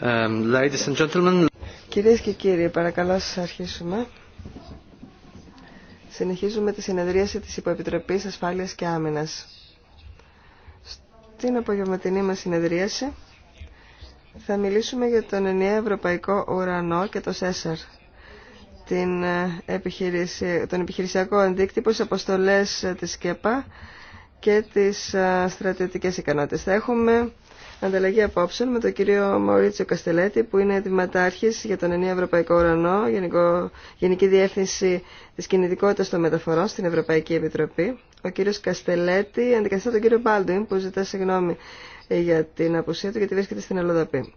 Um, ladies Κυρίες και κύριοι, παρακαλώ σα αρχίσουμε. Συνεχίζουμε τη συνεδρίαση της Υποεπιτροπής Ασφάλειας και Άμυνας. Στην απογευματινή μας συνεδρίαση θα μιλήσουμε για τον ενιαίο Ευρωπαϊκό Ουρανό και το ΣΕΣΑΡ, την ε, τον επιχειρησιακό αντίκτυπο στις αποστολές ε, της ΚΕΠΑ και τις ε, στρατιωτικές ικανότητες. Θα έχουμε ανταλλαγή απόψεων με τον κύριο Μαουρίτσιο Καστελέτη που είναι Δηματάρχης για τον Ενίο Ευρωπαϊκό Ουρανό, Γενικό, Γενική Διεύθυνση της Κινητικότητας των Μεταφορών στην Ευρωπαϊκή Επιτροπή. Ο κύριος Καστελέτη αντικαθιστά τον κύριο Μπάλντουιν που ζητά συγγνώμη ε, για την απουσία του γιατί βρίσκεται στην Ελλοδαπή.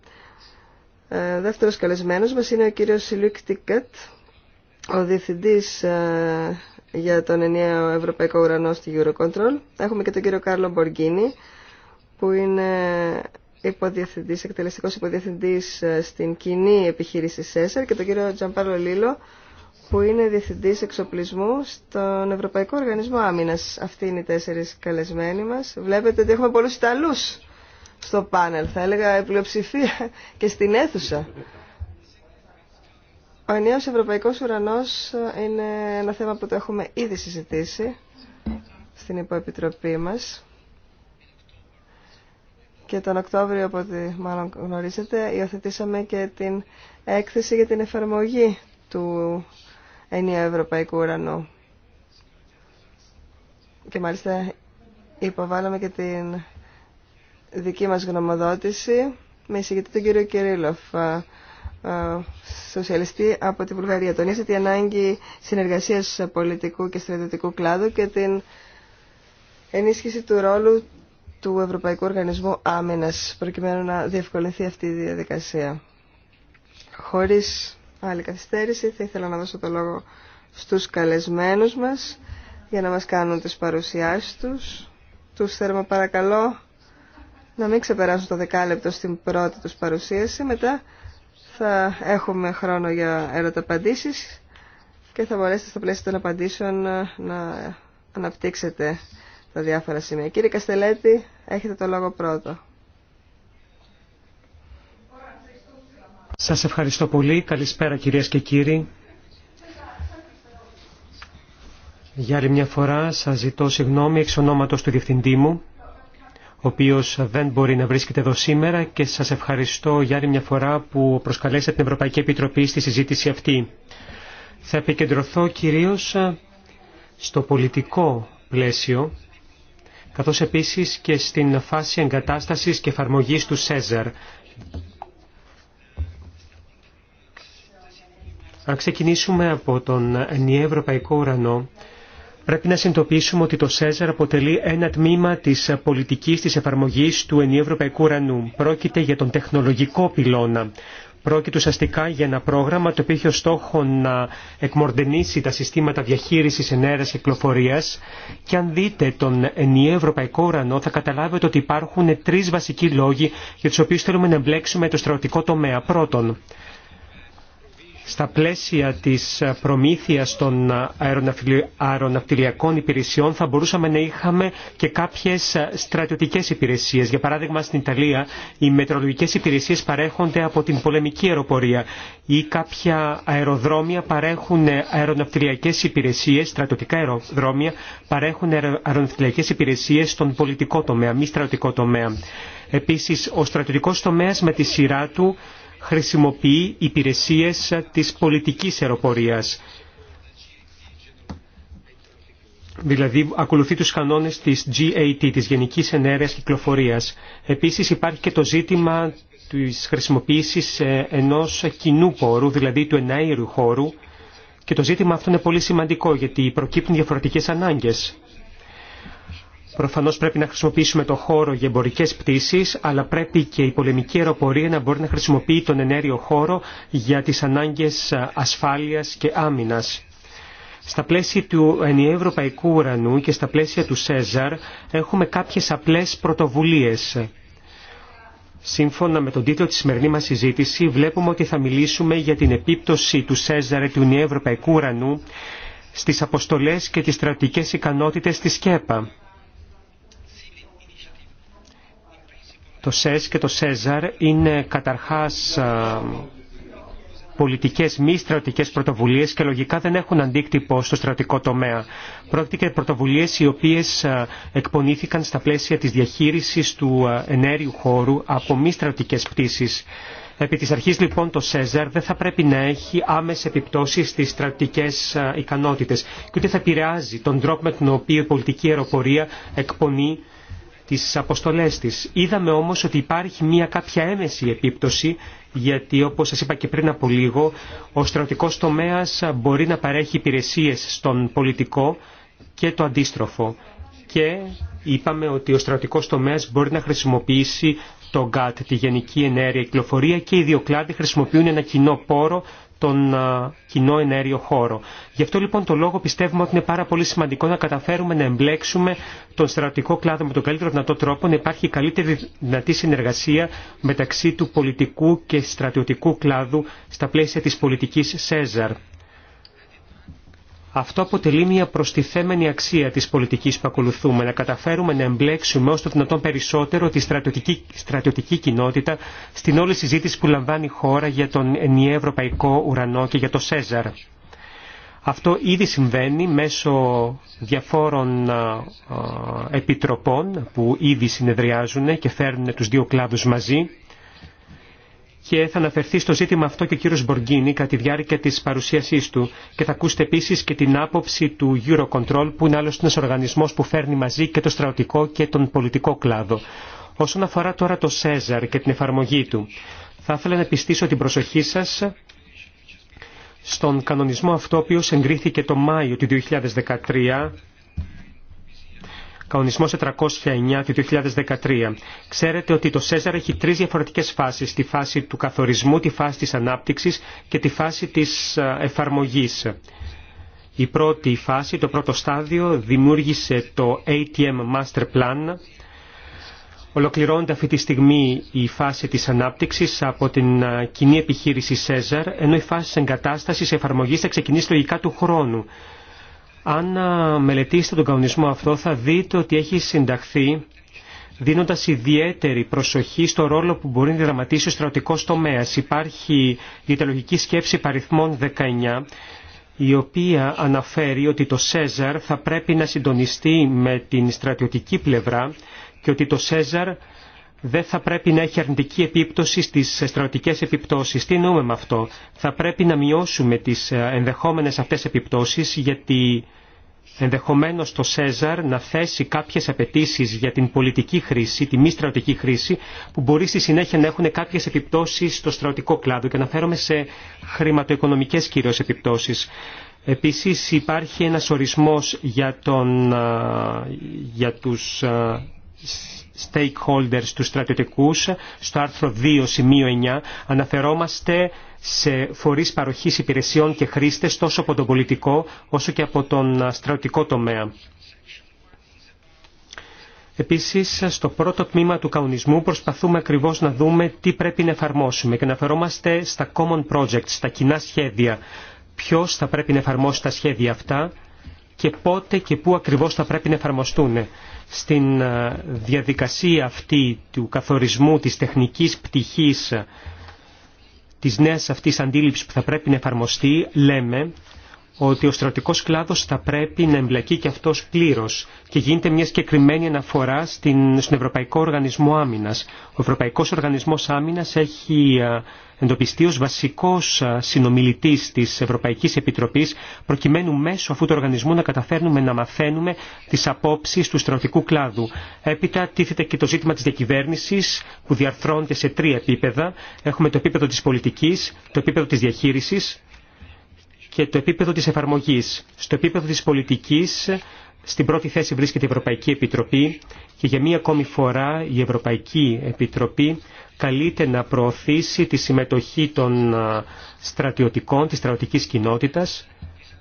Ε, δεύτερος καλεσμένος μας είναι ο κύριος Λουκ Τικέτ, ο Διευθυντής ε, για τον Ενίο Ευρωπαϊκό Ουρανό στη Eurocontrol. Έχουμε και τον κύριο Κάρλο Μποργκίνη, που είναι υποδιευθυντής, εκτελεστικός υποδιευθυντής ε, στην κοινή επιχείρηση ΣΕΣΑΡ και τον κύριο Τζαμπάλο Λίλο που είναι διευθυντής εξοπλισμού στον Ευρωπαϊκό Οργανισμό Άμυνας. Αυτοί είναι οι τέσσερις καλεσμένοι μας. Βλέπετε ότι έχουμε πολλούς Ιταλούς στο πάνελ, θα έλεγα η και στην αίθουσα. Ο ενιαίος Ευρωπαϊκός Ουρανός ε, είναι ένα θέμα που το έχουμε ήδη συζητήσει στην υποεπιτροπή μας και τον Οκτώβριο, από ό,τι μάλλον γνωρίζετε, υιοθετήσαμε και την έκθεση για την εφαρμογή του ενιαίου ευρωπαϊκού ουρανού. Και μάλιστα υποβάλαμε και την δική μας γνωμοδότηση με εισηγητή τον κύριο Κυρίλοφ, ε, ε, σοσιαλιστή από τη Βουλγαρία. Τονίζει την ανάγκη συνεργασίας πολιτικού και στρατιωτικού κλάδου και την ενίσχυση του ρόλου του Ευρωπαϊκού Οργανισμού Άμυνας προκειμένου να διευκολυνθεί αυτή η διαδικασία. Χωρίς άλλη καθυστέρηση θα ήθελα να δώσω το λόγο στους καλεσμένους μας για να μας κάνουν τις παρουσιάσεις τους. Τους θέρμα παρακαλώ να μην ξεπεράσουν το δεκάλεπτο στην πρώτη τους παρουσίαση. Μετά θα έχουμε χρόνο για ερωταπαντήσεις και θα μπορέσετε στα πλαίσια των απαντήσεων να αναπτύξετε τα διάφορα σημεία. Κύριε Καστελέτη, έχετε το λόγο πρώτο. Σας ευχαριστώ πολύ. Καλησπέρα κυρίες και κύριοι. Για άλλη μια φορά σας ζητώ συγγνώμη εξ ονόματος του Διευθυντή μου, ο οποίος δεν μπορεί να βρίσκεται εδώ σήμερα και σας ευχαριστώ για άλλη μια φορά που προσκαλέσατε την Ευρωπαϊκή Επιτροπή στη συζήτηση αυτή. Θα επικεντρωθώ κυρίως στο πολιτικό πλαίσιο καθώς επίσης και στην φάση εγκατάστασης και εφαρμογής του ΣΕΖΑΡ. Αν ξεκινήσουμε από τον ενιαίο ευρωπαϊκό ουρανό, πρέπει να συνειδητοποιήσουμε ότι το ΣΕΖΑΡ αποτελεί ένα τμήμα της πολιτικής της εφαρμογής του ενιαίου ευρωπαϊκού ουρανού. Πρόκειται για τον τεχνολογικό πυλώνα. Πρόκειται ουσιαστικά για ένα πρόγραμμα το οποίο έχει ως στόχο να εκμορδενήσει τα συστήματα διαχείρισης ενέργειας και κυκλοφορίας και αν δείτε τον ενιαίο ευρωπαϊκό ουρανό θα καταλάβετε ότι υπάρχουν τρεις βασικοί λόγοι για τους οποίους θέλουμε να εμπλέξουμε το στρατιωτικό τομέα. Πρώτον, στα πλαίσια της προμήθειας των αεροναυτιλιακών υπηρεσιών θα μπορούσαμε να είχαμε και κάποιες στρατιωτικές υπηρεσίες. Για παράδειγμα στην Ιταλία οι μετρολογικές υπηρεσίες παρέχονται από την πολεμική αεροπορία ή κάποια αεροδρόμια παρέχουν αεροναυτιλιακές υπηρεσίες, στρατιωτικά αεροδρόμια παρέχουν αεροναυτιλιακές υπηρεσίες στον πολιτικό τομέα, μη στρατιωτικό τομέα. Επίσης ο στρατιωτικός τομέας με τη σειρά του χρησιμοποιεί υπηρεσίες της πολιτικής αεροπορίας. Δηλαδή ακολουθεί τους κανόνες της GAT, της Γενικής Ενέργειας Κυκλοφορίας. Επίσης υπάρχει και το ζήτημα της χρησιμοποίησης ε, ενός κοινού πόρου, δηλαδή του ενάηρου χώρου. Και το ζήτημα αυτό είναι πολύ σημαντικό γιατί προκύπτουν διαφορετικές ανάγκες. Προφανώς πρέπει να χρησιμοποιήσουμε το χώρο για εμπορικέ πτήσεις, αλλά πρέπει και η πολεμική αεροπορία να μπορεί να χρησιμοποιεί τον ενέργειο χώρο για τις ανάγκες ασφάλειας και άμυνας. Στα πλαίσια του ενιαίου ευρωπαϊκού ουρανού και στα πλαίσια του ΣΕΖΑΡ έχουμε κάποιες απλές πρωτοβουλίες. Σύμφωνα με τον τίτλο της σημερινή μας συζήτηση βλέπουμε ότι θα μιλήσουμε για την επίπτωση του ΣΕΖΑΡ του ενιαίου ευρωπαϊκού ουρανού στις και τις στρατικές ικανότητες της ΚΕΠΑ. Το ΣΕΣ και το ΣΕΖΑΡ είναι καταρχάς ε, πολιτικές μη στρατικές πρωτοβουλίες και λογικά δεν έχουν αντίκτυπο στο στρατικό τομέα. Πρόκειται για πρωτοβουλίες οι οποίες ε, εκπονήθηκαν στα πλαίσια της διαχείρισης του ε, ενέργειου χώρου από μη στρατικές πτήσεις. Επί της αρχής λοιπόν το ΣΕΖΑΡ δεν θα πρέπει να έχει άμεσες επιπτώσεις στις στρατικές ικανότητες και ούτε θα επηρεάζει τον τρόπο με τον οποίο η πολιτική αεροπορία εκπονεί τις αποστολές της. Είδαμε όμως ότι υπάρχει μια κάποια έμεση επίπτωση γιατί όπως σας είπα και πριν από λίγο ο στρατιωτικός τομέας μπορεί να παρέχει υπηρεσίες στον πολιτικό και το αντίστροφο. Και είπαμε ότι ο στρατιωτικός τομέας μπορεί να χρησιμοποιήσει το ΓΚΑΤ, τη γενική ενέργεια κυκλοφορία και οι δύο κλάδοι χρησιμοποιούν ένα κοινό πόρο τον κοινό ενέργειο χώρο. Γι' αυτό λοιπόν το λόγο πιστεύουμε ότι είναι πάρα πολύ σημαντικό να καταφέρουμε να εμπλέξουμε τον στρατιωτικό κλάδο με τον καλύτερο δυνατό τρόπο, να υπάρχει η καλύτερη δυνατή συνεργασία μεταξύ του πολιτικού και στρατιωτικού κλάδου στα πλαίσια της πολιτικής ΣΕΖΑΡ. Αυτό αποτελεί μια προστιθέμενη αξία της πολιτικής που ακολουθούμε, να καταφέρουμε να εμπλέξουμε όσο το δυνατόν περισσότερο τη στρατιωτική, στρατιωτική κοινότητα στην όλη συζήτηση που λαμβάνει η χώρα για τον ενιαίο ευρωπαϊκό ουρανό και για το ΣΕΖΑΡ. Αυτό ήδη συμβαίνει μέσω διαφόρων επιτροπών που ήδη συνεδριάζουν και φέρνουν τους δύο κλάδους μαζί και θα αναφερθεί στο ζήτημα αυτό και ο κύριος Μποργκίνη κατά τη διάρκεια της παρουσίασής του και θα ακούσετε επίσης και την άποψη του Eurocontrol που είναι άλλωστε ένας οργανισμός που φέρνει μαζί και το στρατιωτικό και τον πολιτικό κλάδο. Όσον αφορά τώρα το ΣΕΖΑΡ και την εφαρμογή του, θα ήθελα να πιστήσω την προσοχή σας στον κανονισμό αυτό ο εγκρίθηκε το Μάιο του 2013 κανονισμό 409 του 2013. Ξέρετε ότι το ΣΕΖΑΡ έχει τρει διαφορετικέ φάσει. Τη φάση του καθορισμού, τη φάση τη ανάπτυξη και τη φάση τη ε, εφαρμογή. Η πρώτη φάση, το πρώτο στάδιο, δημιούργησε το ATM Master Plan. Ολοκληρώνεται αυτή τη στιγμή η φάση της ανάπτυξης από την ε, κοινή επιχείρηση ΣΕΖΑΡ, ενώ η φάση της εγκατάστασης εφαρμογής θα ξεκινήσει λογικά του χρόνου. Αν μελετήσετε τον κανονισμό αυτό θα δείτε ότι έχει συνταχθεί δίνοντας ιδιαίτερη προσοχή στο ρόλο που μπορεί να δραματίσει ο στρατιωτικός τομέας. Υπάρχει διαιτελογική σκέψη παριθμών 19 η οποία αναφέρει ότι το ΣΕΖΑΡ θα πρέπει να συντονιστεί με την στρατιωτική πλευρά και ότι το ΣΕΖΑΡ δεν θα πρέπει να έχει αρνητική επίπτωση στις στρατιωτικές επιπτώσεις. Τι εννοούμε με αυτό. Θα πρέπει να μειώσουμε τις ε, ενδεχόμενες αυτές επιπτώσεις γιατί ενδεχομένως το ΣΕΖΑΡ να θέσει κάποιες απαιτήσει για την πολιτική χρήση, τη μη στρατιωτική χρήση, που μπορεί στη συνέχεια να έχουν κάποιες επιπτώσεις στο στρατιωτικό κλάδο και αναφέρομαι σε χρηματοοικονομικές κυρίως επιπτώσεις. Επίσης υπάρχει ένας ορισμός για, τον, ε, για τους ε, stakeholders, του στρατιωτικούς, στο άρθρο 2 σημείο 9 αναφερόμαστε σε φορείς παροχής υπηρεσιών και χρήστες τόσο από τον πολιτικό όσο και από τον στρατιωτικό τομέα. Επίσης, στο πρώτο τμήμα του καονισμού προσπαθούμε ακριβώς να δούμε τι πρέπει να εφαρμόσουμε και αναφερόμαστε στα common projects, στα κοινά σχέδια. Ποιος θα πρέπει να εφαρμόσει τα σχέδια αυτά και πότε και πού ακριβώς θα πρέπει να εφαρμοστούν στην ε, διαδικασία αυτή του καθορισμού της τεχνικής πτυχής ε, της νέας αυτής αντίληψης που θα πρέπει να εφαρμοστεί, λέμε ότι ο στρατικός κλάδος θα πρέπει να εμπλακεί και αυτός πλήρως και γίνεται μια συγκεκριμένη αναφορά στην, στον Ευρωπαϊκό Οργανισμό Άμυνας. Ο Ευρωπαϊκός Οργανισμός Άμυνας έχει ε, εντοπιστεί ως βασικός ε, συνομιλητής της Ευρωπαϊκής Επιτροπής προκειμένου μέσω αυτού του οργανισμού να καταφέρνουμε να μαθαίνουμε τις απόψεις του στρατικού κλάδου. Έπειτα τίθεται και το ζήτημα της διακυβέρνησης που διαρθρώνεται σε τρία επίπεδα. Έχουμε το επίπεδο της πολιτικής, το επίπεδο της διαχείρισης και το επίπεδο της εφαρμογής. Στο επίπεδο της πολιτικής, στην πρώτη θέση βρίσκεται η Ευρωπαϊκή Επιτροπή και για μία ακόμη φορά η Ευρωπαϊκή Επιτροπή καλείται να προωθήσει τη συμμετοχή των στρατιωτικών της στρατιωτικής κοινότητας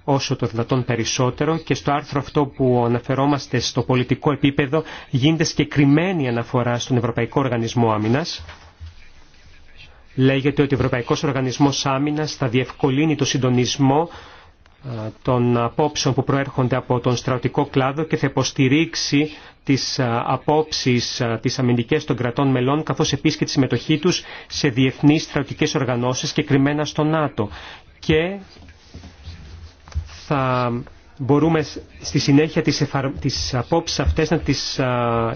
όσο το δυνατόν περισσότερο και στο άρθρο αυτό που αναφερόμαστε στο πολιτικό επίπεδο γίνεται συγκεκριμένη αναφορά στον Ευρωπαϊκό Οργανισμό Άμυνας λέγεται ότι ο Ευρωπαϊκός Οργανισμός Άμυνας θα διευκολύνει το συντονισμό των απόψεων που προέρχονται από τον στρατικό κλάδο και θα υποστηρίξει τις απόψεις τις αμυντικές των κρατών μελών καθώς επίσης και τη συμμετοχή τους σε διεθνείς στρατιωτικές οργανώσεις και κρυμμένα στο ΝΑΤΟ. Και θα μπορούμε στη συνέχεια τις, εφαρ... τις απόψεις αυτές να τις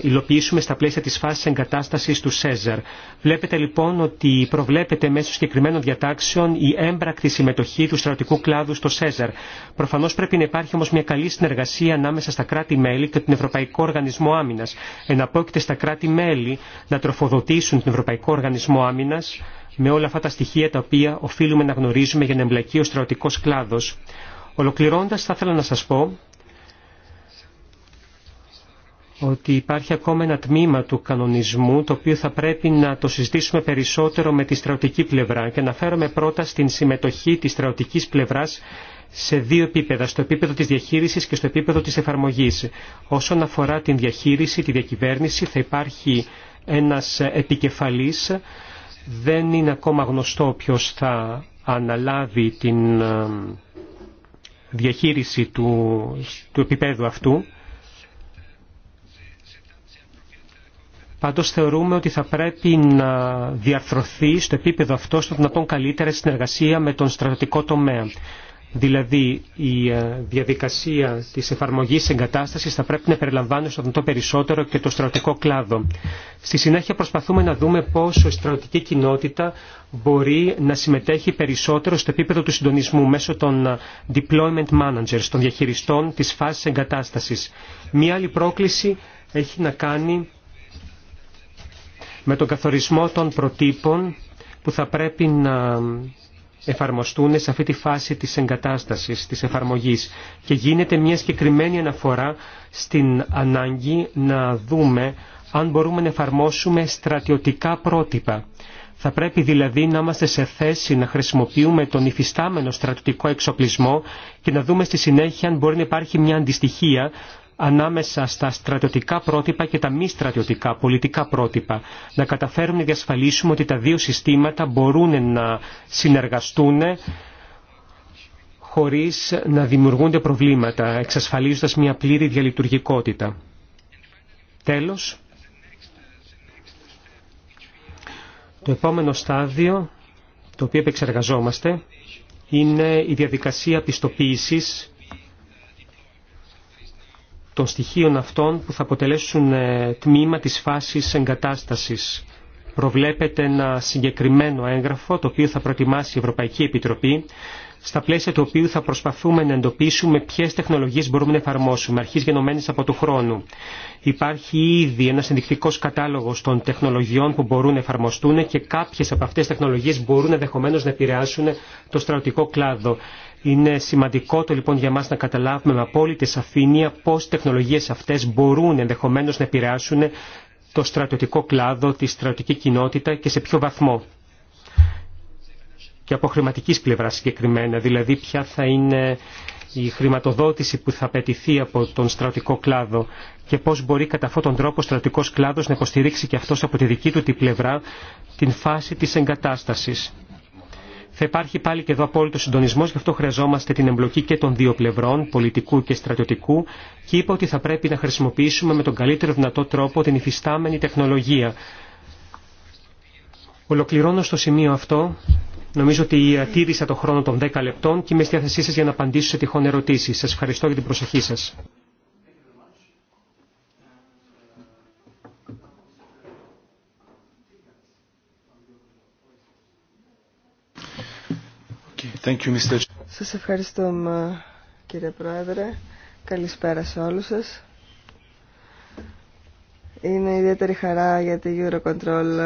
υλοποιήσουμε στα πλαίσια της φάσης εγκατάστασης του ΣΕΖΑΡ. Βλέπετε λοιπόν ότι προβλέπεται μέσω συγκεκριμένων διατάξεων η έμπρακτη συμμετοχή του στρατιωτικού κλάδου στο ΣΕΖΑΡ. Προφανώς πρέπει να υπάρχει όμως μια καλή συνεργασία ανάμεσα στα κράτη-μέλη και τον Ευρωπαϊκό Οργανισμό Άμυνας. Εναπόκειται στα κράτη-μέλη να τροφοδοτήσουν τον Ευρωπαϊκό Οργανισμό Άμυνας με όλα αυτά τα στοιχεία τα οποία οφείλουμε να γνωρίζουμε για να εμπλακεί ο στρατιωτικός κλάδος. Ολοκληρώνοντας, θα ήθελα να σας πω ότι υπάρχει ακόμα ένα τμήμα του κανονισμού το οποίο θα πρέπει να το συζητήσουμε περισσότερο με τη στρατιωτική πλευρά και να φέρουμε πρώτα στην συμμετοχή της στρατιωτικής πλευράς σε δύο επίπεδα, στο επίπεδο της διαχείρισης και στο επίπεδο της εφαρμογής. Όσον αφορά την διαχείριση, τη διακυβέρνηση, θα υπάρχει ένας επικεφαλής. Δεν είναι ακόμα γνωστό ποιος θα αναλάβει την ε, διαχείριση του, του επίπεδου αυτού. Πάντως θεωρούμε ότι θα πρέπει να διαρθρωθεί στο επίπεδο αυτό να δυνατόν καλύτερα συνεργασία με τον στρατιωτικό τομέα. Δηλαδή η ε, διαδικασία της εφαρμογής εγκατάστασης θα πρέπει να περιλαμβάνει στον το περισσότερο και το στρατικό κλάδο. Στη συνέχεια προσπαθούμε να δούμε πόσο η στρατιωτική κοινότητα μπορεί να συμμετέχει περισσότερο στο επίπεδο του συντονισμού μέσω των ε, deployment managers, των διαχειριστών της φάσης εγκατάστασης. Μία άλλη πρόκληση έχει να κάνει με τον καθορισμό των προτύπων που θα πρέπει να εφαρμοστούν σε αυτή τη φάση της εγκατάστασης, της εφαρμογής. Και γίνεται μια συγκεκριμένη αναφορά στην ανάγκη να δούμε αν μπορούμε να εφαρμόσουμε στρατιωτικά πρότυπα. Θα πρέπει δηλαδή να είμαστε σε θέση να χρησιμοποιούμε τον υφιστάμενο στρατιωτικό εξοπλισμό και να δούμε στη συνέχεια αν μπορεί να υπάρχει μια αντιστοιχία ανάμεσα στα στρατιωτικά πρότυπα και τα μη στρατιωτικά πολιτικά πρότυπα. Να καταφέρουμε να διασφαλίσουμε ότι τα δύο συστήματα μπορούν να συνεργαστούν χωρίς να δημιουργούνται προβλήματα, εξασφαλίζοντας μια πλήρη διαλειτουργικότητα. Τέλος, το επόμενο στάδιο το οποίο επεξεργαζόμαστε είναι η διαδικασία πιστοποίησης των στοιχείων αυτών που θα αποτελέσουν ε, τμήμα της φάσης εγκατάστασης. Προβλέπεται ένα συγκεκριμένο έγγραφο το οποίο θα προετοιμάσει η Ευρωπαϊκή Επιτροπή στα πλαίσια του οποίου θα προσπαθούμε να εντοπίσουμε ποιε τεχνολογίε μπορούμε να εφαρμόσουμε, αρχή γενομένες από του χρόνου. Υπάρχει ήδη ένα ενδεικτικό κατάλογο των τεχνολογιών που μπορούν να εφαρμοστούν και κάποιε από αυτέ τι τεχνολογίε μπορούν ενδεχομένω να επηρεάσουν το στρατιωτικό κλάδο. Είναι σημαντικό το λοιπόν για μας να καταλάβουμε με απόλυτη σαφήνεια πώς οι τεχνολογίες αυτές μπορούν ενδεχομένως να επηρεάσουν το στρατιωτικό κλάδο, τη στρατιωτική κοινότητα και σε ποιο βαθμό. Και από χρηματική πλευρά συγκεκριμένα, δηλαδή ποια θα είναι η χρηματοδότηση που θα απαιτηθεί από τον στρατικό κλάδο και πώς μπορεί κατά αυτόν τον τρόπο ο στρατικός κλάδος να υποστηρίξει και αυτός από τη δική του την πλευρά την φάση της εγκατάστασης. Θα υπάρχει πάλι και εδώ απόλυτο συντονισμό, γι' αυτό χρειαζόμαστε την εμπλοκή και των δύο πλευρών, πολιτικού και στρατιωτικού, και είπα ότι θα πρέπει να χρησιμοποιήσουμε με τον καλύτερο δυνατό τρόπο την υφιστάμενη τεχνολογία. Ολοκληρώνω στο σημείο αυτό. Νομίζω ότι τήρησα το χρόνο των 10 λεπτών και είμαι στη διάθεσή σα για να απαντήσω σε τυχόν ερωτήσει. Σα ευχαριστώ για την προσοχή σα. Thank Σας ευχαριστώ κύριε Πρόεδρε. Καλησπέρα σε όλους σας. Είναι ιδιαίτερη χαρά για τη Eurocontrol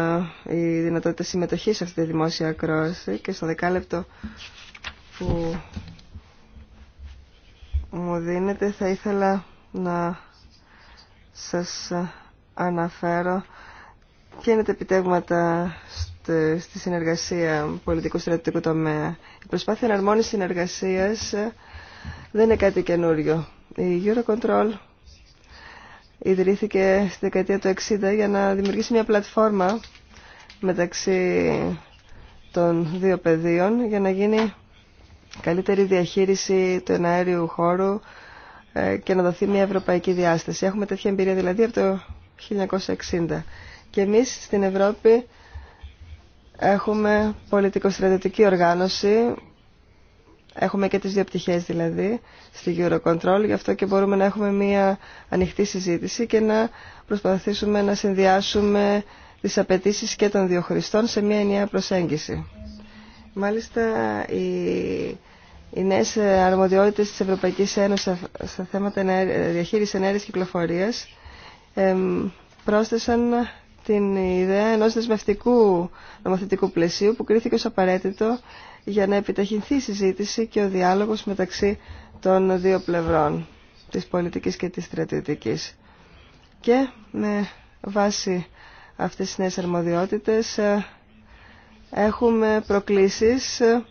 ε, η δυνατότητα συμμετοχής σε αυτή τη δημόσια ακρόαση και στο δεκάλεπτο που μου δίνετε θα ήθελα να σας αναφέρω και είναι τα επιτεύγματα ε, στη συνεργασία πολιτικού στρατιωτικού τομέα. Η προσπάθεια εναρμόνισης συνεργασίας ε, δεν είναι κάτι καινούριο. Η Eurocontrol ιδρύθηκε στη δεκαετία του 1960 για να δημιουργήσει μια πλατφόρμα μεταξύ των δύο πεδίων για να γίνει καλύτερη διαχείριση του εναέριου χώρου ε, και να δοθεί μια ευρωπαϊκή διάσταση. Έχουμε τέτοια εμπειρία δηλαδή από το 1960. Και εμείς στην Ευρώπη Έχουμε πολιτικοστρατητική οργάνωση, έχουμε και τις δύο δηλαδή στη Eurocontrol, γι' αυτό και μπορούμε να έχουμε μια ανοιχτή συζήτηση και να προσπαθήσουμε να συνδυάσουμε τις απαιτήσεις και των δύο χρηστών σε μια ενιαία προσέγγιση. Μάλιστα, οι νέε αρμοδιότητε της Ευρωπαϊκής Ένωσης στα θέματα διαχείριση ενέργεια κυκλοφορία πρόσθεσαν την ιδέα ενός δεσμευτικού νομοθετικού πλαισίου που κρίθηκε ως απαραίτητο για να επιταχυνθεί η συζήτηση και ο διάλογος μεταξύ των δύο πλευρών της πολιτικής και της στρατιωτικής. Και με βάση αυτές τις νέες αρμοδιότητες ε, έχουμε προκλήσεις ε,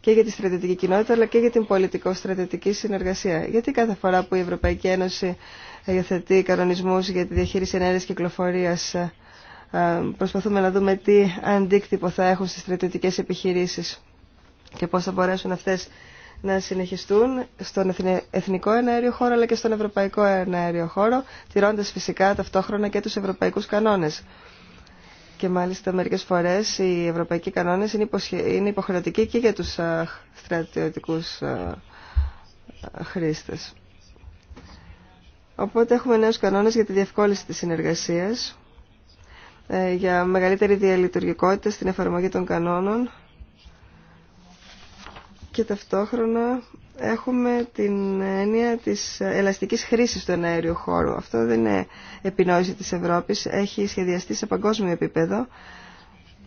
και για τη στρατιωτική κοινότητα αλλά και για την πολιτικο-στρατιωτική συνεργασία. Γιατί κάθε φορά που η Ευρωπαϊκή Ένωση ε, υιοθετεί κανονισμούς για τη διαχείριση ενέργειας κυκλοφορίας ε, προσπαθούμε να δούμε τι αντίκτυπο θα έχουν στις στρατιωτικές επιχειρήσεις και πώς θα μπορέσουν αυτές να συνεχιστούν στον εθνικό εναέριο χώρο αλλά και στον ευρωπαϊκό εναέριο χώρο, τηρώντας φυσικά ταυτόχρονα και τους ευρωπαϊκούς κανόνες. Και μάλιστα μερικές φορές οι ευρωπαϊκοί κανόνες είναι υποχρεωτικοί και για τους ε, στρατιωτικούς ε, χρήστες. Οπότε έχουμε νέους κανόνες για τη διευκόλυνση της συνεργασίας ε, για μεγαλύτερη διαλειτουργικότητα στην εφαρμογή των κανόνων και ταυτόχρονα έχουμε την έννοια της ελαστικής χρήσης του αέριου χώρου. Αυτό δεν είναι επινόηση της Ευρώπης, έχει σχεδιαστεί σε παγκόσμιο επίπεδο.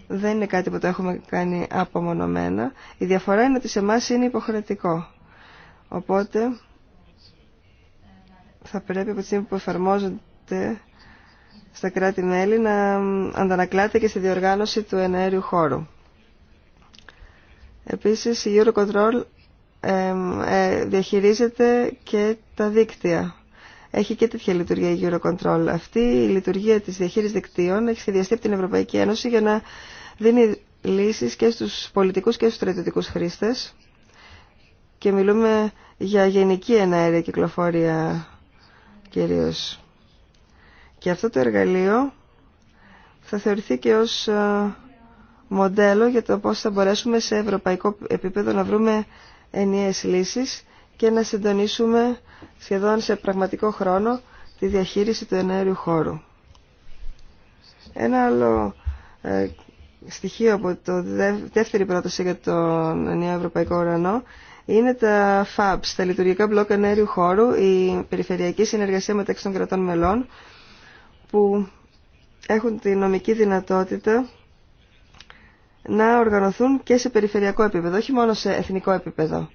Δεν είναι κάτι που το έχουμε κάνει απομονωμένα. Η διαφορά είναι ότι σε εμά είναι υποχρεωτικό. Οπότε θα πρέπει από τη στιγμή που εφαρμόζονται στα κράτη-μέλη να αντανακλάται και στη διοργάνωση του εναέριου χώρου. Επίσης, η Eurocontrol ε, διαχειρίζεται και τα δίκτυα. Έχει και τέτοια λειτουργία η Eurocontrol. Αυτή η λειτουργία της διαχείρισης δικτύων έχει σχεδιαστεί από την Ευρωπαϊκή Ένωση για να δίνει λύσεις και στους πολιτικούς και στους στρατιωτικούς χρήστες και μιλούμε για γενική εναέρια κυκλοφορία κυρίως. Και αυτό το εργαλείο θα θεωρηθεί και ως ε, μοντέλο για το πώς θα μπορέσουμε σε ευρωπαϊκό επίπεδο να βρούμε ενιαίες λύσεις και να συντονίσουμε σχεδόν σε πραγματικό χρόνο τη διαχείριση του ενέργειου χώρου. Ένα άλλο ε, στοιχείο από το δεύτερη πρόταση για τον νέο ευρωπαϊκό ουρανό είναι τα FABs, τα λειτουργικά μπλοκ ενέργειου χώρου, η περιφερειακή συνεργασία μεταξύ των κρατών μελών που έχουν τη νομική δυνατότητα να οργανωθούν και σε περιφερειακό επίπεδο, όχι μόνο σε εθνικό επίπεδο.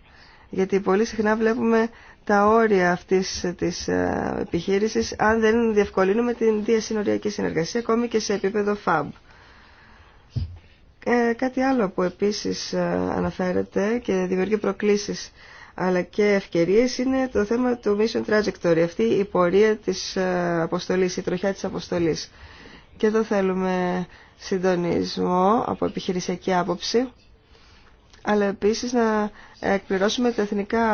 Γιατί πολύ συχνά βλέπουμε τα όρια αυτής της ε, επιχείρησης αν δεν διευκολύνουμε την διασυνοριακή συνεργασία ακόμη και σε επίπεδο FAB. Ε, κάτι άλλο που επίσης ε, αναφέρεται και δημιουργεί προκλήσεις αλλά και ευκαιρίες είναι το θέμα του Mission Trajectory, αυτή η πορεία της ε, αποστολής, η τροχιά της αποστολής. Και εδώ θέλουμε συντονισμό από επιχειρησιακή άποψη, αλλά επίσης να εκπληρώσουμε τα εθνικά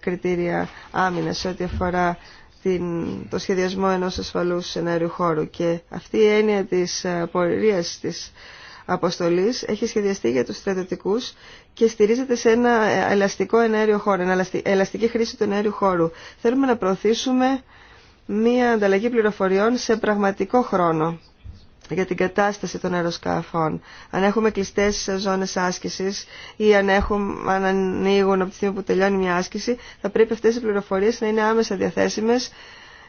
κριτήρια άμυνας σε ό,τι αφορά το σχεδιασμό ενός ασφαλούς σενάριου χώρου και αυτή η έννοια της ε, πορείας της αποστολής έχει σχεδιαστεί για τους στρατιωτικούς και στηρίζεται σε ένα ελαστικό ενέργειο χώρο, ένα ελαστική χρήση του ενέργειου χώρου. Θέλουμε να προωθήσουμε μία ανταλλαγή πληροφοριών σε πραγματικό χρόνο για την κατάσταση των αεροσκαφών. Αν έχουμε κλειστέ ζώνε άσκηση ή αν, έχουμε, αν ανοίγουν από τη στιγμή που τελειώνει μια άσκηση, θα πρέπει αυτέ οι πληροφορίε να είναι άμεσα διαθέσιμε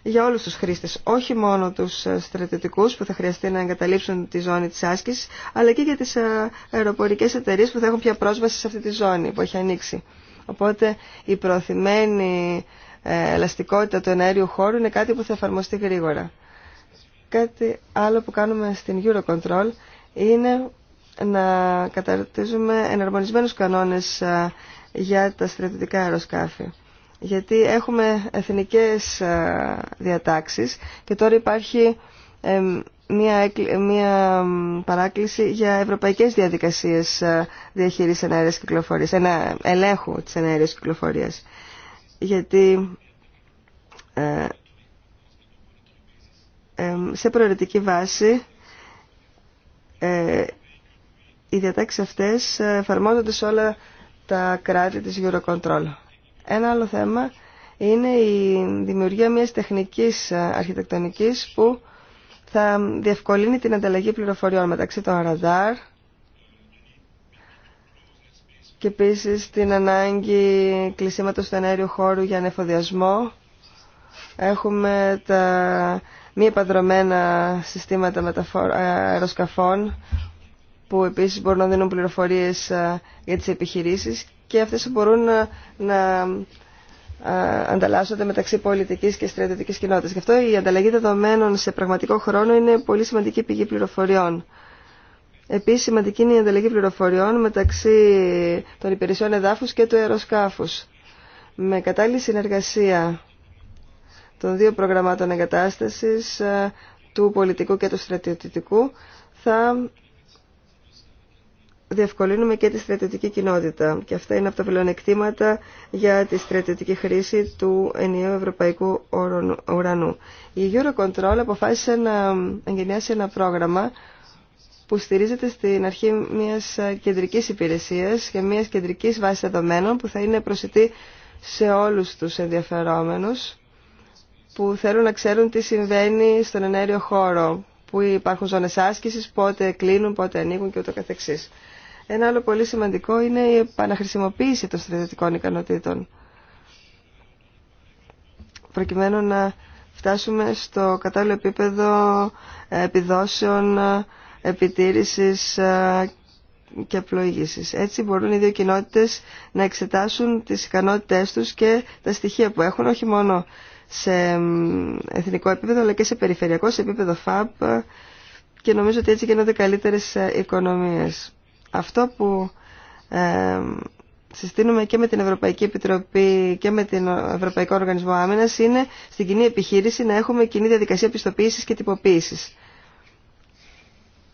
για όλους τους χρήστες, όχι μόνο τους ε, στρατιωτικούς που θα χρειαστεί να εγκαταλείψουν τη ζώνη της άσκησης, αλλά και για τις ε, αεροπορικές εταιρείες που θα έχουν πια πρόσβαση σε αυτή τη ζώνη που έχει ανοίξει. Οπότε η προωθημένη ε, ελαστικότητα του ενέργειου χώρου είναι κάτι που θα εφαρμοστεί γρήγορα. Κάτι άλλο που κάνουμε στην Eurocontrol είναι να καταρτίζουμε εναρμονισμένους κανόνες για τα στρατιωτικά αεροσκάφη γιατί έχουμε εθνικές ε, διατάξεις και τώρα υπάρχει μια, μια παράκληση για ευρωπαϊκές διαδικασίες ε, διαχείρισης ενέργειας κυκλοφορίας, ένα ελέγχου της ενέργειας κυκλοφορίας. Γιατί ε, σε προαιρετική βάση οι διατάξεις αυτές εφαρμόζονται σε όλα τα κράτη της Eurocontrol. Ένα άλλο θέμα είναι η δημιουργία μιας τεχνικής ε, αρχιτεκτονικής που θα διευκολύνει την ανταλλαγή πληροφοριών μεταξύ των ραδάρ και επίσης την ανάγκη κλεισίματος του ενέργειου χώρου για ανεφοδιασμό. Έχουμε τα μη επανδρομένα συστήματα ε, αεροσκαφών που επίσης μπορούν να δίνουν πληροφορίες ε, για τις επιχειρήσεις και αυτές μπορούν να, να ε, ανταλλάσσονται μεταξύ πολιτικής και στρατιωτικής κοινότητας. Γι' αυτό η ανταλλαγή δεδομένων σε πραγματικό χρόνο είναι πολύ σημαντική πηγή πληροφοριών. Επίσης σημαντική είναι η ανταλλαγή πληροφοριών μεταξύ των υπηρεσιών εδάφους και του αεροσκάφους. Με κατάλληλη συνεργασία των δύο προγραμμάτων εγκατάστασης, ε, του πολιτικού και του στρατιωτικού, θα διευκολύνουμε και τη στρατιωτική κοινότητα. Και αυτά είναι από τα πλεονεκτήματα για τη στρατιωτική χρήση του ενιαίου ευρωπαϊκού ουρανού. Η Eurocontrol αποφάσισε να εγγενιάσει ένα πρόγραμμα που στηρίζεται στην αρχή μιας κεντρικής υπηρεσίας και μιας κεντρικής βάσης δεδομένων που θα είναι προσιτή σε όλους τους ενδιαφερόμενους που θέλουν να ξέρουν τι συμβαίνει στον ενέργειο χώρο, που υπάρχουν ζώνες άσκησης, πότε κλείνουν, πότε ανοίγουν και ούτω ένα άλλο πολύ σημαντικό είναι η επαναχρησιμοποίηση των στρατιωτικών ικανοτήτων προκειμένου να φτάσουμε στο κατάλληλο επίπεδο ε, επιδόσεων, ε, επιτήρησης ε, και πλοήγησης. Έτσι μπορούν οι δύο κοινότητες να εξετάσουν τις ικανότητές τους και τα στοιχεία που έχουν, όχι μόνο σε εθνικό επίπεδο, αλλά και σε περιφερειακό, σε επίπεδο ΦΑΠ και νομίζω ότι έτσι γίνονται καλύτερες οικονομίες. Αυτό που ε, συστήνουμε και με την Ευρωπαϊκή Επιτροπή και με τον Ευρωπαϊκό Οργανισμό Άμυνας είναι στην κοινή επιχείρηση να έχουμε κοινή διαδικασία πιστοποίησης και τυποποίησης.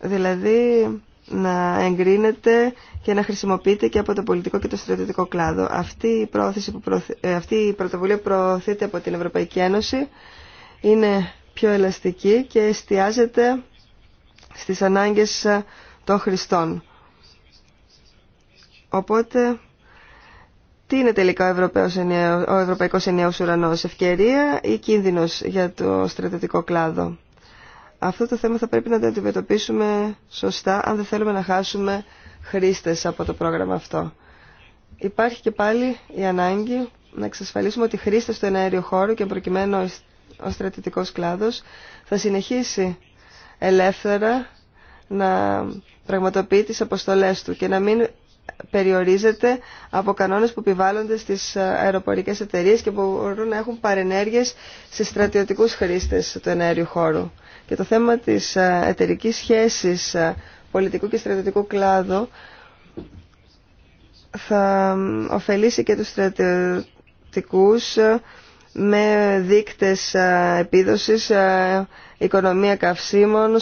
Δηλαδή να εγκρίνεται και να χρησιμοποιείται και από το πολιτικό και το στρατιωτικό κλάδο. Αυτή η, πρόθεση που ε, αυτή η πρωτοβουλία προωθείται από την Ευρωπαϊκή Ένωση είναι πιο ελαστική και εστιάζεται στις ανάγκες των χρηστών. Οπότε, τι είναι τελικά ο, Ευρωπαίος ο Ευρωπαϊκός Ενιαίος Ουρανός, ευκαιρία ή κίνδυνος για το στρατιωτικό κλάδο. Αυτό το θέμα θα πρέπει να το αντιμετωπίσουμε σωστά αν δεν θέλουμε να χάσουμε χρήστες από το πρόγραμμα αυτό. Υπάρχει και πάλι η ανάγκη να εξασφαλίσουμε ότι χρήστε του χώρου και προκειμένου ο στρατιωτικός κλάδος θα συνεχίσει ελεύθερα να πραγματοποιεί τις αποστολές του και να μην περιορίζεται από κανόνες που επιβάλλονται στις αεροπορικές εταιρείες και μπορούν να έχουν παρενέργειες σε στρατιωτικούς χρήστες του ενέργειου χώρου. Και το θέμα της ε, εταιρική σχέσης ε, πολιτικού και στρατιωτικού κλάδου θα ωφελήσει και τους στρατιωτικούς ε, με δείκτες επίδοσης, οικονομία καυσίμων,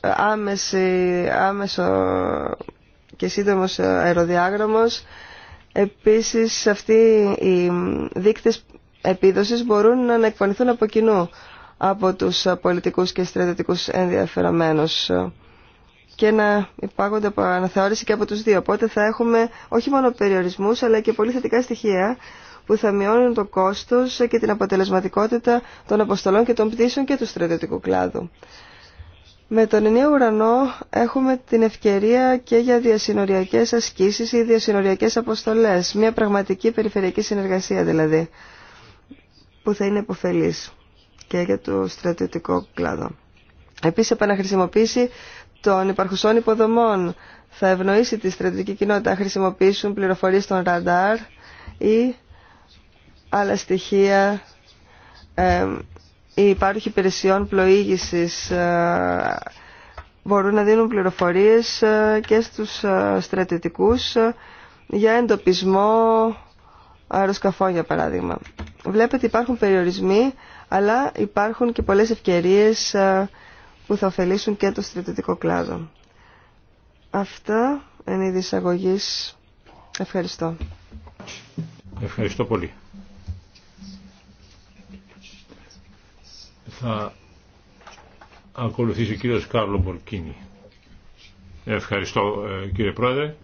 άμεση, άμεσο και σύντομος ε, αεροδιάγραμμος. Επίσης αυτοί οι δείκτες επίδοση μπορούν να εκπονηθούν από κοινού από τους πολιτικούς και στρατιωτικούς ενδιαφερομένους και να υπάγονται από αναθεώρηση και από τους δύο. Οπότε θα έχουμε όχι μόνο περιορισμούς αλλά και πολύ θετικά στοιχεία που θα μειώνουν το κόστος και την αποτελεσματικότητα των αποστολών και των πτήσεων και του στρατιωτικού κλάδου. Με τον ενίο ουρανό έχουμε την ευκαιρία και για διασυνοριακές ασκήσεις ή διασυνοριακές αποστολές. Μια πραγματική περιφερειακή συνεργασία δηλαδή, που θα είναι υποφελής και για το στρατιωτικό κλάδο. Επίσης, επαναχρησιμοποίηση των υπαρχουσών υποδομών θα ευνοήσει τη στρατιωτική κοινότητα να χρησιμοποιήσουν πληροφορίες των ραντάρ ή άλλα στοιχεία ε, οι υπάρχοι υπηρεσιών πλοήγησης ε, μπορούν να δίνουν πληροφορίες ε, και στους ε, στρατιωτικούς για εντοπισμό αεροσκαφών για παράδειγμα. Βλέπετε υπάρχουν περιορισμοί αλλά υπάρχουν και πολλές ευκαιρίες που θα ωφελήσουν και το στρατητικό κλάδο. Αυτά εν είδη εισαγωγής. Ευχαριστώ. Ευχαριστώ πολύ. θα ακολουθήσει ο κύριος Κάρλο Μπορκίνη. Ευχαριστώ ε, κύριε Πρόεδρε.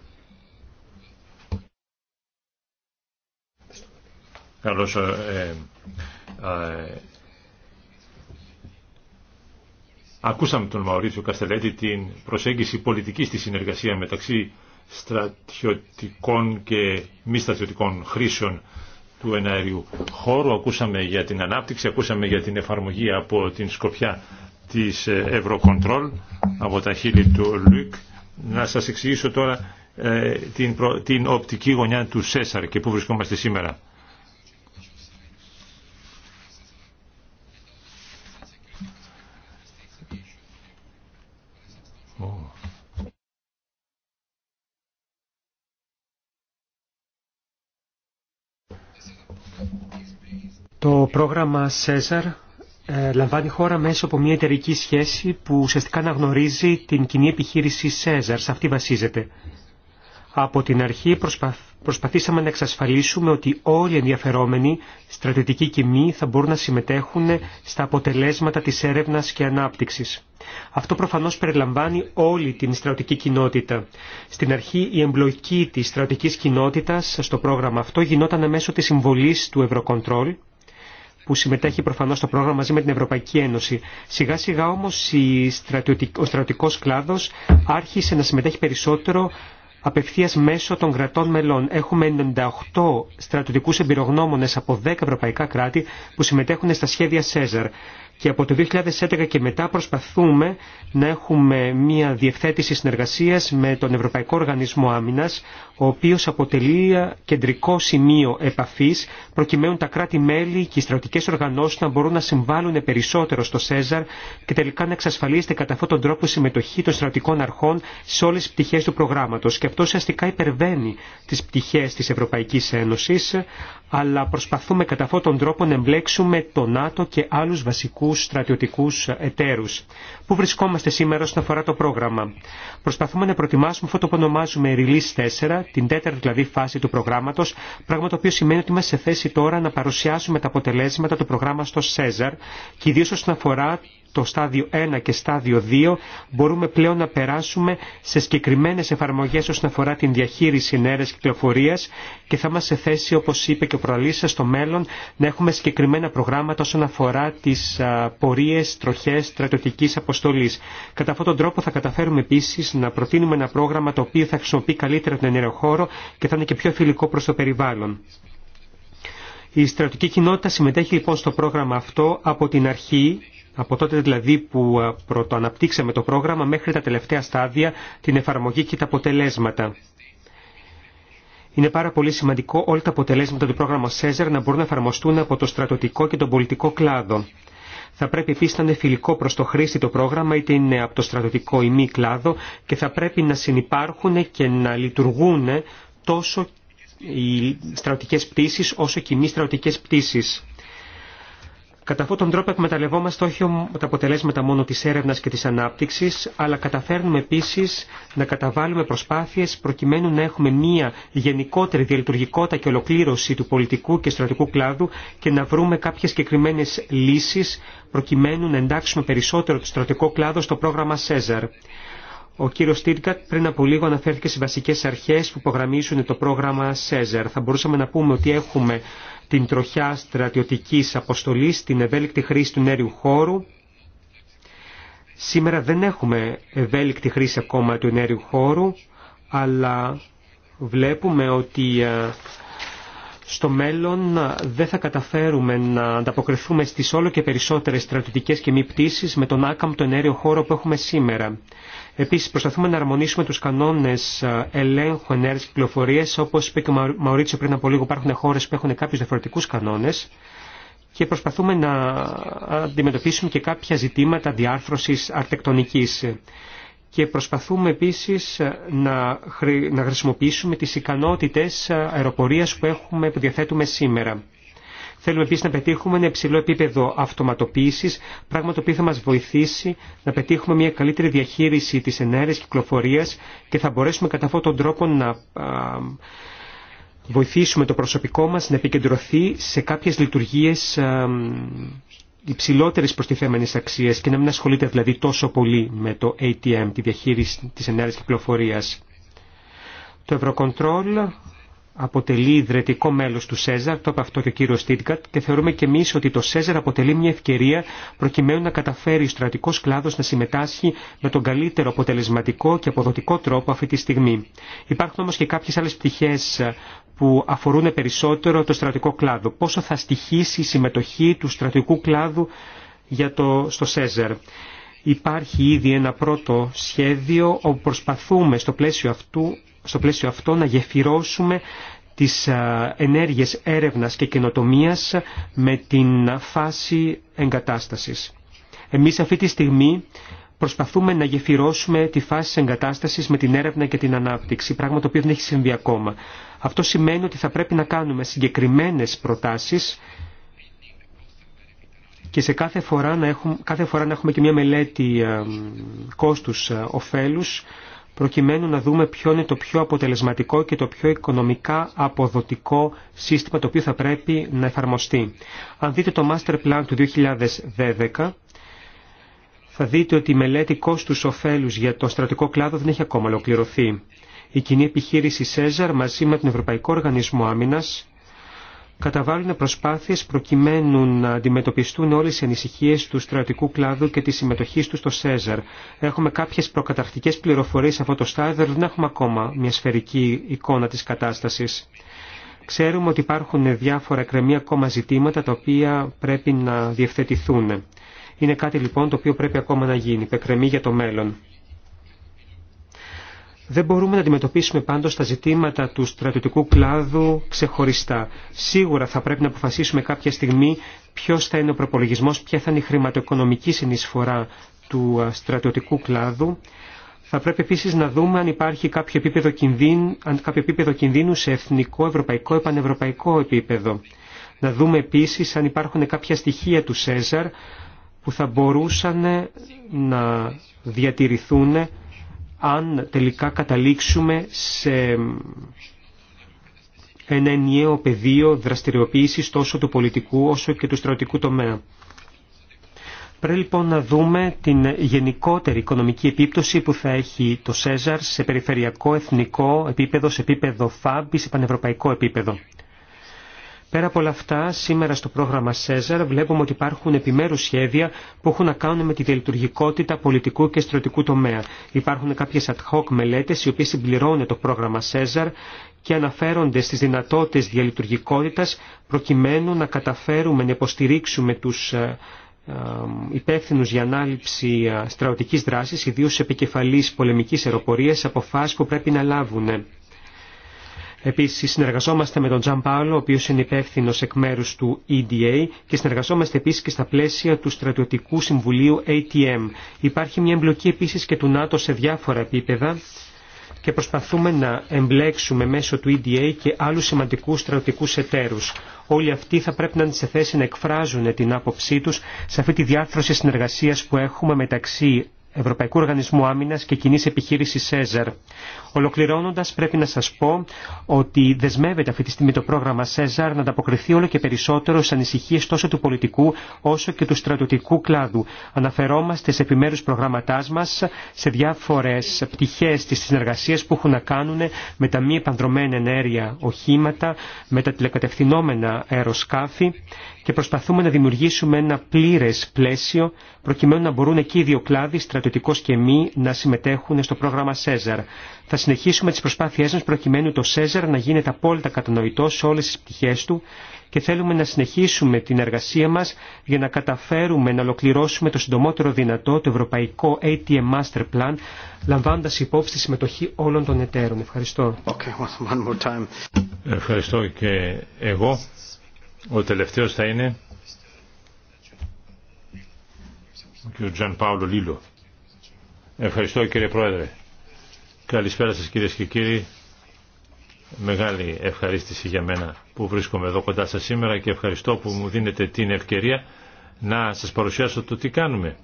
Καλώς ε, ε, ε Ακούσαμε τον Μαωρίτσιο Καστελέτη την προσέγγιση πολιτικής της συνεργασία μεταξύ στρατιωτικών και μη στρατιωτικών χρήσεων του εναέριου χώρου. Ακούσαμε για την ανάπτυξη, ακούσαμε για την εφαρμογή από την σκοπιά της Eurocontrol ε, από τα χείλη του Λουκ. Να σας εξηγήσω τώρα ε, την, την οπτική γωνιά του Σέσαρ και πού βρισκόμαστε σήμερα. Το πρόγραμμα ΣΕΖΑΡ λαμβάνει χώρα μέσω από μια εταιρική σχέση που ουσιαστικά αναγνωρίζει την κοινή επιχείρηση ΣΕΖΑΡ. Σε αυτή βασίζεται. Από την αρχή προσπαθήσαμε να εξασφαλίσουμε ότι όλοι οι ενδιαφερόμενοι στρατητικοί κοιμοί θα μπορούν να συμμετέχουν στα αποτελέσματα της έρευνας και ανάπτυξης. Αυτό προφανώς περιλαμβάνει όλη την στρατιωτική κοινότητα. Στην αρχή η εμπλοκή της στρατιωτικής κοινότητας στο πρόγραμμα αυτό γινόταν μέσω της συμβολής του Ευρωκοντρόλ που συμμετέχει προφανώς στο πρόγραμμα μαζί με την Ευρωπαϊκή Ένωση. Σιγά σιγά όμως ο στρατιωτικός κλάδος άρχισε να συμμετέχει περισσότερο απευθείας μέσω των κρατών μελών. Έχουμε 98 στρατιωτικούς εμπειρογνώμονες από 10 ευρωπαϊκά κράτη που συμμετέχουν στα σχέδια ΣΕΖΑΡ και από το 2011 και μετά προσπαθούμε να έχουμε μια διευθέτηση συνεργασίας με τον Ευρωπαϊκό Οργανισμό Άμυνας, ο οποίος αποτελεί κεντρικό σημείο επαφής, προκειμένου τα κράτη-μέλη και οι στρατικές οργανώσεις να μπορούν να συμβάλλουν περισσότερο στο ΣΕΖΑΡ και τελικά να εξασφαλίσετε κατά αυτόν τον τρόπο συμμετοχή των στρατικών αρχών σε όλες τις πτυχές του προγράμματος. Και αυτό ουσιαστικά υπερβαίνει τις πτυχές της Ευρωπαϊκής Ένωσης, αλλά προσπαθούμε κατά αυτόν τον τρόπο να εμπλέξουμε το ΝΑΤΟ και άλλους βασικούς Στρατιωτικού βρισκόμαστε σήμερα όσον αφορά το Πού βρισκόμαστε σήμερα όσον αφορά το πρόγραμμα. Προσπαθούμε να προετοιμάσουμε αυτό το που ονομάζουμε Release 4, την τέταρτη δηλαδή φάση του προγράμματο, πράγμα το οποίο σημαίνει ότι είμαστε σε θέση τώρα να παρουσιάσουμε τα αποτελέσματα του προγράμματο Cesar και ιδίω όσον αφορά το στάδιο 1 και στάδιο 2 μπορούμε πλέον να περάσουμε σε συγκεκριμένες εφαρμογές όσον αφορά την διαχείριση ενέργειας κυκλοφορίας και θα μας σε θέση, όπως είπε και ο Προαλής στο μέλλον, να έχουμε συγκεκριμένα προγράμματα όσον αφορά τις πορείες, τροχές, στρατιωτικής αποστολής. Κατά αυτόν τον τρόπο θα καταφέρουμε επίσης να προτείνουμε ένα πρόγραμμα το οποίο θα χρησιμοποιεί καλύτερα τον χώρο και θα είναι και πιο φιλικό προς το περιβάλλον. Η στρατιωτική κοινότητα συμμετέχει λοιπόν στο πρόγραμμα αυτό από την αρχή από τότε δηλαδή που πρωτοαναπτύξαμε το πρόγραμμα μέχρι τα τελευταία στάδια, την εφαρμογή και τα αποτελέσματα. Είναι πάρα πολύ σημαντικό όλα τα αποτελέσματα του πρόγραμμα ΣΕΖΕΡ να μπορούν να εφαρμοστούν από το στρατοτικό και τον πολιτικό κλάδο. Θα πρέπει επίση να είναι φιλικό προ το χρήστη το πρόγραμμα, είτε είναι από το στρατοτικό ή μη κλάδο, και θα πρέπει να συνεπάρχουν και να λειτουργούν τόσο οι στρατιωτικέ πτήσει όσο και οι μη στρατιωτικέ πτήσει. Κατά αυτόν τον τρόπο εκμεταλλευόμαστε όχι τα αποτελέσματα μόνο της έρευνας και της ανάπτυξης, αλλά καταφέρνουμε επίσης να καταβάλουμε προσπάθειες προκειμένου να έχουμε μία γενικότερη διαλειτουργικότητα και ολοκλήρωση του πολιτικού και στρατικού κλάδου και να βρούμε κάποιες συγκεκριμένε λύσεις προκειμένου να εντάξουμε περισσότερο το στρατικό κλάδο στο πρόγραμμα ΣΕΖΑΡ. Ο κύριο Στίρκατ πριν από λίγο αναφέρθηκε στι βασικέ αρχέ που υπογραμμίζουν το πρόγραμμα ΣΕΖΑΡ. Θα μπορούσαμε να πούμε ότι έχουμε την τροχιά στρατιωτικής αποστολής, την ευέλικτη χρήση του νέριου χώρου. Σήμερα δεν έχουμε ευέλικτη χρήση ακόμα του νέριου χώρου, αλλά βλέπουμε ότι ε, στο μέλλον δεν θα καταφέρουμε να ανταποκριθούμε στις όλο και περισσότερες στρατιωτικές και μη πτήσεις με τον άκαμπτο ενέργειο χώρο που έχουμε σήμερα. Επίση, προσπαθούμε να αρμονίσουμε του κανόνε ελέγχου ενέργεια κυκλοφορία. Όπω είπε και ο Μαουρίτσιο πριν από λίγο, υπάρχουν χώρε που έχουν κάποιου διαφορετικού κανόνε και προσπαθούμε να αντιμετωπίσουμε και κάποια ζητήματα διάρθρωσης αρτεκτονικής. Και προσπαθούμε επίσης να, χρησιμοποιήσουμε τις ικανότητες αεροπορίας που, έχουμε, που διαθέτουμε σήμερα. Θέλουμε επίση να πετύχουμε ένα υψηλό επίπεδο αυτοματοποίηση, πράγμα το οποίο θα μα βοηθήσει να πετύχουμε μια καλύτερη διαχείριση τη ενέργεια κυκλοφορία και θα μπορέσουμε κατά αυτόν τον τρόπο να βοηθήσουμε το προσωπικό μας να επικεντρωθεί σε κάποιες λειτουργίες υψηλότερη προστιθέμενης αξίας και να μην ασχολείται δηλαδή τόσο πολύ με το ATM, τη διαχείριση τη ενέργεια κυκλοφορίας. Το Eurocontrol αποτελεί ιδρυτικό μέλος του ΣΕΖΑΡ, το είπε αυτό και ο κύριο Στίτκατ, και θεωρούμε και εμείς ότι το ΣΕΖΑΡ αποτελεί μια ευκαιρία προκειμένου να καταφέρει ο στρατικός κλάδος να συμμετάσχει με τον καλύτερο αποτελεσματικό και αποδοτικό τρόπο αυτή τη στιγμή. Υπάρχουν όμως και κάποιες άλλες πτυχές ε, που αφορούν περισσότερο το στρατικό κλάδο. Πόσο θα στοιχήσει η συμμετοχή του στρατικού κλάδου για το, στο ΣΕΖΑΡ. Υπάρχει ήδη ένα πρώτο σχέδιο όπου προσπαθούμε στο πλαίσιο αυτού στο πλαίσιο αυτό να γεφυρώσουμε τις ενέργειες έρευνας και καινοτομίας με την φάση εγκατάστασης. Εμείς αυτή τη στιγμή προσπαθούμε να γεφυρώσουμε τη φάση εγκατάστασης με την έρευνα και την ανάπτυξη, πράγμα το οποίο δεν έχει συμβεί ακόμα. Αυτό σημαίνει ότι θα πρέπει να κάνουμε συγκεκριμένες προτάσεις και σε κάθε φορά να έχουμε, κάθε φορά να έχουμε και μια μελέτη κόστους-οφέλους ε, προκειμένου να δούμε ποιο είναι το πιο αποτελεσματικό και το πιο οικονομικά αποδοτικό σύστημα το οποίο θα πρέπει να εφαρμοστεί. Αν δείτε το Master Plan του 2010, θα δείτε ότι η μελέτη κόστους ωφέλους για το στρατικό κλάδο δεν έχει ακόμα ολοκληρωθεί. Η κοινή επιχείρηση ΣΕΖΑΡ μαζί με τον Ευρωπαϊκό Οργανισμό Άμυνας καταβάλουν προσπάθειες προκειμένου να αντιμετωπιστούν όλες οι ανησυχίες του στρατικού κλάδου και τη συμμετοχή του στο ΣΕΖΑΡ. Έχουμε κάποιες προκαταρκτικές πληροφορίες σε αυτό το στάδιο, δεν έχουμε ακόμα μια σφαιρική εικόνα της κατάστασης. Ξέρουμε ότι υπάρχουν διάφορα κρεμία ακόμα ζητήματα τα οποία πρέπει να διευθετηθούν. Είναι κάτι λοιπόν το οποίο πρέπει ακόμα να γίνει, πεκρεμή για το μέλλον. Δεν μπορούμε να αντιμετωπίσουμε πάντως τα ζητήματα του στρατιωτικού κλάδου ξεχωριστά. Σίγουρα θα πρέπει να αποφασίσουμε κάποια στιγμή ποιος θα είναι ο προπολογισμός, ποια θα είναι η χρηματοοικονομική συνεισφορά του στρατιωτικού κλάδου. Θα πρέπει επίσης να δούμε αν υπάρχει κάποιο επίπεδο κινδύνου, αν κάποιο επίπεδο κινδύνου σε εθνικό, ευρωπαϊκό, πανευρωπαϊκό επίπεδο. Να δούμε επίσης αν υπάρχουν κάποια στοιχεία του ΣΕΖΑΡ που θα μπορούσαν να διατηρηθούν αν τελικά καταλήξουμε σε ένα ενιαίο πεδίο δραστηριοποίησης τόσο του πολιτικού όσο και του στρατιωτικού τομέα. Πρέπει λοιπόν να δούμε την γενικότερη οικονομική επίπτωση που θα έχει το ΣΕΖΑΡ σε περιφερειακό, εθνικό επίπεδο, σε επίπεδο ΦΑΜΠΗ, σε πανευρωπαϊκό επίπεδο. Πέρα από όλα αυτά, σήμερα στο πρόγραμμα ΣΕΖΑΡ βλέπουμε ότι υπάρχουν επιμέρους σχέδια που έχουν να κάνουν με τη διαλειτουργικότητα πολιτικού και στρατιωτικού τομέα. Υπάρχουν κάποιες ad hoc μελέτες οι οποίες συμπληρώνουν το πρόγραμμα ΣΕΖΑΡ και αναφέρονται στις δυνατότητες διαλειτουργικότητας προκειμένου να καταφέρουμε να υποστηρίξουμε τους ε, ε, υπεύθυνου για ανάληψη ε, στρατιωτικής δράση, ιδίω επικεφαλή πολεμική αεροπορία, αποφάσει που πρέπει να λάβουν. Επίση, συνεργαζόμαστε με τον Τζαν Πάολο, ο οποίος είναι υπεύθυνο εκ μέρου του EDA και συνεργαζόμαστε επίσης και στα πλαίσια του Στρατιωτικού Συμβουλίου ATM. Υπάρχει μια εμπλοκή επίσης και του ΝΑΤΟ σε διάφορα επίπεδα και προσπαθούμε να εμπλέξουμε μέσω του EDA και άλλους σημαντικούς στρατιωτικούς εταίρους. Όλοι αυτοί θα πρέπει να είναι σε θέση να εκφράζουν την άποψή τους σε αυτή τη διάρθρωση συνεργασίας που έχουμε μεταξύ Ευρωπαϊκού Οργανισμού Άμυνας και κοινή επιχείρηση ΣΕΖΑΡ. Ολοκληρώνοντα, πρέπει να σα πω ότι δεσμεύεται αυτή τη στιγμή το πρόγραμμα ΣΕΖΑΡ να ανταποκριθεί όλο και περισσότερο στι ανησυχίε τόσο του πολιτικού όσο και του στρατιωτικού κλάδου. Αναφερόμαστε σε επιμέρου προγράμματά μα σε διάφορε πτυχέ τη συνεργασία που έχουν να κάνουν με τα μη επανδρομένα ενέργεια οχήματα, με τα τηλεκατευθυνόμενα αεροσκάφη και προσπαθούμε να δημιουργήσουμε ένα πλήρε πλαίσιο προκειμένου να μπορούν εκεί οι δύο κλάδοι, στρατιωτικό και μη, να συμμετέχουν στο πρόγραμμα ΣΕΖΑΡ. Θα συνεχίσουμε τις προσπάθειές μας προκειμένου το ΣΕΖΑΡ να γίνεται απόλυτα κατανοητό σε όλες τις πτυχές του και θέλουμε να συνεχίσουμε την εργασία μας για να καταφέρουμε να ολοκληρώσουμε το συντομότερο δυνατό το ευρωπαϊκό ATM Master Plan λαμβάνοντας υπόψη τη συμμετοχή όλων των εταίρων. Ευχαριστώ. Okay, one more time. Ευχαριστώ και εγώ. Ο τελευταίος θα είναι ο κ. Τζαν Παύλο Λίλο. Ευχαριστώ κύριε Πρόεδρε. Καλησπέρα σας κυρίες και κύριοι. Μεγάλη ευχαρίστηση για μένα που βρίσκομαι εδώ κοντά σας σήμερα και ευχαριστώ που μου δίνετε την ευκαιρία να σας παρουσιάσω το τι κάνουμε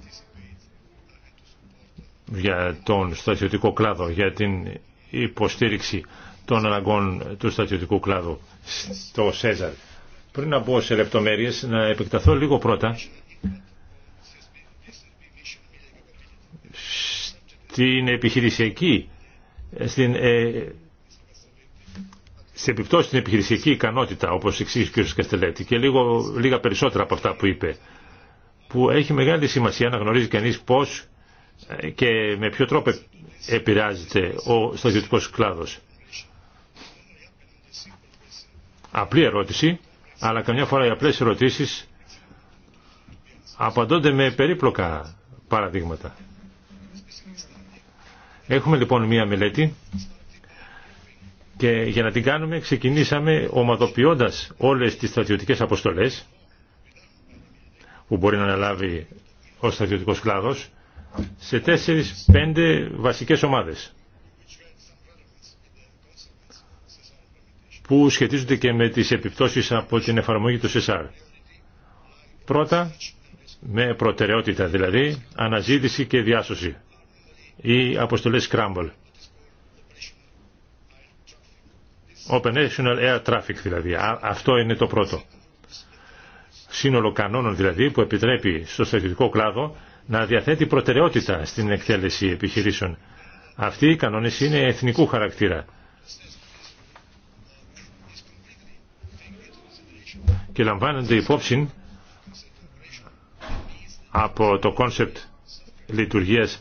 για τον στρατιωτικό κλάδο, για την υποστήριξη των αναγκών του στρατιωτικού κλάδου στο ΣΕΖΑΡ. Πριν να μπω σε λεπτομέρειες, να επεκταθώ λίγο πρώτα στην επιχειρησιακή στην, ε, σε επιπτώσει την επιχειρησιακή ικανότητα, όπως εξήγησε ο κ. Καστελέτη, και λίγο, λίγα περισσότερα από αυτά που είπε, που έχει μεγάλη σημασία να γνωρίζει κανείς πώς ε, και με ποιο τρόπο επηρεάζεται ο στρατιωτικό κλάδος. Απλή ερώτηση, αλλά καμιά φορά οι απλές ερωτήσεις απαντώνται με περίπλοκα παραδείγματα. Έχουμε λοιπόν μία μελέτη και για να την κάνουμε ξεκινήσαμε ομαδοποιώντας όλες τις στρατιωτικές αποστολές που μπορεί να αναλάβει ο στρατιωτικός κλάδος σε τέσσερις-πέντε βασικές ομάδες που σχετίζονται και με τις επιπτώσεις από την εφαρμογή του ΣΕΣΑΡ. Πρώτα, με προτεραιότητα δηλαδή, αναζήτηση και διάσωση ή αποστολές Scramble. Open National Air Traffic δηλαδή. Αυτό είναι το πρώτο. Σύνολο κανόνων δηλαδή που επιτρέπει στο στρατιωτικό κλάδο να διαθέτει προτεραιότητα στην εκτέλεση επιχειρήσεων. Αυτοί οι κανόνες είναι εθνικού χαρακτήρα. Και λαμβάνονται υπόψη από το κόνσεπτ λειτουργίας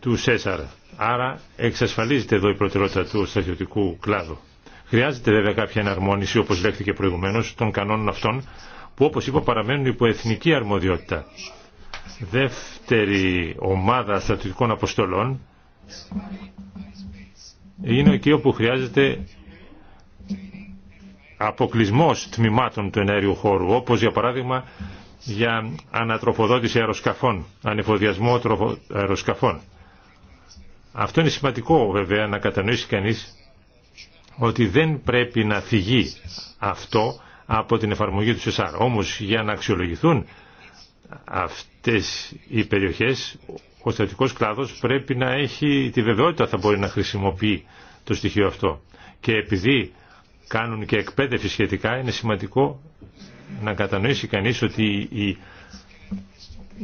του Σέσαρ. Άρα εξασφαλίζεται εδώ η προτεραιότητα του στρατιωτικού κλάδου. Χρειάζεται βέβαια κάποια εναρμόνιση, όπως λέχθηκε προηγουμένως, των κανόνων αυτών, που όπως είπα παραμένουν υπό εθνική αρμοδιότητα. Δεύτερη ομάδα στρατιωτικών αποστολών είναι εκεί όπου χρειάζεται αποκλεισμό τμήματων του ενέργειου χώρου, όπως για παράδειγμα για ανατροφοδότηση αεροσκαφών, ανεφοδιασμό αεροσκαφών. Αυτό είναι σημαντικό βέβαια να κατανοήσει κανείς ότι δεν πρέπει να θυγεί αυτό από την εφαρμογή του ΣΕΣΑΡ. Όμως για να αξιολογηθούν αυτές οι περιοχές ο στρατικός κλάδος πρέπει να έχει τη βεβαιότητα θα μπορεί να χρησιμοποιεί το στοιχείο αυτό. Και επειδή κάνουν και εκπαίδευση σχετικά είναι σημαντικό να κατανοήσει κανείς ότι η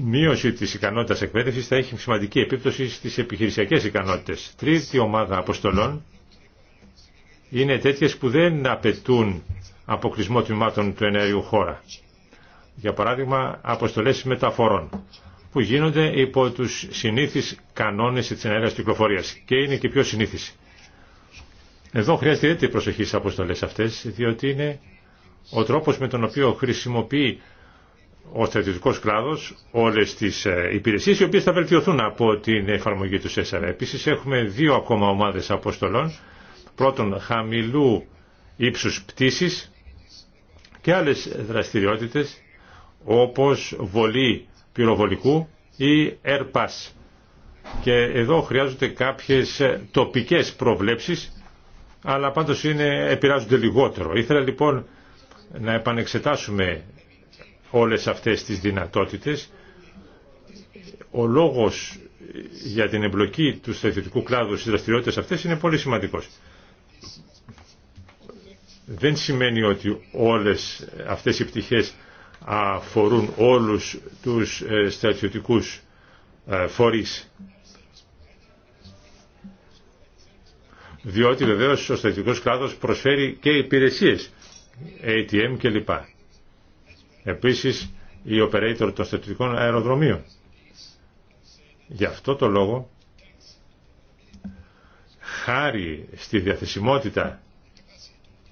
μείωση της ικανότητας εκπαίδευσης θα έχει σημαντική επίπτωση στις επιχειρησιακές ικανότητες. Τρίτη ομάδα αποστολών είναι τέτοιες που δεν απαιτούν αποκλεισμό τμήματων του ενέργειου χώρα. Για παράδειγμα, αποστολές μεταφορών που γίνονται υπό τους συνήθεις κανόνες της ενέργειας κυκλοφορίας και είναι και πιο συνήθιση. Εδώ χρειάζεται ιδιαίτερη προσοχή στις αποστολές αυτές, διότι είναι ο τρόπος με τον οποίο χρησιμοποιεί ο στρατιωτικός κλάδος, όλες τις ε, υπηρεσίες οι οποίες θα βελτιωθούν από την εφαρμογή του ΣΕΣΑΡ. Επίσης έχουμε δύο ακόμα ομάδες αποστολών. Πρώτον, χαμηλού ύψους πτήση και άλλες δραστηριότητες όπως βολή πυροβολικού ή ερπάς. Και εδώ χρειάζονται κάποιες ε, τοπικές προβλέψεις, αλλά πάντως είναι, επηρεάζονται λιγότερο. Ήθελα λοιπόν να επανεξετάσουμε όλες αυτές τις δυνατότητες. Ο λόγος για την εμπλοκή του στρατιωτικού κλάδου στις δραστηριότητες αυτές είναι πολύ σημαντικός. Δεν σημαίνει ότι όλες αυτές οι πτυχές αφορούν όλους τους ε, στρατιωτικούς ε, φορείς. Διότι βεβαίως ο στρατιωτικός κλάδος προσφέρει και υπηρεσίες, ATM κλπ. Επίσης, οι operator των στρατιωτικών αεροδρομίων. Γι' αυτό το λόγο, χάρη στη διαθεσιμότητα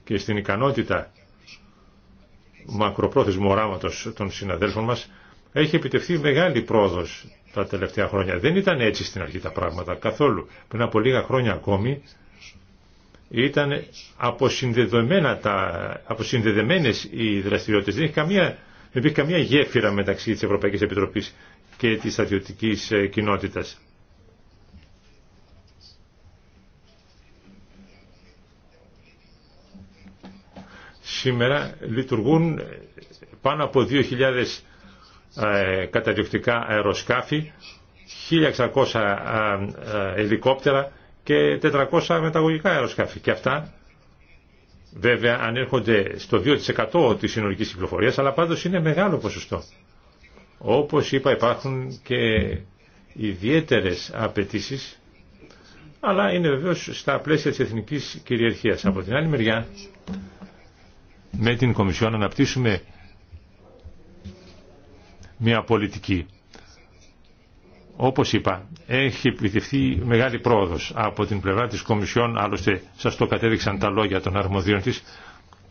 και στην ικανότητα μακροπρόθεσμου οράματος των συναδέλφων μας, έχει επιτευχθεί μεγάλη πρόοδος τα τελευταία χρόνια. Δεν ήταν έτσι στην αρχή τα πράγματα καθόλου. Πριν από λίγα χρόνια ακόμη, ήταν αποσυνδεδεμένα τα, αποσυνδεδεμένες οι δραστηριότητες. Δεν, καμία, υπήρχε καμία γέφυρα μεταξύ της Ευρωπαϊκής Επιτροπής και της στρατιωτικής ε, κοινότητας. Σήμερα λειτουργούν ε, πάνω από 2.000 ε, καταδιοκτικά αεροσκάφη, 1.600 ε, ελικόπτερα, και 400 μεταγωγικά αεροσκάφη. Και αυτά βέβαια ανέρχονται στο 2% της συνολικής κυκλοφορίας, αλλά πάντως είναι μεγάλο ποσοστό. Όπως είπα υπάρχουν και ιδιαίτερες απαιτήσει, αλλά είναι βεβαίως στα πλαίσια της εθνικής κυριαρχίας. Από την άλλη μεριά, με την Κομισιόν αναπτύσσουμε μια πολιτική όπως είπα, έχει επιτευχθεί μεγάλη πρόοδος από την πλευρά της Κομισιόν, άλλωστε σας το κατέδειξαν τα λόγια των αρμοδίων της,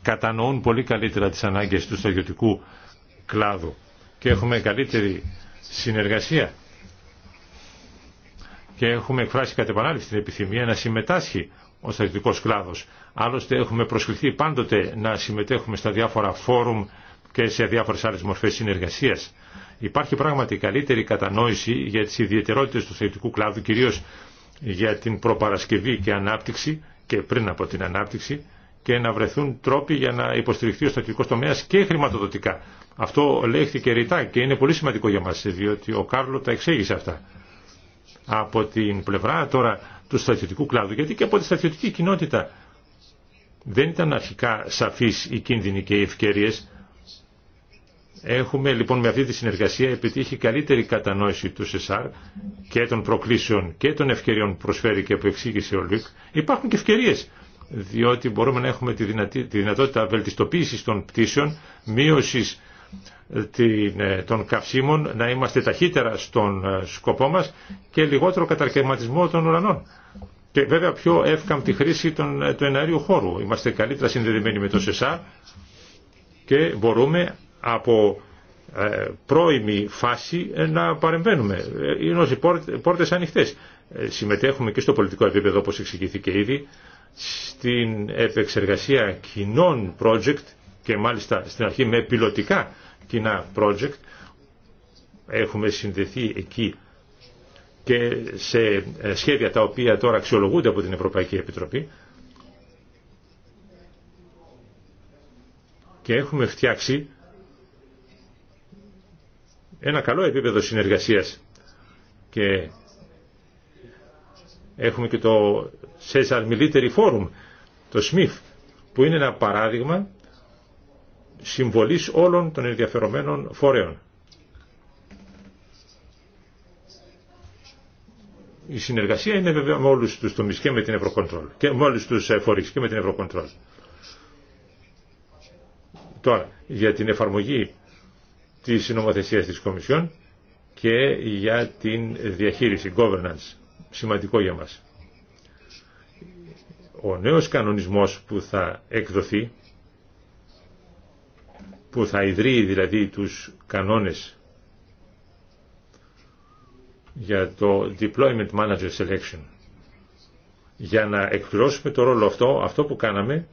κατανοούν πολύ καλύτερα τις ανάγκες του στρατιωτικού κλάδου και έχουμε καλύτερη συνεργασία και έχουμε εκφράσει κατ' επανάληψη την επιθυμία να συμμετάσχει ο στρατιωτικός κλάδος. Άλλωστε έχουμε προσκληθεί πάντοτε να συμμετέχουμε στα διάφορα φόρουμ και σε διάφορε άλλε μορφέ συνεργασία Υπάρχει πράγματι καλύτερη κατανόηση για τι ιδιαιτερότητε του θεωρητικού κλάδου, κυρίω για την προπαρασκευή και ανάπτυξη και πριν από την ανάπτυξη και να βρεθούν τρόποι για να υποστηριχθεί ο στρατιωτικός τομέα και χρηματοδοτικά. Αυτό και ρητά και είναι πολύ σημαντικό για μα, διότι ο Κάρλο τα εξέγησε αυτά. Από την πλευρά τώρα του στρατιωτικού κλάδου, γιατί και από τη στρατιωτική κοινότητα δεν ήταν αρχικά σαφείς οι κίνδυνοι και οι ευκαιρίε. Έχουμε λοιπόν με αυτή τη συνεργασία επιτύχει καλύτερη κατανόηση του ΣΕΣΑΡ και των προκλήσεων και των ευκαιριών που προσφέρει και που εξήγησε ο ΛΥΚ. Υπάρχουν και ευκαιρίες, διότι μπορούμε να έχουμε τη, δυνατότητα βελτιστοποίησης των πτήσεων, μείωσης ε, ε, των καυσίμων, να είμαστε ταχύτερα στον ε, σκοπό μας και λιγότερο καταρκευματισμό των ουρανών. Και βέβαια πιο εύκαμπτη χρήση των, του εναέριου χώρου. Είμαστε καλύτερα συνδεδεμένοι με το ΣΕΣΑΡ και μπορούμε από ε, πρώιμη φάση ε, να παρεμβαίνουμε. Ε, είναι οι πόρτες ανοιχτές. Συμμετέχουμε και στο πολιτικό επίπεδο όπως εξηγήθηκε ήδη στην επεξεργασία κοινών project και μάλιστα στην αρχή με πιλωτικά κοινά project έχουμε συνδεθεί εκεί και σε σχέδια τα οποία τώρα αξιολογούνται από την Ευρωπαϊκή Επιτροπή και έχουμε φτιάξει ένα καλό επίπεδο συνεργασίας και έχουμε και το Cesar Military Forum, το SMIF, που είναι ένα παράδειγμα συμβολής όλων των ενδιαφερομένων φορέων. Η συνεργασία είναι βέβαια με όλους τους τομείς και με την Ευρωκοντρόλ και με όλους τους ε, φορείς και με την Ευρωκοντρόλ. Τώρα, για την εφαρμογή της νομοθεσίας της Κομισιόν και για την διαχείριση, governance, σημαντικό για μας. Ο νέος κανονισμός που θα εκδοθεί, που θα ιδρύει δηλαδή τους κανόνες για το Deployment Manager Selection. Για να εκπληρώσουμε το ρόλο αυτό, αυτό που κάναμε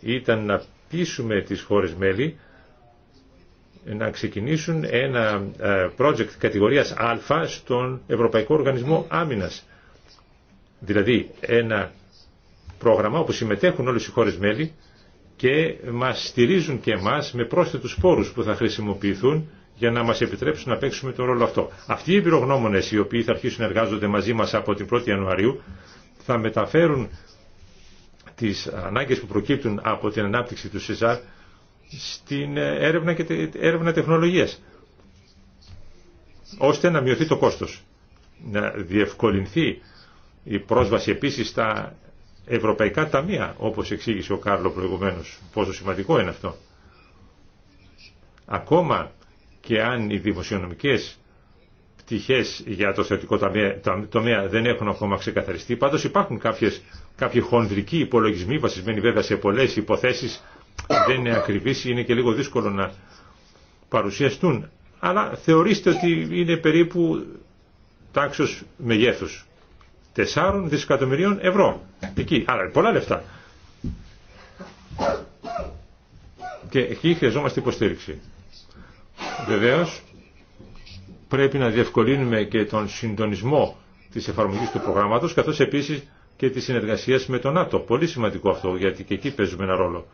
ήταν να πείσουμε τις χώρες μέλη να ξεκινήσουν ένα ε, project κατηγορίας Α στον Ευρωπαϊκό Οργανισμό Άμυνας. Δηλαδή ένα πρόγραμμα όπου συμμετέχουν όλες οι χώρες μέλη και μας στηρίζουν και εμάς με πρόσθετους πόρους που θα χρησιμοποιηθούν για να μας επιτρέψουν να παίξουμε τον ρόλο αυτό. Αυτοί οι εμπειρογνώμονες οι οποίοι θα αρχίσουν να εργάζονται μαζί μας από την 1η Ιανουαρίου θα μεταφέρουν τις ανάγκες που προκύπτουν από την ανάπτυξη του ΣΕΖΑΡ στην έρευνα και την έρευνα τεχνολογίας ώστε να μειωθεί το κόστος να διευκολυνθεί η πρόσβαση επίσης στα ευρωπαϊκά ταμεία όπως εξήγησε ο Κάρλο προηγουμένως πόσο σημαντικό είναι αυτό ακόμα και αν οι δημοσιονομικές πτυχές για το στρατικό τομέα δεν έχουν ακόμα ξεκαθαριστεί πάντως υπάρχουν κάποιες, κάποιοι χονδρικοί υπολογισμοί βασισμένοι βέβαια σε πολλές υποθέσεις δεν είναι ακριβείς, είναι και λίγο δύσκολο να παρουσιαστούν. Αλλά θεωρήστε ότι είναι περίπου τάξος μεγέθους. 4 δισεκατομμυρίων ευρώ. Εκεί. Άρα πολλά λεφτά. Και εκεί χρειαζόμαστε υποστήριξη. Βεβαίω, πρέπει να διευκολύνουμε και τον συντονισμό της εφαρμογής του προγράμματος, καθώς επίσης και τη συνεργασία με τον ΝΑΤΟ. Πολύ σημαντικό αυτό, γιατί και εκεί παίζουμε ένα ρόλο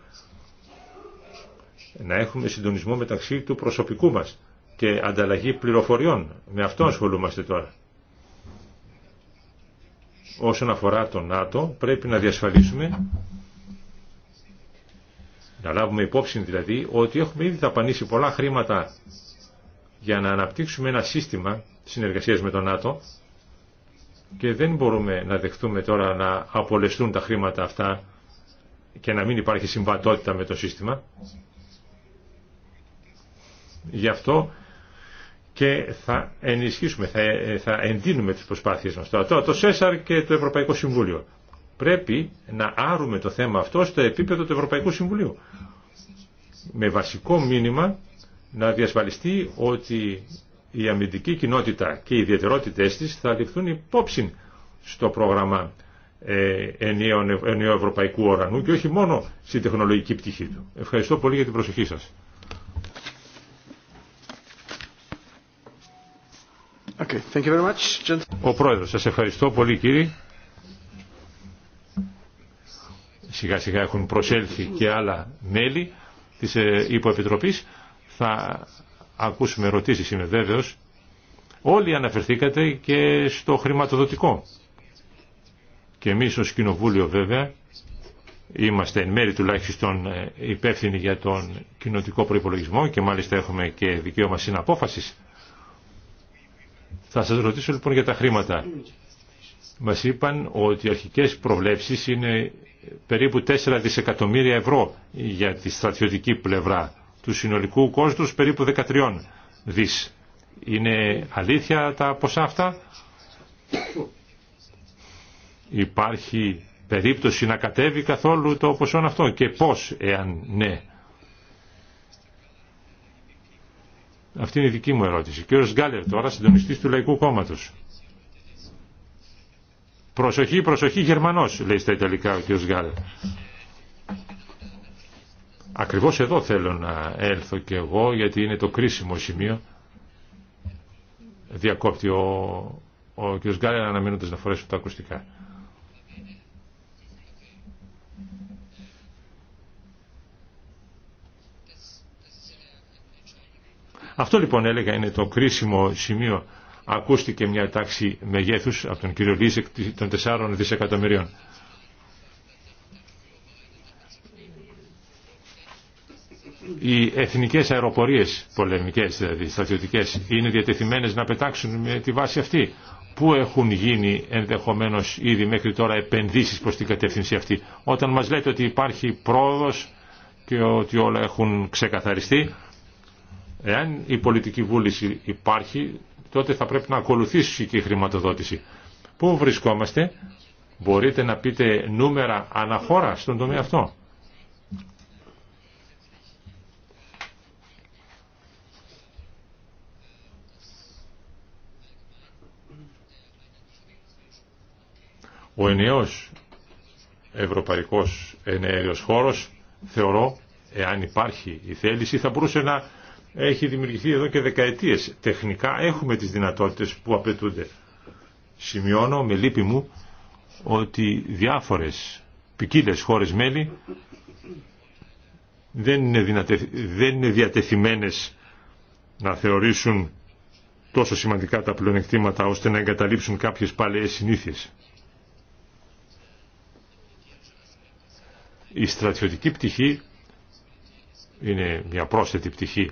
να έχουμε συντονισμό μεταξύ του προσωπικού μας και ανταλλαγή πληροφοριών. Με αυτό ασχολούμαστε τώρα. Όσον αφορά το ΝΑΤΟ, πρέπει να διασφαλίσουμε, να λάβουμε υπόψη δηλαδή, ότι έχουμε ήδη ταπανίσει πολλά χρήματα για να αναπτύξουμε ένα σύστημα συνεργασίας με το ΝΑΤΟ και δεν μπορούμε να δεχτούμε τώρα να απολεστούν τα χρήματα αυτά και να μην υπάρχει συμβατότητα με το σύστημα. Γι' αυτό και θα ενισχύσουμε, θα, θα εντείνουμε τις προσπάθειες μας. Τώρα, το ΣΕΣΑΡ και το Ευρωπαϊκό Συμβούλιο. Πρέπει να άρουμε το θέμα αυτό στο επίπεδο του Ευρωπαϊκού Συμβουλίου. Με βασικό μήνυμα να διασφαλιστεί ότι η αμυντική κοινότητα και οι ιδιαιτερότητές της θα ληφθούν υπόψη στο πρόγραμμα ε, ενιαίου ευρωπαϊκού ορανού και όχι μόνο στη τεχνολογική πτυχή του. Ευχαριστώ πολύ για την προσοχή σας. Ο Πρόεδρος, σας ευχαριστώ πολύ κύριε. Σιγά σιγά έχουν προσέλθει και άλλα μέλη της ε, Υποεπιτροπής. Θα ακούσουμε ερωτήσεις, είμαι βέβαιος. Όλοι αναφερθήκατε και στο χρηματοδοτικό. Και εμείς ως Κοινοβούλιο βέβαια είμαστε εν μέρη τουλάχιστον ε, υπεύθυνοι για τον κοινοτικό προϋπολογισμό και μάλιστα έχουμε και δικαίωμα συναπόφασης θα σας ρωτήσω λοιπόν για τα χρήματα. Μας είπαν ότι οι αρχικές προβλέψεις είναι περίπου 4 δισεκατομμύρια ευρώ για τη στρατιωτική πλευρά του συνολικού κόστους περίπου 13 δις. Είναι αλήθεια τα ποσά αυτά. Υπάρχει περίπτωση να κατέβει καθόλου το ποσό αυτό και πώς εάν ναι. Αυτή είναι η δική μου ερώτηση. Ο Γκάλερ τώρα, συντονιστή του Λαϊκού Κόμματος. Προσοχή, προσοχή, Γερμανός, λέει στα Ιταλικά ο κύριο Γκάλερ. Ακριβώς εδώ θέλω να έλθω και εγώ, γιατί είναι το κρίσιμο σημείο. Διακόπτει ο, ο κύριος Γκάλερ αναμένοντα να φορέσω τα ακουστικά. Αυτό λοιπόν έλεγα είναι το κρίσιμο σημείο. Ακούστηκε μια τάξη μεγέθους από τον κύριο Λίζεκ των 4 δισεκατομμυρίων. οι εθνικές αεροπορίες πολεμικές δηλαδή στρατιωτικές είναι διατεθειμένες να πετάξουν με τη βάση αυτή που έχουν γίνει ενδεχομένως ήδη μέχρι τώρα επενδύσεις προς την κατεύθυνση αυτή όταν μας λέτε ότι υπάρχει πρόοδος και ότι όλα έχουν ξεκαθαριστεί Εάν η πολιτική βούληση υπάρχει, τότε θα πρέπει να ακολουθήσει και η χρηματοδότηση. Πού βρισκόμαστε, μπορείτε να πείτε νούμερα αναχώρα στον τομέα αυτό. Ο ενιαίος ευρωπαϊκός ενέργειος χώρος θεωρώ, εάν υπάρχει η θέληση, θα μπορούσε να έχει δημιουργηθεί εδώ και δεκαετίες. Τεχνικά έχουμε τις δυνατότητες που απαιτούνται. Σημειώνω με λύπη μου ότι διάφορες ποικίλε χώρες μέλη δεν είναι, δυνατε, δεν διατεθειμένες να θεωρήσουν τόσο σημαντικά τα πλεονεκτήματα ώστε να εγκαταλείψουν κάποιες παλαιές συνήθειες. Η στρατιωτική πτυχή είναι μια πρόσθετη πτυχή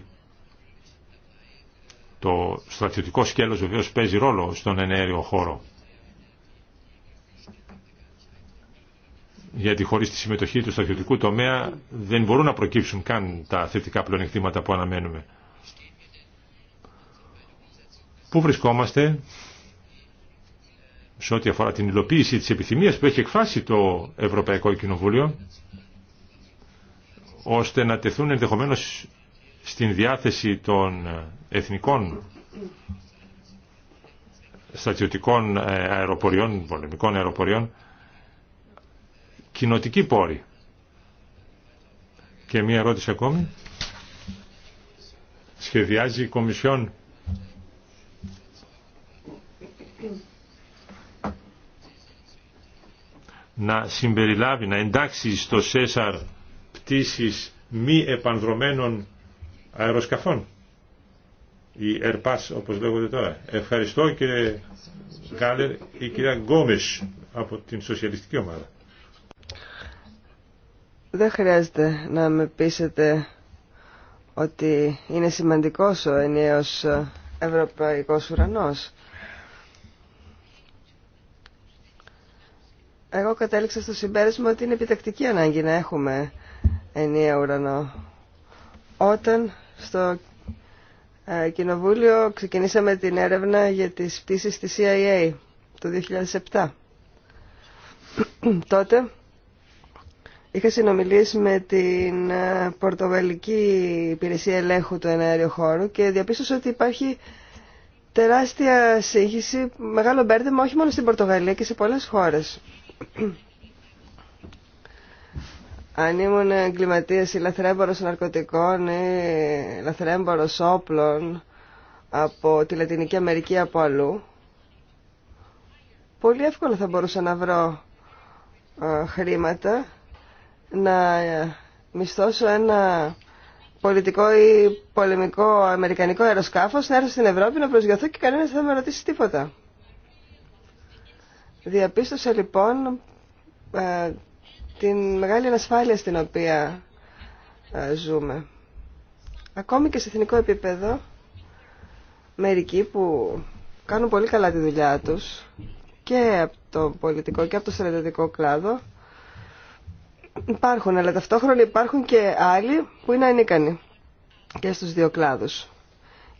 το στρατιωτικό σκέλος βεβαίως παίζει ρόλο στον ενέργειο χώρο. γιατί χωρίς τη συμμετοχή του στρατιωτικού τομέα δεν μπορούν να προκύψουν καν τα θετικά πλεονεκτήματα που αναμένουμε. Πού βρισκόμαστε σε ό,τι αφορά την υλοποίηση της επιθυμίας που έχει εκφράσει το Ευρωπαϊκό Κοινοβούλιο ώστε να τεθούν ενδεχομένως στην διάθεση των ε, εθνικών στατιωτικών ε, αεροποριών, πολεμικών αεροποριών, κοινοτική πόρη. Και μία ερώτηση ακόμη. Σχεδιάζει η Κομισιόν να συμπεριλάβει, να εντάξει στο ΣΕΣΑΡ πτήσεις μη επανδρομένων αεροσκαφών. Η ΕΡΠΑΣ όπως λέγονται τώρα. Ευχαριστώ κύριε Γκάλερ ή κυρία Γκόμες από την Σοσιαλιστική Ομάδα. Δεν χρειάζεται να με πείσετε ότι είναι σημαντικός ο ενιαίος ευρωπαϊκός ουρανός. Εγώ κατέληξα στο συμπέρασμα ότι είναι επιτακτική ανάγκη να έχουμε ενιαίο ουρανό. Όταν στο ε, Κοινοβούλιο ξεκινήσαμε την έρευνα για τις πτήσεις της CIA το 2007. Τότε είχα συνομιλήσει με την ε, Πορτογαλική Υπηρεσία Ελέγχου του Εναέριου Χώρου και διαπίστωσα ότι υπάρχει τεράστια σύγχυση, μεγάλο μπέρδεμα όχι μόνο στην Πορτογαλία και σε πολλές χώρες. αν ήμουν εγκληματία ή λαθρέμπορος ναρκωτικών ή λαθρέμπορος όπλων από τη Λατινική Αμερική από αλλού, πολύ εύκολα θα μπορούσα να βρω ε, χρήματα, να ε, μισθώσω ένα πολιτικό ή πολεμικό αμερικανικό αεροσκάφος, να έρθω στην Ευρώπη, να προσγειωθώ και κανένας δεν θα με ρωτήσει τίποτα. Διαπίστωσα λοιπόν ε, την μεγάλη ανασφάλεια στην οποία ε, ζούμε. Ακόμη και σε εθνικό επίπεδο, μερικοί που κάνουν πολύ καλά τη δουλειά τους και από το πολιτικό και από το στρατιωτικό κλάδο υπάρχουν, αλλά ταυτόχρονα υπάρχουν και άλλοι που είναι ανίκανοι και στους δύο κλάδους.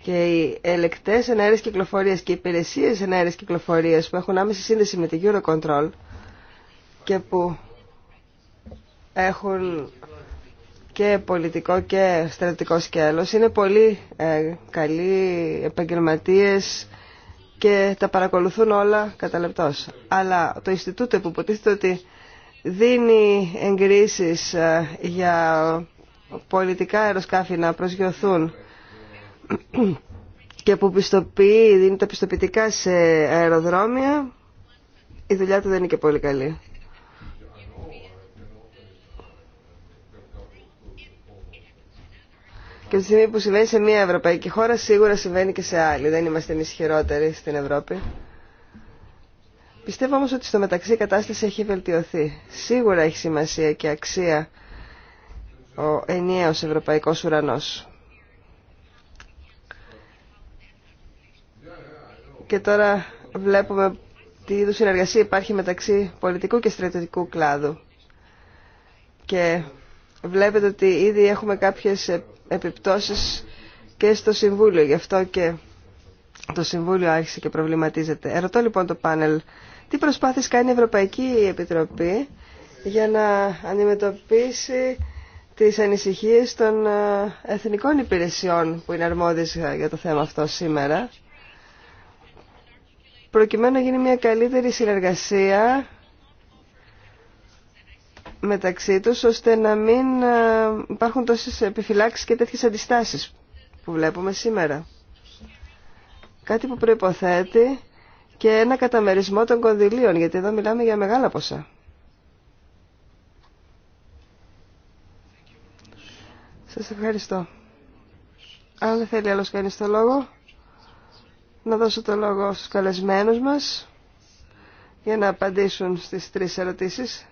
Και οι ελεκτές εναέρες κυκλοφορίες και οι υπηρεσίες εναέρες κυκλοφορίες που έχουν άμεση σύνδεση με την Eurocontrol και που έχουν και πολιτικό και στρατικό σκέλος. Είναι πολύ ε, καλοί επαγγελματίες και τα παρακολουθούν όλα κατά Αλλά το Ινστιτούτο που υποτίθεται ότι δίνει εγκρίσεις ε, για πολιτικά αεροσκάφη να προσγειωθούν και που πιστοποιεί, δίνει τα πιστοποιητικά σε αεροδρόμια, η δουλειά του δεν είναι και πολύ καλή. Και τη στιγμή που συμβαίνει σε μία ευρωπαϊκή χώρα, σίγουρα συμβαίνει και σε άλλη. Δεν είμαστε εμεί χειρότεροι στην Ευρώπη. Πιστεύω όμω ότι στο μεταξύ η κατάσταση έχει βελτιωθεί. Σίγουρα έχει σημασία και αξία ο ενιαίο ευρωπαϊκό ουρανό. Και τώρα βλέπουμε τι είδου συνεργασία υπάρχει μεταξύ πολιτικού και στρατιωτικού κλάδου. Και βλέπετε ότι ήδη έχουμε κάποιες επιπτώσεις και στο Συμβούλιο. Γι' αυτό και το Συμβούλιο άρχισε και προβληματίζεται. Ερωτώ λοιπόν το πάνελ, τι προσπάθειες κάνει η Ευρωπαϊκή Επιτροπή για να αντιμετωπίσει τις ανησυχίες των ε, εθνικών υπηρεσιών που είναι αρμόδιες για το θέμα αυτό σήμερα προκειμένου να γίνει μια καλύτερη συνεργασία μεταξύ τους ώστε να μην ε, υπάρχουν τόσες επιφυλάξεις και τέτοιες αντιστάσεις που βλέπουμε σήμερα. Κάτι που προϋποθέτει και ένα καταμερισμό των κονδυλίων, γιατί εδώ μιλάμε για μεγάλα ποσά. Σας ευχαριστώ. Αν δεν θέλει άλλος κανείς το λόγο, να δώσω το λόγο στους καλεσμένους μας για να απαντήσουν στις τρεις ερωτήσεις.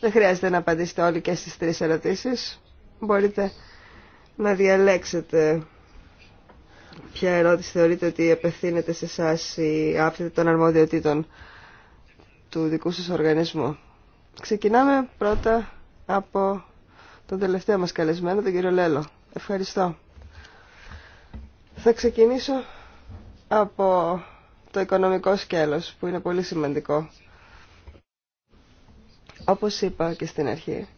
Δεν χρειάζεται να απαντήσετε όλοι και στις τρεις ερωτήσεις. Μπορείτε να διαλέξετε ποια ερώτηση θεωρείτε ότι απευθύνεται σε εσά ή άπτεται των αρμοδιοτήτων του δικού σας οργανισμού. Ξεκινάμε πρώτα από τον τελευταίο μας καλεσμένο, τον κύριο Λέλο. Ευχαριστώ. Θα ξεκινήσω από το οικονομικό σκέλος που είναι πολύ σημαντικό όπως είπα και στην αρχή,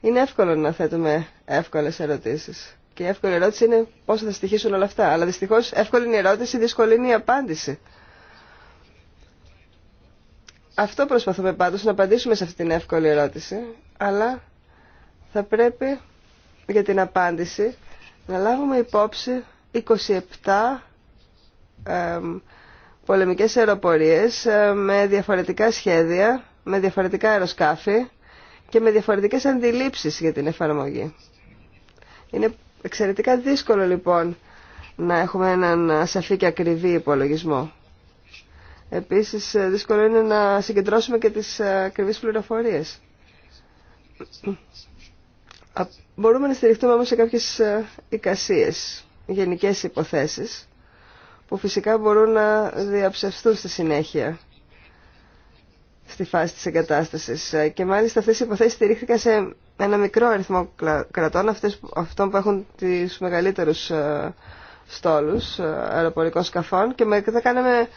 είναι εύκολο να θέτουμε εύκολες ερωτήσεις. Και η εύκολη ερώτηση είναι πώς θα στοιχήσουν όλα αυτά. Αλλά δυστυχώς εύκολη είναι η ερώτηση, δύσκολη είναι η απάντηση. Αυτό προσπαθούμε πάντως να απαντήσουμε σε αυτή την εύκολη ερώτηση. Αλλά θα πρέπει για την απάντηση να λάβουμε υπόψη 27 ε, πολεμικές αεροπορίες ε, με διαφορετικά σχέδια με διαφορετικά αεροσκάφη και με διαφορετικές αντιλήψεις για την εφαρμογή. Είναι εξαιρετικά δύσκολο λοιπόν να έχουμε έναν σαφή και ακριβή υπολογισμό. Επίσης δύσκολο είναι να συγκεντρώσουμε και τις ακριβείς πληροφορίες. Μπορούμε να στηριχτούμε όμως σε κάποιες ε, εικασίες, γενικές υποθέσεις, που φυσικά μπορούν να διαψευστούν στη συνέχεια στη φάση της εγκατάστασης. Ε, και μάλιστα αυτές οι υποθέσεις στηρίχθηκαν σε ένα μικρό αριθμό κρατών, αυτές, αυτών που έχουν τις μεγαλύτερους ε, στόλους ε, αεροπορικών σκαφών και μετά κάναμε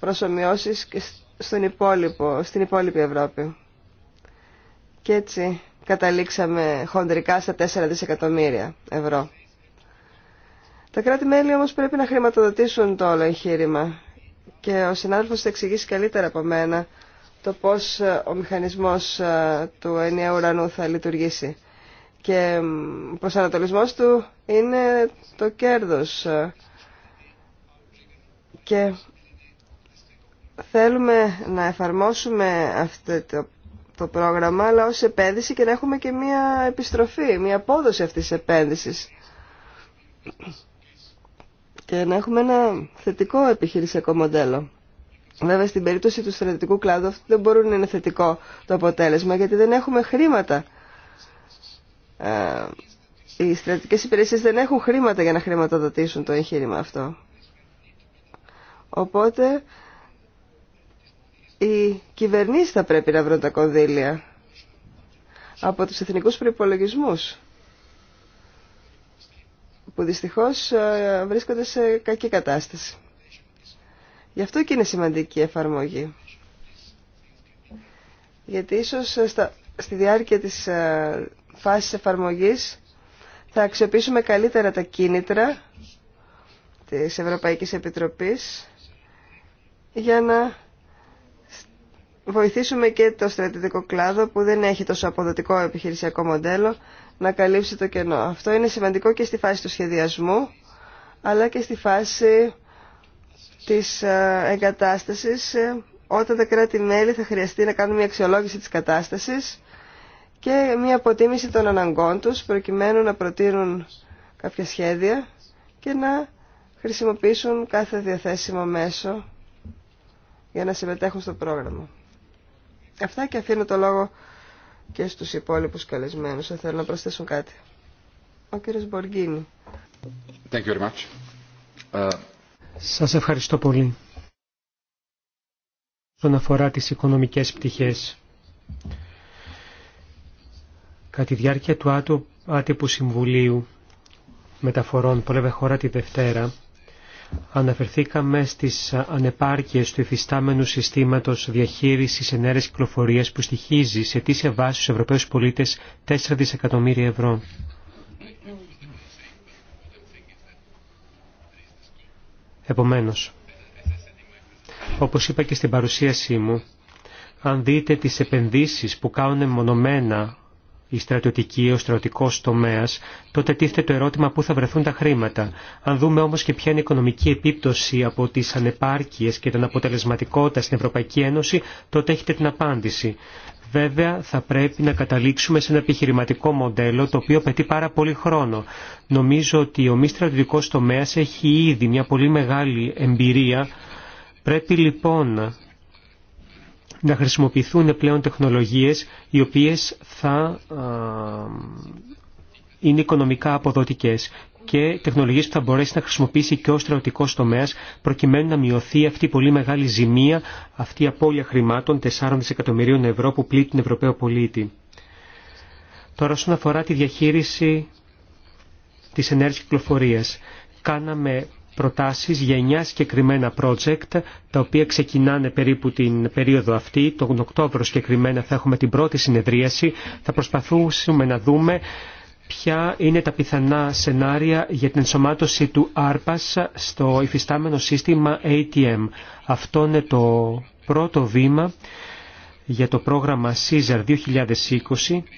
προσωμιώσεις στην υπόλοιπη Ευρώπη. Και έτσι καταλήξαμε χοντρικά στα 4 δισεκατομμύρια ευρώ. Τα κράτη-μέλη όμως πρέπει να χρηματοδοτήσουν το όλο εγχείρημα και ο συνάδελφος θα εξηγήσει καλύτερα από μένα το πώς ε, ο μηχανισμός ε, του ενιαίου ουρανού θα λειτουργήσει. Και ο προσανατολισμός του είναι το κέρδος. Και θέλουμε να εφαρμόσουμε αυτό το, πρόγραμμα, αλλά ως επένδυση και να έχουμε και μία επιστροφή, μία απόδοση αυτής της επένδυσης και να έχουμε ένα θετικό επιχειρησιακό μοντέλο. Βέβαια στην περίπτωση του στρατιωτικού κλάδου αυτό δεν μπορούν να είναι θετικό το αποτέλεσμα γιατί δεν έχουμε χρήματα. Ε, οι στρατιωτικές υπηρεσίες δεν έχουν χρήματα για να χρηματοδοτήσουν το εγχείρημα αυτό. Οπότε οι κυβερνήσεις θα πρέπει να βρουν τα κονδύλια από τους εθνικούς προϋπολογισμούς που δυστυχώς ε, βρίσκονται σε κακή κατάσταση. Γι' αυτό και είναι σημαντική η εφαρμογή. Γιατί ίσως ε, στη διάρκεια της ε, φάσης εφαρμογής θα αξιοποιήσουμε καλύτερα τα κίνητρα της Ευρωπαϊκής Επιτροπής για να βοηθήσουμε και το στρατητικό κλάδο που δεν έχει τόσο αποδοτικό επιχειρησιακό μοντέλο να καλύψει το κενό. Αυτό είναι σημαντικό και στη φάση του σχεδιασμού, αλλά και στη φάση της ε, εγκατάστασης, ε, όταν τα κράτη-μέλη θα χρειαστεί να κάνουν μια αξιολόγηση της κατάστασης και μια αποτίμηση των αναγκών τους, προκειμένου να προτείνουν κάποια σχέδια και να χρησιμοποιήσουν κάθε διαθέσιμο μέσο για να συμμετέχουν στο πρόγραμμα. Αυτά και αφήνω το λόγο και στου υπόλοιπου καλεσμένου, Θα θέλω να προσθέσουν κάτι. Ο κύριος Μποργίνη. Uh, Σας ευχαριστώ πολύ. Στον αφορά τις οικονομικές πτυχέ. Κατά τη διάρκεια του άτυπου συμβουλίου μεταφορών που χώρα τη Δευτέρα, αναφερθήκαμε στις ανεπάρκειες του υφιστάμενου συστήματος διαχείρισης ενέργειας κυκλοφορίας που στοιχίζει σε σε βάση στους Ευρωπαίους πολίτες 4 δισεκατομμύρια ευρώ. Επομένως, όπως είπα και στην παρουσίασή μου, αν δείτε τις επενδύσεις που κάνουν μονομένα η στρατιωτική, ο στρατιωτικό τομέα, τότε τίθεται το ερώτημα πού θα βρεθούν τα χρήματα. Αν δούμε όμω και ποια είναι η οικονομική επίπτωση από τι ανεπάρκειε και την αποτελεσματικότητα στην Ευρωπαϊκή Ένωση, τότε έχετε την απάντηση. Βέβαια, θα πρέπει να καταλήξουμε σε ένα επιχειρηματικό μοντέλο το οποίο απαιτεί πάρα πολύ χρόνο. Νομίζω ότι ο μη στρατιωτικό τομέα έχει ήδη μια πολύ μεγάλη εμπειρία. Πρέπει λοιπόν να χρησιμοποιηθούν πλέον τεχνολογίες οι οποίες θα είναι οικονομικά αποδοτικές και τεχνολογίες που θα μπορέσει να χρησιμοποιήσει και ο στρατιωτικός τομέας προκειμένου να μειωθεί αυτή η πολύ μεγάλη ζημία, αυτή η απώλεια χρημάτων 4 δισεκατομμυρίων ευρώ που πλήττει τον Ευρωπαίο πολίτη. Τώρα όσον αφορά τη διαχείριση της ενέργειας κυκλοφορίας, κάναμε προτάσεις για εννιά συγκεκριμένα project, τα οποία ξεκινάνε περίπου την περίοδο αυτή. Τον Οκτώβριο συγκεκριμένα θα έχουμε την πρώτη συνεδρίαση. Θα προσπαθούσουμε να δούμε ποια είναι τα πιθανά σενάρια για την ενσωμάτωση του άρπας στο υφιστάμενο σύστημα ATM. Αυτό είναι το πρώτο βήμα για το πρόγραμμα CESAR 2020,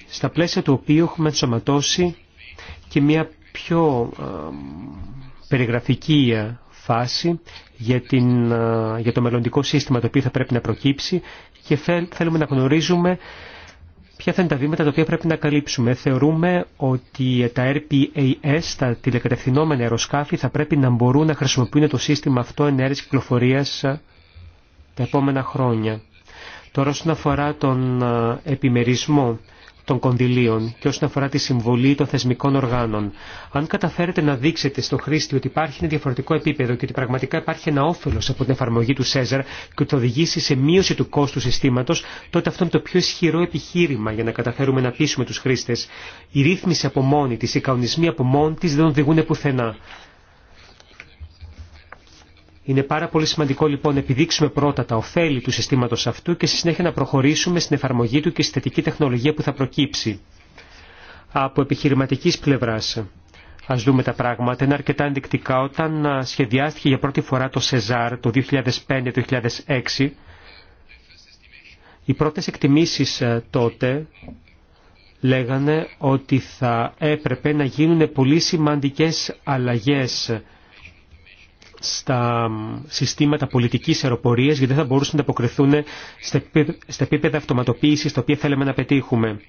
στα πλαίσια του οποίου έχουμε ενσωματώσει και μια πιο ε, περιγραφική ε, φάση για, την, ε, για το μελλοντικό σύστημα το οποίο θα πρέπει να προκύψει και θέλουμε να γνωρίζουμε ποια θα είναι τα βήματα τα οποία πρέπει να καλύψουμε. Θεωρούμε ότι ε, τα RPAS, τα τηλεκατευθυνόμενα αεροσκάφη, θα πρέπει να μπορούν να χρησιμοποιούν το σύστημα αυτό ενέργειας κυκλοφορίας τα επόμενα χρόνια. Τώρα όσον αφορά τον επιμερισμό των κονδυλίων και όσον αφορά τη συμβολή των θεσμικών οργάνων. Αν καταφέρετε να δείξετε στο χρήστη ότι υπάρχει ένα διαφορετικό επίπεδο και ότι πραγματικά υπάρχει ένα όφελο από την εφαρμογή του ΣΕΖΑΡ και ότι θα οδηγήσει σε μείωση του κόστου συστήματο, τότε αυτό είναι το πιο ισχυρό επιχείρημα για να καταφέρουμε να πείσουμε του χρήστε. Η ρύθμιση από μόνη τη, οι κανονισμοί από μόνη τη δεν οδηγούν πουθενά. Είναι πάρα πολύ σημαντικό λοιπόν να επιδείξουμε πρώτα τα ωφέλη του συστήματος αυτού και στη συνέχεια να προχωρήσουμε στην εφαρμογή του και στη θετική τεχνολογία που θα προκύψει. Από επιχειρηματικής πλευράς, ας δούμε τα πράγματα, είναι αρκετά ενδεικτικά όταν σχεδιάστηκε για πρώτη φορά το ΣΕΖΑΡ το 2005-2006, οι πρώτες εκτιμήσεις ε, τότε λέγανε ότι θα έπρεπε να γίνουν πολύ σημαντικές αλλαγές στα συστήματα πολιτικής αεροπορίας γιατί δεν θα μπορούσαν να αποκριθούν στα επίπεδα αυτοματοποίησης τα οποία θέλαμε να πετύχουμε.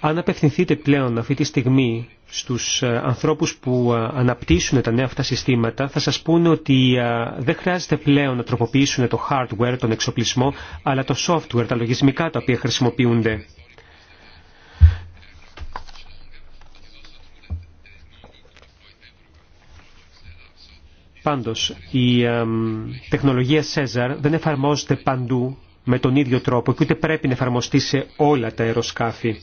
Αν απευθυνθείτε πλέον αυτή τη στιγμή στους ε, ανθρώπους που ε, αναπτύσσουν τα νέα αυτά συστήματα θα σας πούνε ότι ε, δεν χρειάζεται πλέον να τροποποιήσουν το hardware, τον εξοπλισμό, αλλά το software, τα λογισμικά τα οποία χρησιμοποιούνται. Πάντως, η τεχνολογία Σέζαρ δεν εφαρμόζεται παντού με τον ίδιο τρόπο και ούτε πρέπει να εφαρμοστεί σε όλα τα αεροσκάφη.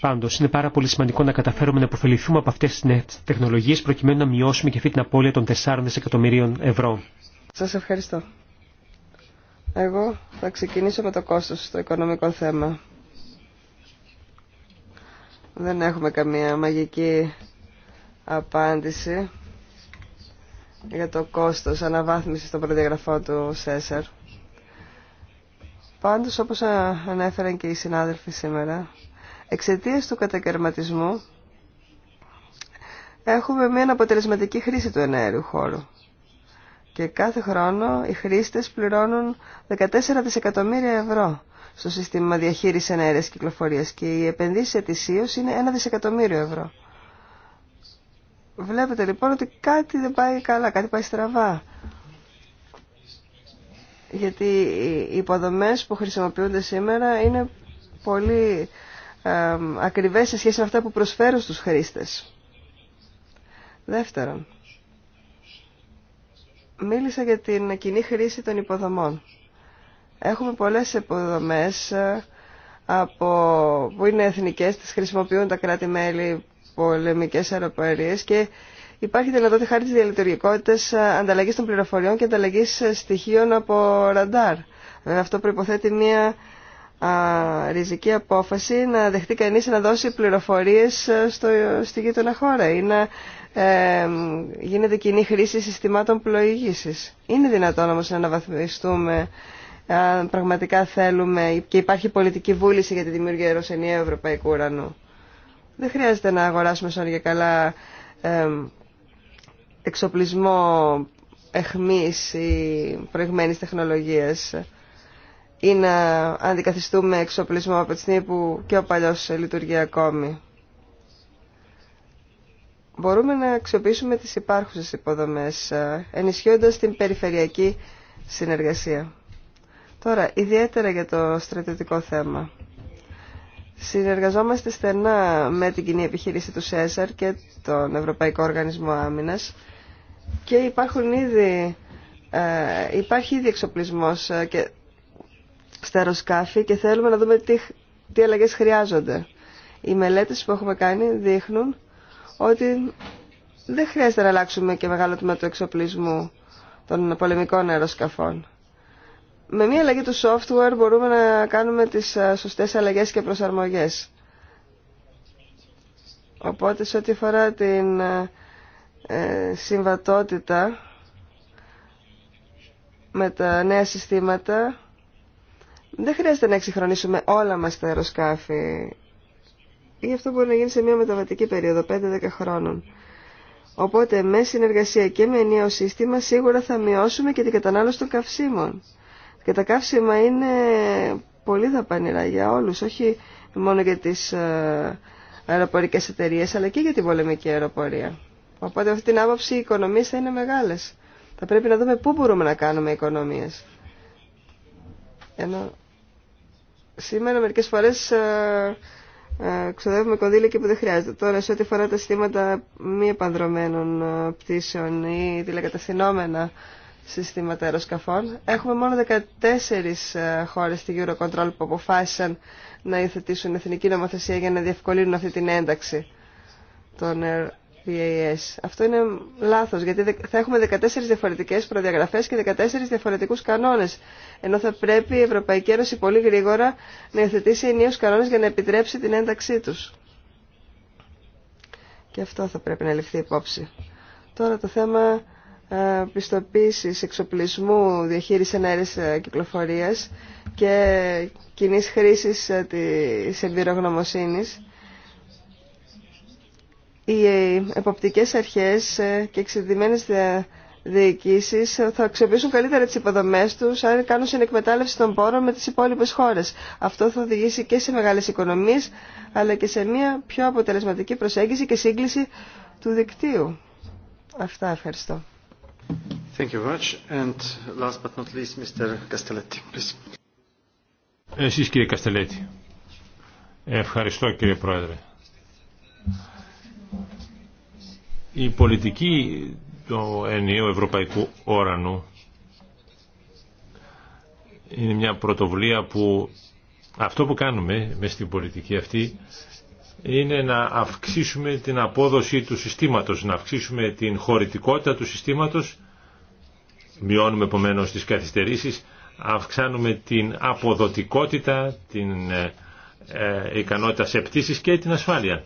Πάντω, είναι πάρα πολύ σημαντικό να καταφέρουμε να αποφεληθούμε από αυτές τις τεχνολογίε προκειμένου να μειώσουμε και αυτή την απώλεια των 4 δισεκατομμυρίων ευρώ. Σας ευχαριστώ. Εγώ θα ξεκινήσω με το κόστος, στο οικονομικό θέμα. Δεν έχουμε καμία μαγική απάντηση για το κόστος αναβάθμισης των προδιαγραφών του ΣΕΣΕΡ. Πάντως, όπως ανέφεραν και οι συνάδελφοι σήμερα, εξαιτίας του κατακαιρματισμού έχουμε μια αποτελεσματική χρήση του ενέργειου χώρου. Και κάθε χρόνο οι χρήστες πληρώνουν 14 δισεκατομμύρια ευρώ στο σύστημα διαχείρισης ενέργειας κυκλοφορίας και η επενδύσεις ετησίως είναι 1 δισεκατομμύριο ευρώ. Βλέπετε λοιπόν ότι κάτι δεν πάει καλά, κάτι πάει στραβά. Γιατί οι υποδομές που χρησιμοποιούνται σήμερα είναι πολύ ε, ακριβές σε σχέση με αυτά που προσφέρουν στους χρήστες. Δεύτερον, μίλησα για την κοινή χρήση των υποδομών. Έχουμε πολλές υποδομές ε, από, που είναι εθνικές, τις χρησιμοποιούν τα κράτη-μέλη πολεμικές αεροπορίες και υπάρχει δυνατότητα χάρη τη διαλειτουργικότητας ε, ανταλλαγής των πληροφοριών και ανταλλαγής ε, στοιχείων από ραντάρ. Βέβαια ε, αυτό προϋποθέτει μια ριζική απόφαση να δεχτεί κανείς να δώσει πληροφορίες στο, στη γείτονα χώρα ή να ε, γίνεται κοινή χρήση συστημάτων πλοήγησης. Είναι δυνατόν όμως να αναβαθμιστούμε αν πραγματικά θέλουμε και υπάρχει πολιτική βούληση για τη δημιουργία ενός ευρωπαϊκού ουρανού. Δεν χρειάζεται να αγοράσουμε σαν για καλά εξοπλισμό εχμής ή προηγμένης τεχνολογίας ή να αντικαθιστούμε εξοπλισμό από τη στιγμή που και ο παλιός λειτουργεί ακόμη. Μπορούμε να αξιοποιήσουμε τις υπάρχουσες υποδομές, ε, ενισχύοντας την περιφερειακή συνεργασία. Τώρα, ιδιαίτερα για το στρατιωτικό θέμα. Συνεργαζόμαστε στενά με την κοινή επιχείρηση του ΣΕΣΑΡ και τον Ευρωπαϊκό Οργανισμό Άμυνας και υπάρχουν ήδη, ε, υπάρχει ήδη εξοπλισμός ε, και στα αεροσκάφη και θέλουμε να δούμε τι, τι αλλαγές χρειάζονται. Οι μελέτες που έχουμε κάνει δείχνουν ότι δεν χρειάζεται να αλλάξουμε και μεγάλο τμήμα του εξοπλισμού των πολεμικών αεροσκαφών με μία αλλαγή του software μπορούμε να κάνουμε τις σωστές αλλαγές και προσαρμογές. Οπότε σε ό,τι αφορά την ε, συμβατότητα με τα νέα συστήματα δεν χρειάζεται να εξυγχρονίσουμε όλα μας τα αεροσκάφη. Γι' αυτό μπορεί να γίνει σε μια μεταβατική περίοδο, 5-10 χρόνων. Οπότε με συνεργασία και με ενιαίο σύστημα σίγουρα θα μειώσουμε και την κατανάλωση των καυσίμων. Και τα καύσιμα είναι πολύ δαπανηρά για όλους, όχι μόνο για τις ε, αεροπορικές εταιρείες, αλλά και για την πολεμική αεροπορία. Οπότε αυτή την άποψη οι οικονομίες θα είναι μεγάλες. Θα πρέπει να δούμε πού μπορούμε να κάνουμε οικονομίες. Ενώ σήμερα μερικές φορές ε, ε, ξοδεύουμε κονδύλια και που δεν χρειάζεται. Τώρα σε ό,τι αφορά τα συστήματα μη επανδρομένων πτήσεων ή τηλεκαταστηνόμενα συστήματα αεροσκαφών. Έχουμε μόνο 14 ε, χώρες στη Eurocontrol που αποφάσισαν να υιοθετήσουν εθνική νομοθεσία για να διευκολύνουν αυτή την ένταξη των VAS. Αυτό είναι λάθος, γιατί θα έχουμε 14 διαφορετικές προδιαγραφές και 14 διαφορετικούς κανόνες, ενώ θα πρέπει η Ευρωπαϊκή Ένωση πολύ γρήγορα να υιοθετήσει ενίους κανόνες για να επιτρέψει την ένταξή τους. Και αυτό θα πρέπει να ληφθεί υπόψη. Τώρα το θέμα ε, πιστοποίησης εξοπλισμού διαχείριση ενέργειας ε, κυκλοφορίας και κοινή χρήση ε, της εμπειρογνωμοσύνης οι εποπτικές αρχές και εξειδημένες διοικήσεις θα αξιοποιήσουν καλύτερα τις υποδομές τους αν κάνουν συνεκμετάλλευση των πόρων με τις υπόλοιπες χώρες. Αυτό θα οδηγήσει και σε μεγάλες οικονομίες αλλά και σε μια πιο αποτελεσματική προσέγγιση και σύγκληση του δικτύου. Αυτά ευχαριστώ. Thank you very much. And last but not least, Mr. Castelletti, please. Εσείς κύριε Καστελέτη. Ευχαριστώ κύριε Πρόεδρε. Η πολιτική του ενιαίου ευρωπαϊκού όρανου είναι μια πρωτοβουλία που αυτό που κάνουμε με στην πολιτική αυτή είναι να αυξήσουμε την απόδοση του συστήματος, να αυξήσουμε την χωρητικότητα του συστήματος, μειώνουμε επομένω τις καθυστερήσεις, αυξάνουμε την αποδοτικότητα, την ε, ε, ικανότητα σε πτήσεις και την ασφάλεια.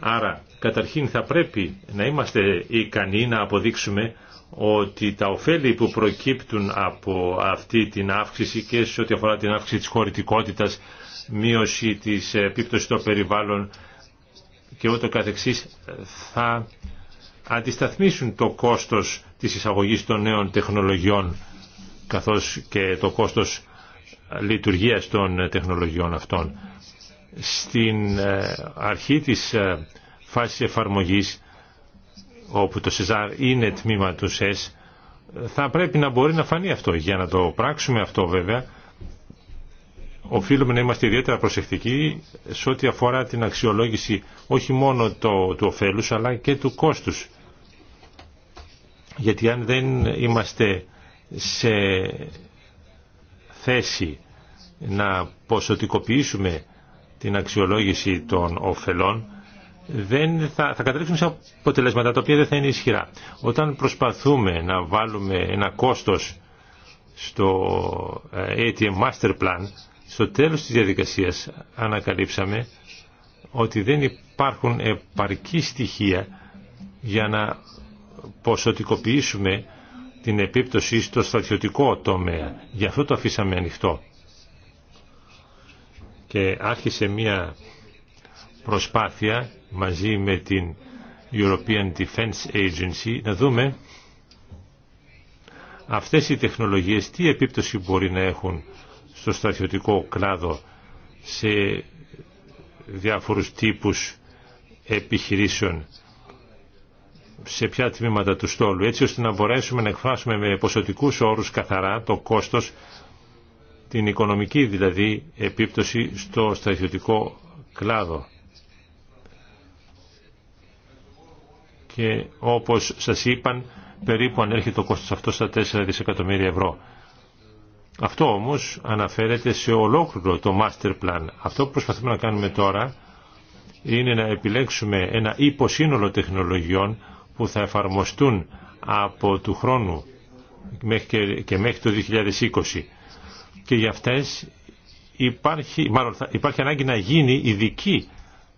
Άρα, καταρχήν θα πρέπει να είμαστε ικανοί να αποδείξουμε ότι τα ωφέλη που προκύπτουν από αυτή την αύξηση και σε ό,τι αφορά την αύξηση της χωρητικότητας μείωση της επίπτωσης των περιβάλλων και ούτω καθεξής θα αντισταθμίσουν το κόστος της εισαγωγής των νέων τεχνολογιών καθώς και το κόστος λειτουργίας των τεχνολογιών αυτών. Στην ε, αρχή της ε, φάσης εφαρμογής όπου το ΣΕΖΑΡ είναι τμήμα του ΣΕΣ θα πρέπει να μπορεί να φανεί αυτό. Για να το πράξουμε αυτό βέβαια οφείλουμε να είμαστε ιδιαίτερα προσεκτικοί σε ό,τι αφορά την αξιολόγηση όχι μόνο το, του ωφέλους αλλά και του κόστους. Γιατί αν δεν είμαστε σε θέση να ποσοτικοποιήσουμε την αξιολόγηση των ωφελών δεν θα, θα καταλήξουμε σε αποτελέσματα τα οποία δεν θα είναι ισχυρά. Όταν προσπαθούμε να βάλουμε ένα κόστος στο ε, ATM Master Plan στο τέλος της διαδικασίας ανακαλύψαμε ότι δεν υπάρχουν επαρκή στοιχεία για να ποσοτικοποιήσουμε την επίπτωση στο στρατιωτικό τομέα. Γι' αυτό το αφήσαμε ανοιχτό. Και άρχισε μια προσπάθεια μαζί με την European Defense Agency να δούμε αυτές οι τεχνολογίες τι επίπτωση μπορεί να έχουν στο στρατιωτικό κλάδο σε διάφορους τύπους επιχειρήσεων σε ποια τμήματα του στόλου έτσι ώστε να μπορέσουμε να εκφράσουμε με ποσοτικούς όρους καθαρά το κόστος την οικονομική δηλαδή επίπτωση στο στρατιωτικό κλάδο. Και όπως σας είπαν περίπου ανέρχεται το κόστος αυτό στα 4 δισεκατομμύρια ευρώ. Αυτό όμως αναφέρεται σε ολόκληρο το master plan. Αυτό που προσπαθούμε να κάνουμε τώρα είναι να επιλέξουμε ένα υποσύνολο τεχνολογιών που θα εφαρμοστούν από του χρόνου και μέχρι το 2020. Και για αυτές υπάρχει, μάλλον, υπάρχει ανάγκη να γίνει ειδική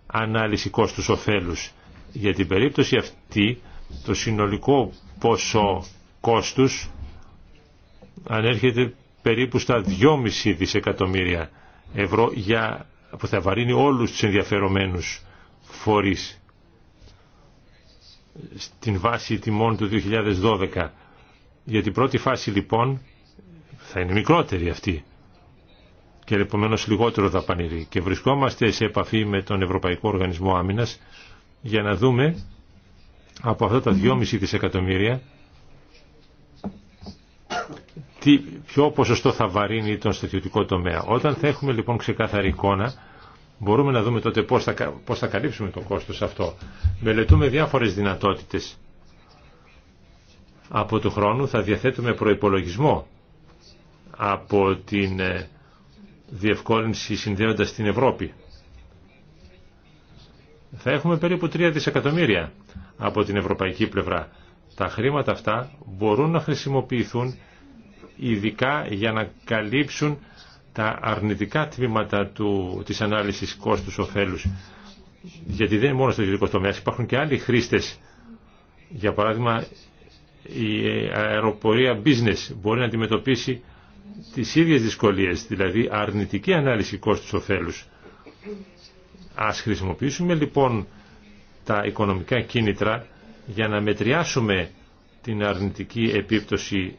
ανάλυση κόστους ωφέλους. Για την περίπτωση αυτή το συνολικό ποσό κόστους ανέρχεται περίπου στα 2,5 δισεκατομμύρια ευρώ για, που θα βαρύνει όλους τους ενδιαφερομένους φορείς στην βάση τιμών του 2012. Για την πρώτη φάση λοιπόν θα είναι μικρότερη αυτή και επομένω λιγότερο δαπανηρή. Και βρισκόμαστε σε επαφή με τον Ευρωπαϊκό Οργανισμό Άμυνας για να δούμε από αυτά τα 2,5 δισεκατομμύρια τι, ποιο ποσοστό θα βαρύνει τον στρατιωτικό τομέα. Όταν θα έχουμε λοιπόν ξεκάθαρη εικόνα, μπορούμε να δούμε τότε πώς θα, καλύψουμε το κόστος αυτό. Μελετούμε διάφορες δυνατότητες. Από του χρόνου θα διαθέτουμε προϋπολογισμό από την ε, διευκόλυνση συνδέοντας την Ευρώπη. Θα έχουμε περίπου 3 δισεκατομμύρια από την ευρωπαϊκή πλευρά. Τα χρήματα αυτά μπορούν να χρησιμοποιηθούν ειδικά για να καλύψουν τα αρνητικά τμήματα του, της ανάλυσης κόστους-οφέλους. Γιατί δεν είναι μόνο στο ιδιωτικό τομέα, υπάρχουν και άλλοι χρήστες. Για παράδειγμα, η αεροπορία business μπορεί να αντιμετωπίσει τις ίδιες δυσκολίες, δηλαδή αρνητική ανάλυση κόστους-οφέλους. Ας χρησιμοποιήσουμε λοιπόν τα οικονομικά κίνητρα για να μετριάσουμε την αρνητική επίπτωση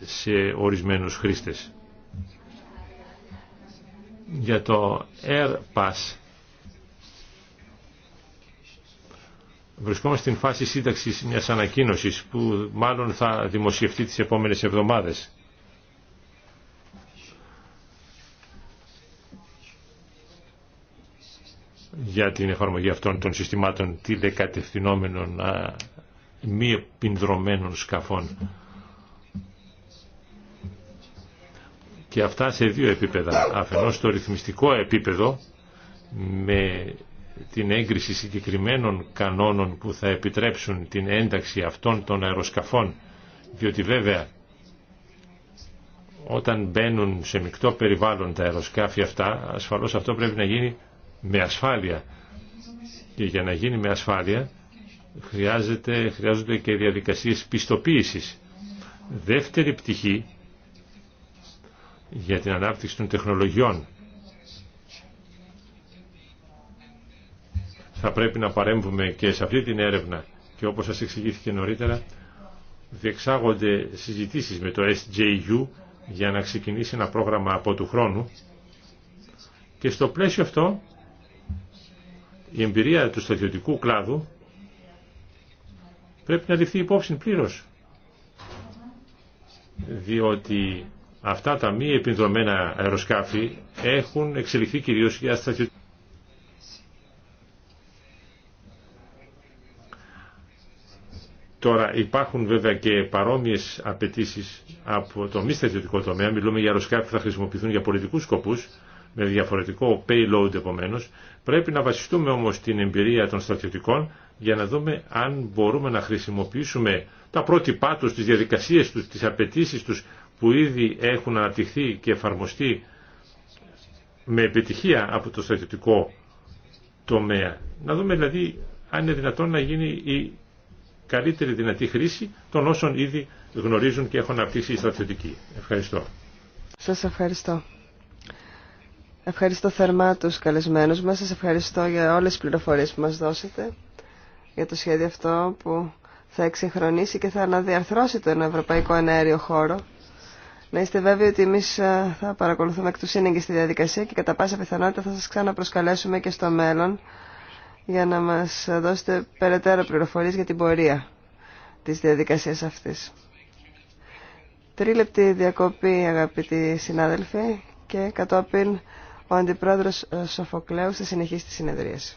σε ορισμένους χρήστες. Για το Pass βρισκόμαστε στην φάση σύνταξης μιας ανακοίνωσης που μάλλον θα δημοσιευτεί τις επόμενες εβδομάδες. για την εφαρμογή αυτών των συστημάτων τηλεκατευθυνόμενων μη επιδρομένων σκαφών. και αυτά σε δύο επίπεδα. Αφενός στο ρυθμιστικό επίπεδο με την έγκριση συγκεκριμένων κανόνων που θα επιτρέψουν την ένταξη αυτών των αεροσκαφών διότι βέβαια όταν μπαίνουν σε μεικτό περιβάλλον τα αεροσκάφη αυτά ασφαλώς αυτό πρέπει να γίνει με ασφάλεια και για να γίνει με ασφάλεια χρειάζεται, χρειάζονται και διαδικασίες πιστοποίησης. Δεύτερη πτυχή για την ανάπτυξη των τεχνολογιών. Θα πρέπει να παρέμβουμε και σε αυτή την έρευνα και όπως σας εξηγήθηκε νωρίτερα διεξάγονται συζητήσεις με το SJU για να ξεκινήσει ένα πρόγραμμα από του χρόνου και στο πλαίσιο αυτό η εμπειρία του στρατιωτικού κλάδου πρέπει να ληφθεί υπόψη πλήρως διότι Αυτά τα μη επιδρομένα αεροσκάφη έχουν εξελιχθεί κυρίως για στρατιωτικά. Τώρα υπάρχουν βέβαια και παρόμοιες απαιτήσει από το μη στρατιωτικό τομέα. Μιλούμε για αεροσκάφη που θα χρησιμοποιηθούν για πολιτικούς σκοπούς, με διαφορετικό payload επομένως. Πρέπει να βασιστούμε όμως την εμπειρία των στρατιωτικών για να δούμε αν μπορούμε να χρησιμοποιήσουμε τα πρότυπά τους, τις διαδικασίες τους, τις απαιτήσει τους που ήδη έχουν αναπτυχθεί και εφαρμοστεί με επιτυχία από το στρατιωτικό τομέα. Να δούμε δηλαδή αν είναι δυνατόν να γίνει η καλύτερη δυνατή χρήση των όσων ήδη γνωρίζουν και έχουν αναπτύξει οι στρατιωτικοί. Ευχαριστώ. Σας ευχαριστώ. Ευχαριστώ θερμά τους καλεσμένους μας. Σας ευχαριστώ για όλες τις πληροφορίες που μας δώσετε για το σχέδιο αυτό που θα εξυγχρονίσει και θα αναδιαρθρώσει τον ευρωπαϊκό ενέργειο χώρο. Να είστε βέβαιοι ότι εμεί ε, θα παρακολουθούμε εκ του σύνεγγυ στη διαδικασία και κατά πάσα πιθανότητα θα σα ξαναπροσκαλέσουμε και στο μέλλον για να μα δώσετε περαιτέρω πληροφορίε για την πορεία τη διαδικασία αυτή. Τρίλεπτη διακοπή, αγαπητοί συνάδελφοι, και κατόπιν ο Αντιπρόεδρος Σοφοκλέου θα συνεχίσει τη συνεδρίαση.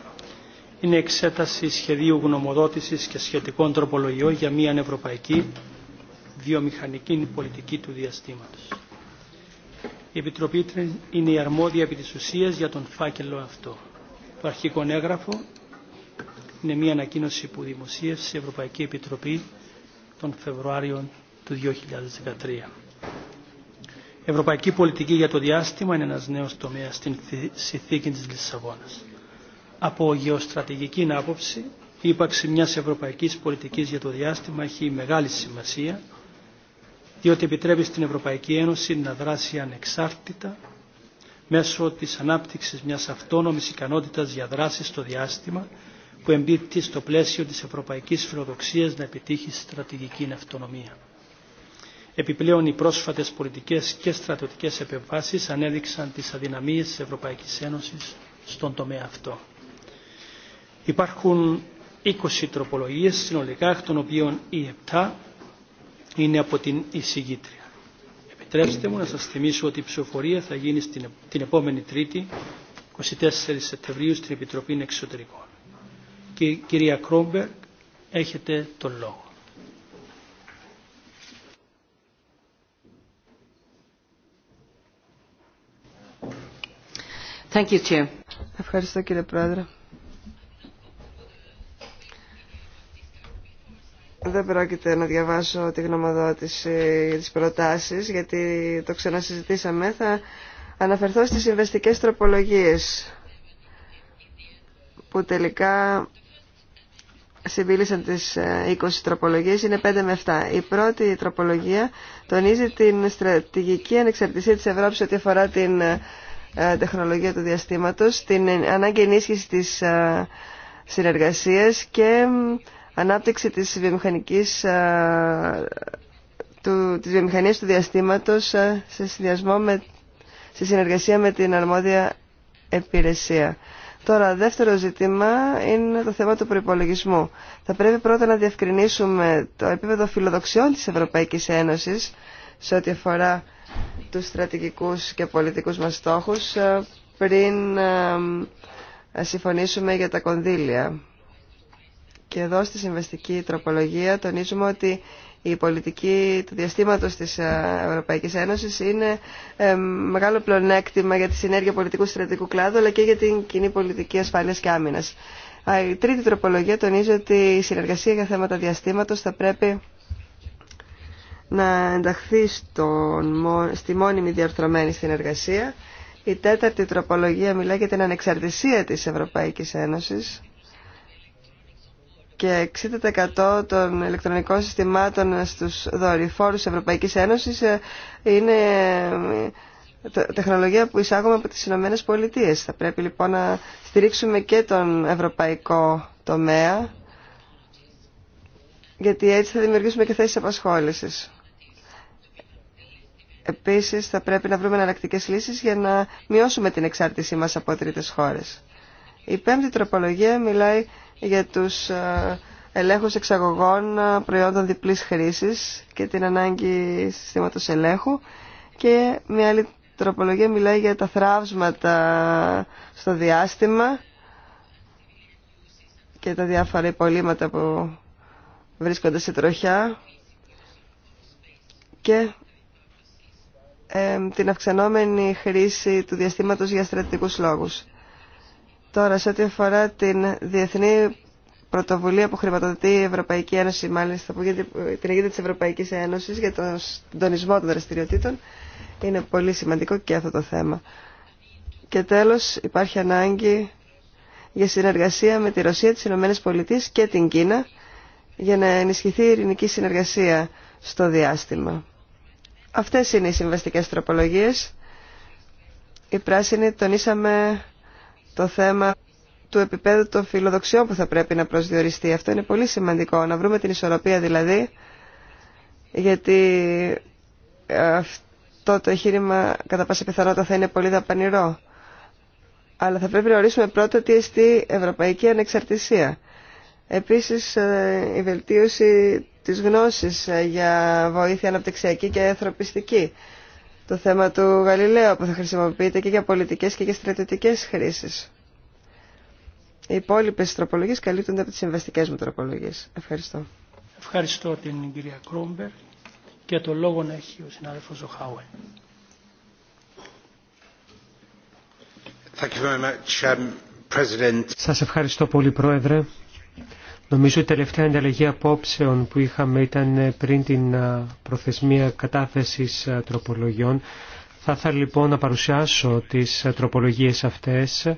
είναι εξέταση σχεδίου γνωμοδότησης και σχετικών τροπολογιών για μια ευρωπαϊκή βιομηχανική πολιτική του διαστήματος. Η Επιτροπή είναι η αρμόδια επί της ουσίας για τον φάκελο αυτό. Το αρχικό έγγραφο είναι μια ανακοίνωση που δημοσίευσε η Ευρωπαϊκή Επιτροπή τον Φεβρουάριο του 2013. Ευρωπαϊκή πολιτική για το διάστημα είναι ένας νέος τομέας στην συνθήκη της Λισαβόνας. Από γεωστρατηγική άποψη, η ύπαρξη μιας ευρωπαϊκής πολιτικής για το διάστημα έχει μεγάλη σημασία, διότι επιτρέπει στην Ευρωπαϊκή Ένωση να δράσει ανεξάρτητα μέσω της ανάπτυξης μιας αυτόνομης ικανότητας για δράση στο διάστημα που εμπίπτει στο πλαίσιο της ευρωπαϊκής φιλοδοξίας να επιτύχει στρατηγική αυτονομία. Επιπλέον, οι πρόσφατες πολιτικές και στρατιωτικές επεμβάσεις ανέδειξαν τις αδυναμίες της Ευρωπαϊκής Ένωσης στον τομέα αυτό. Υπάρχουν 20 τροπολογίες συνολικά, εκ των οποίων οι 7 είναι από την εισηγήτρια. Επιτρέψτε μου να σας θυμίσω ότι η ψηφοφορία θα γίνει στην, την επόμενη Τρίτη, 24 Σεπτεμβρίου, στην Επιτροπή Εξωτερικών. κυρία Κρόμπερ, έχετε τον λόγο. Thank you, Ευχαριστώ κύριε Πρόεδρε. δεν πρόκειται να διαβάσω τη γνωμοδότηση για τις προτάσεις, γιατί το ξανασυζητήσαμε. Θα αναφερθώ στις συμβεστικές τροπολογίες, που τελικά συμβίλησαν τις 20 ε, τροπολογίες, είναι 5 με 7. Η πρώτη τροπολογία τονίζει την στρατηγική ανεξαρτησία της Ευρώπης ό,τι αφορά την ε, τεχνολογία του διαστήματος, την ανάγκη ενίσχυση της ε, συνεργασίας και ανάπτυξη της βιομηχανικής ε, του, της βιομηχανίας του διαστήματος ε, σε συνδυασμό με, σε συνεργασία με την αρμόδια υπηρεσία. Τώρα, δεύτερο ζήτημα είναι το θέμα του προϋπολογισμού. Θα πρέπει πρώτα να διευκρινίσουμε το επίπεδο φιλοδοξιών της Ευρωπαϊκής Ένωσης σε ό,τι αφορά τους στρατηγικούς και πολιτικούς μας στόχους ε, πριν συμφωνήσουμε για τα κονδύλια και εδώ στη συμβαστική τροπολογία τονίζουμε ότι η πολιτική του διαστήματος της ε, Ευρωπαϊκής Ένωσης είναι ε, μεγάλο πλονέκτημα για τη συνέργεια πολιτικού στρατηγικού κλάδου αλλά και για την κοινή πολιτική ασφάλειας και άμυνας. Η τρίτη τροπολογία τονίζει ότι η συνεργασία για θέματα διαστήματος θα πρέπει να ενταχθεί στον, στη μόνιμη διαρθρωμένη συνεργασία. Η τέταρτη τροπολογία μιλά για την ανεξαρτησία της Ευρωπαϊκής Ένωσης και 60% των ηλεκτρονικών συστημάτων στους δορυφόρους Ευρωπαϊκής Ένωσης ε, είναι ε, τεχνολογία που εισάγουμε από τις Ηνωμένε Πολιτείες. Θα πρέπει λοιπόν να στηρίξουμε και τον ευρωπαϊκό τομέα γιατί έτσι θα δημιουργήσουμε και θέσεις απασχόλησης. Επίσης θα πρέπει να βρούμε εναλλακτικέ λύσεις για να μειώσουμε την εξάρτησή μας από τρίτες χώρες. Η πέμπτη τροπολογία μιλάει για τους ε, ελέγχους εξαγωγών ε, προϊόντων διπλής χρήσης και την ανάγκη συστήματος ελέγχου και μια άλλη τροπολογία μιλάει για τα θράψματα στο διάστημα και τα διάφορα υπολείμματα που βρίσκονται σε τροχιά και ε, την αυξανόμενη χρήση του διαστήματος για στρατηγικούς λόγους. Τώρα, σε ό,τι αφορά την διεθνή πρωτοβουλία που χρηματοδοτεί η Ευρωπαϊκή Ένωση, μάλιστα που την αιγύδα της Ευρωπαϊκής Ένωσης για τον τονισμό των δραστηριοτήτων, είναι πολύ σημαντικό και αυτό το θέμα. Και τέλος, υπάρχει ανάγκη για συνεργασία με τη Ρωσία, τις Ηνωμένες Πολιτείες και την Κίνα για να ενισχυθεί η ειρηνική συνεργασία στο διάστημα. Αυτές είναι οι συμβαστικές τροπολογίες. Οι πράσινοι τονίσαμε το θέμα του επίπεδου των φιλοδοξιών που θα πρέπει να προσδιοριστεί. Αυτό είναι πολύ σημαντικό, να βρούμε την ισορροπία δηλαδή, γιατί ε, αυτό το εγχείρημα κατά πάσα πιθανότητα θα είναι πολύ δαπανηρό. Αλλά θα πρέπει να ορίσουμε πρώτα τι εστί ευρωπαϊκή ανεξαρτησία. Επίσης ε, η βελτίωση της γνώσης ε, για βοήθεια αναπτυξιακή και ανθρωπιστική το θέμα του Γαλιλαίου που θα χρησιμοποιείται και για πολιτικές και για στρατιωτικές χρήσεις. Οι υπόλοιπε τροπολογίες καλύπτονται από τις συμβαστικές μου τροπολογίες. Ευχαριστώ. Ευχαριστώ την κυρία Κρόμπερ και το λόγο να έχει ο συνάδελφο Ζοχάουεν. Um, Σας ευχαριστώ πολύ, Πρόεδρε. Νομίζω η τελευταία ανταλλαγή απόψεων που είχαμε ήταν ε, πριν την ε, προθεσμία κατάθεσης ε, τροπολογιών. Θα ήθελα λοιπόν να παρουσιάσω τις τροπολογίες αυτές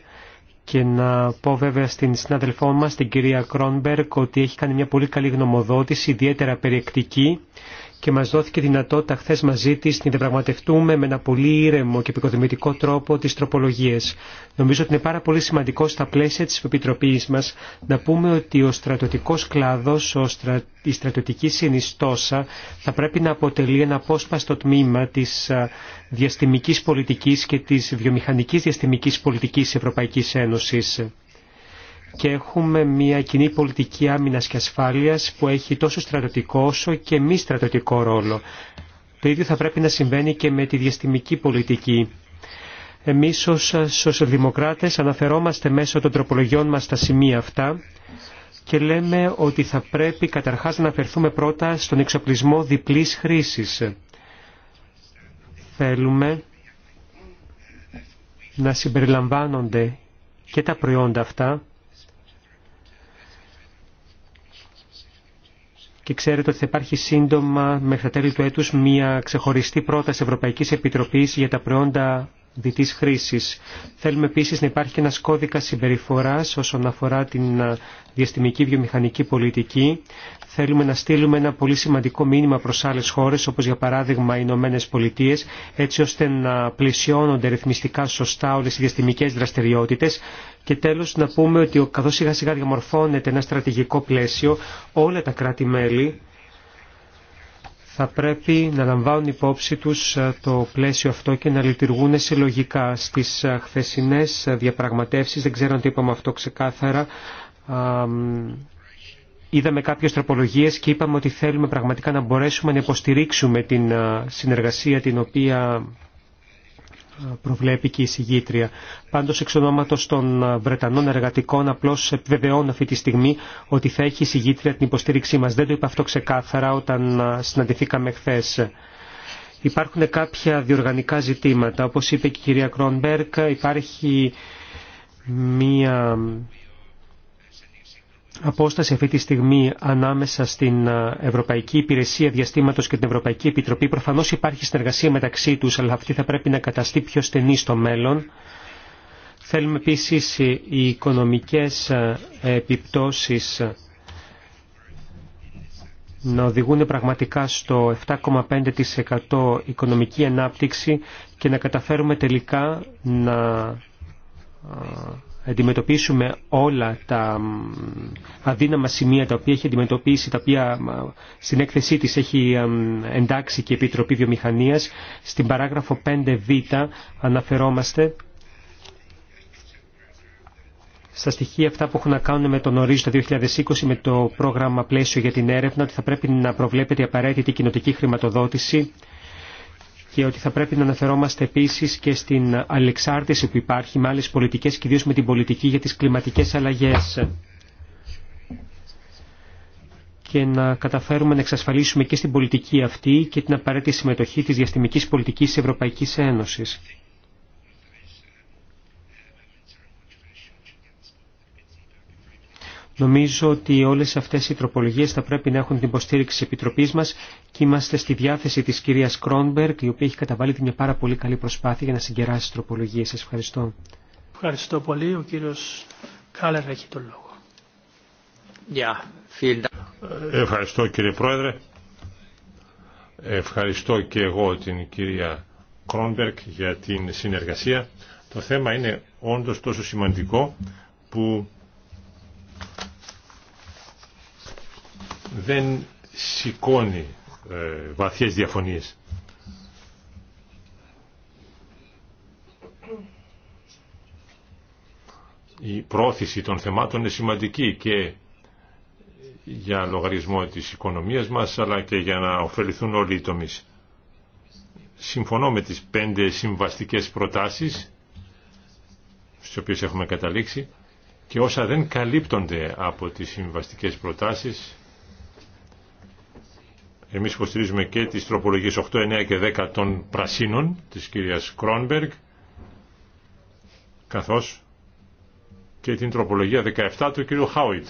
και να πω βέβαια στην συνάδελφό μας, την κυρία Κρόνμπερκ, ότι έχει κάνει μια πολύ καλή γνωμοδότηση, ιδιαίτερα περιεκτική και μας δόθηκε δυνατότητα χθες μαζί της να διαπραγματευτούμε με ένα πολύ ήρεμο και επικοδημητικό τρόπο τις τροπολογίες. Νομίζω ότι είναι πάρα πολύ σημαντικό στα πλαίσια της Επιτροπής μας να πούμε ότι ο στρατιωτικός κλάδος, ο στρα... η στρατιωτική συνιστόσα θα πρέπει να αποτελεί ένα απόσπαστο τμήμα της διαστημικής πολιτικής και της βιομηχανικής διαστημικής πολιτικής της Ευρωπαϊκής Ένωσης και έχουμε μια κοινή πολιτική άμυνας και ασφάλειας που έχει τόσο στρατιωτικό όσο και μη στρατιωτικό ρόλο. Το ίδιο θα πρέπει να συμβαίνει και με τη διαστημική πολιτική. Εμείς ως σοσιαλδημοκράτες αναφερόμαστε μέσω των τροπολογιών μας στα σημεία αυτά και λέμε ότι θα πρέπει καταρχάς να αναφερθούμε πρώτα στον εξοπλισμό διπλής χρήσης. Θέλουμε να συμπεριλαμβάνονται και τα προϊόντα αυτά και ξέρετε ότι θα υπάρχει σύντομα μέχρι τα τέλη του έτους μια ξεχωριστή πρόταση Ευρωπαϊκής Επιτροπής για τα προϊόντα διτής χρήσης. Θέλουμε επίσης να υπάρχει ένας κώδικας συμπεριφοράς όσον αφορά την διαστημική βιομηχανική πολιτική. Θέλουμε να στείλουμε ένα πολύ σημαντικό μήνυμα προς άλλες χώρες, όπως για παράδειγμα οι Ηνωμένε Πολιτείε, έτσι ώστε να πλησιώνονται ρυθμιστικά σωστά όλες οι διαστημικές δραστηριότητες. Και τέλος να πούμε ότι καθώς σιγά σιγά διαμορφώνεται ένα στρατηγικό πλαίσιο, όλα τα κράτη-μέλη θα πρέπει να λαμβάνουν υπόψη τους ε, το πλαίσιο αυτό και να λειτουργούν συλλογικά. Στις ε, χθεσινές ε, διαπραγματεύσεις, δεν ξέρω αν το είπαμε αυτό ξεκάθαρα, είδαμε κάποιες τροπολογίες και είπαμε ότι θέλουμε πραγματικά να μπορέσουμε να υποστηρίξουμε την συνεργασία την οποία προβλέπει και η συγγήτρια. Πάντως εξ ονόματος των Βρετανών εργατικών απλώς επιβεβαιώνω αυτή τη στιγμή ότι θα έχει η συγγήτρια την υποστήριξή μας. Δεν το είπα αυτό ξεκάθαρα όταν συναντηθήκαμε χθε. Υπάρχουν κάποια διοργανικά ζητήματα. Όπως είπε και η κυρία Κρόνμπερκ υπάρχει μία απόσταση αυτή τη στιγμή ανάμεσα στην ε, Ευρωπαϊκή Υπηρεσία Διαστήματος και την Ευρωπαϊκή Επιτροπή. Προφανώς υπάρχει συνεργασία μεταξύ τους, αλλά αυτή θα πρέπει να καταστεί πιο στενή στο μέλλον. Θέλουμε επίσης οι οικονομικές ε, επιπτώσεις ε, να οδηγούν πραγματικά στο 7,5% οικονομική ανάπτυξη και να καταφέρουμε τελικά να αντιμετωπίσουμε όλα τα αδύναμα σημεία τα οποία έχει αντιμετωπίσει, τα οποία στην έκθεσή της έχει εντάξει και η Επιτροπή Βιομηχανίας. Στην παράγραφο 5β αναφερόμαστε στα στοιχεία αυτά που έχουν να κάνουν με τον ορίζοντα 2020, με το πρόγραμμα πλαίσιο για την έρευνα, ότι θα πρέπει να προβλέπεται η απαραίτητη κοινοτική χρηματοδότηση και ότι θα πρέπει να αναφερόμαστε επίση και στην αλεξάρτηση που υπάρχει με άλλε πολιτικέ και ιδίω με την πολιτική για τι κλιματικέ αλλαγέ. Και να καταφέρουμε να εξασφαλίσουμε και στην πολιτική αυτή και την απαραίτητη συμμετοχή τη διαστημική πολιτική τη Ευρωπαϊκή Ένωση. Νομίζω ότι όλες αυτές οι τροπολογίες θα πρέπει να έχουν την υποστήριξη της Επιτροπής μας και είμαστε στη διάθεση της κυρίας Κρόνμπερκ, η οποία έχει καταβάλει μια πάρα πολύ καλή προσπάθεια για να συγκεράσει τις τροπολογίες. Σας ευχαριστώ. Ευχαριστώ πολύ. Ο κύριος Κάλερ έχει τον λόγο. Yeah. Ευχαριστώ κύριε Πρόεδρε. Ευχαριστώ και εγώ την κυρία Κρόνμπερκ για την συνεργασία. Το θέμα είναι όντως τόσο σημαντικό που δεν σηκώνει ε, βαθιές διαφωνίες. Η πρόθεση των θεμάτων είναι σημαντική και για λογαριασμό της οικονομίας μας αλλά και για να ωφεληθούν όλοι οι τομείς. Συμφωνώ με τις πέντε συμβαστικές προτάσεις στις οποίες έχουμε καταλήξει και όσα δεν καλύπτονται από τις συμβαστικές προτάσεις εμείς υποστηρίζουμε και τις τροπολογίες 8, 9 και 10 των πρασίνων της κυρίας Κρόνμπεργκ καθώς και την τροπολογία 17 του κυρίου Χάουιτ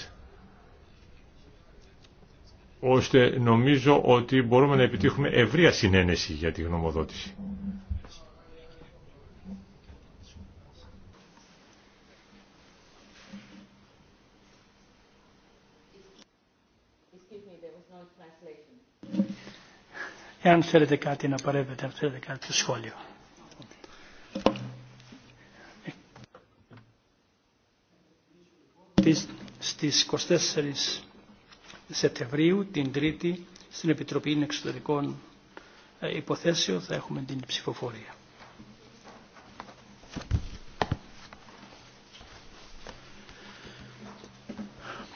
ώστε νομίζω ότι μπορούμε να επιτύχουμε ευρεία συνένεση για τη γνωμοδότηση. Εάν θέλετε κάτι να παρέμβετε, αν θέλετε κάτι σχόλιο. Στις 24 Σεπτεμβρίου, την Τρίτη, στην Επιτροπή Εξωτερικών ε, Υποθέσεων θα έχουμε την ψηφοφορία.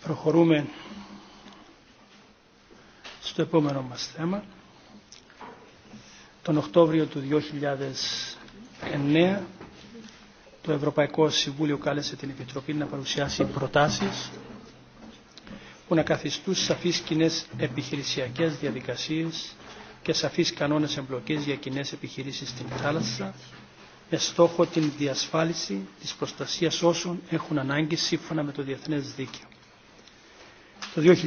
Προχωρούμε στο επόμενο μας θέμα τον Οκτώβριο του 2009 το Ευρωπαϊκό Συμβούλιο κάλεσε την Επιτροπή να παρουσιάσει προτάσεις που να καθιστούν σαφείς κοινέ επιχειρησιακές διαδικασίες και σαφείς κανόνες εμπλοκής για κοινέ επιχειρήσεις στην θάλασσα με στόχο την διασφάλιση της προστασίας όσων έχουν ανάγκη σύμφωνα με το Διεθνές Δίκαιο. Το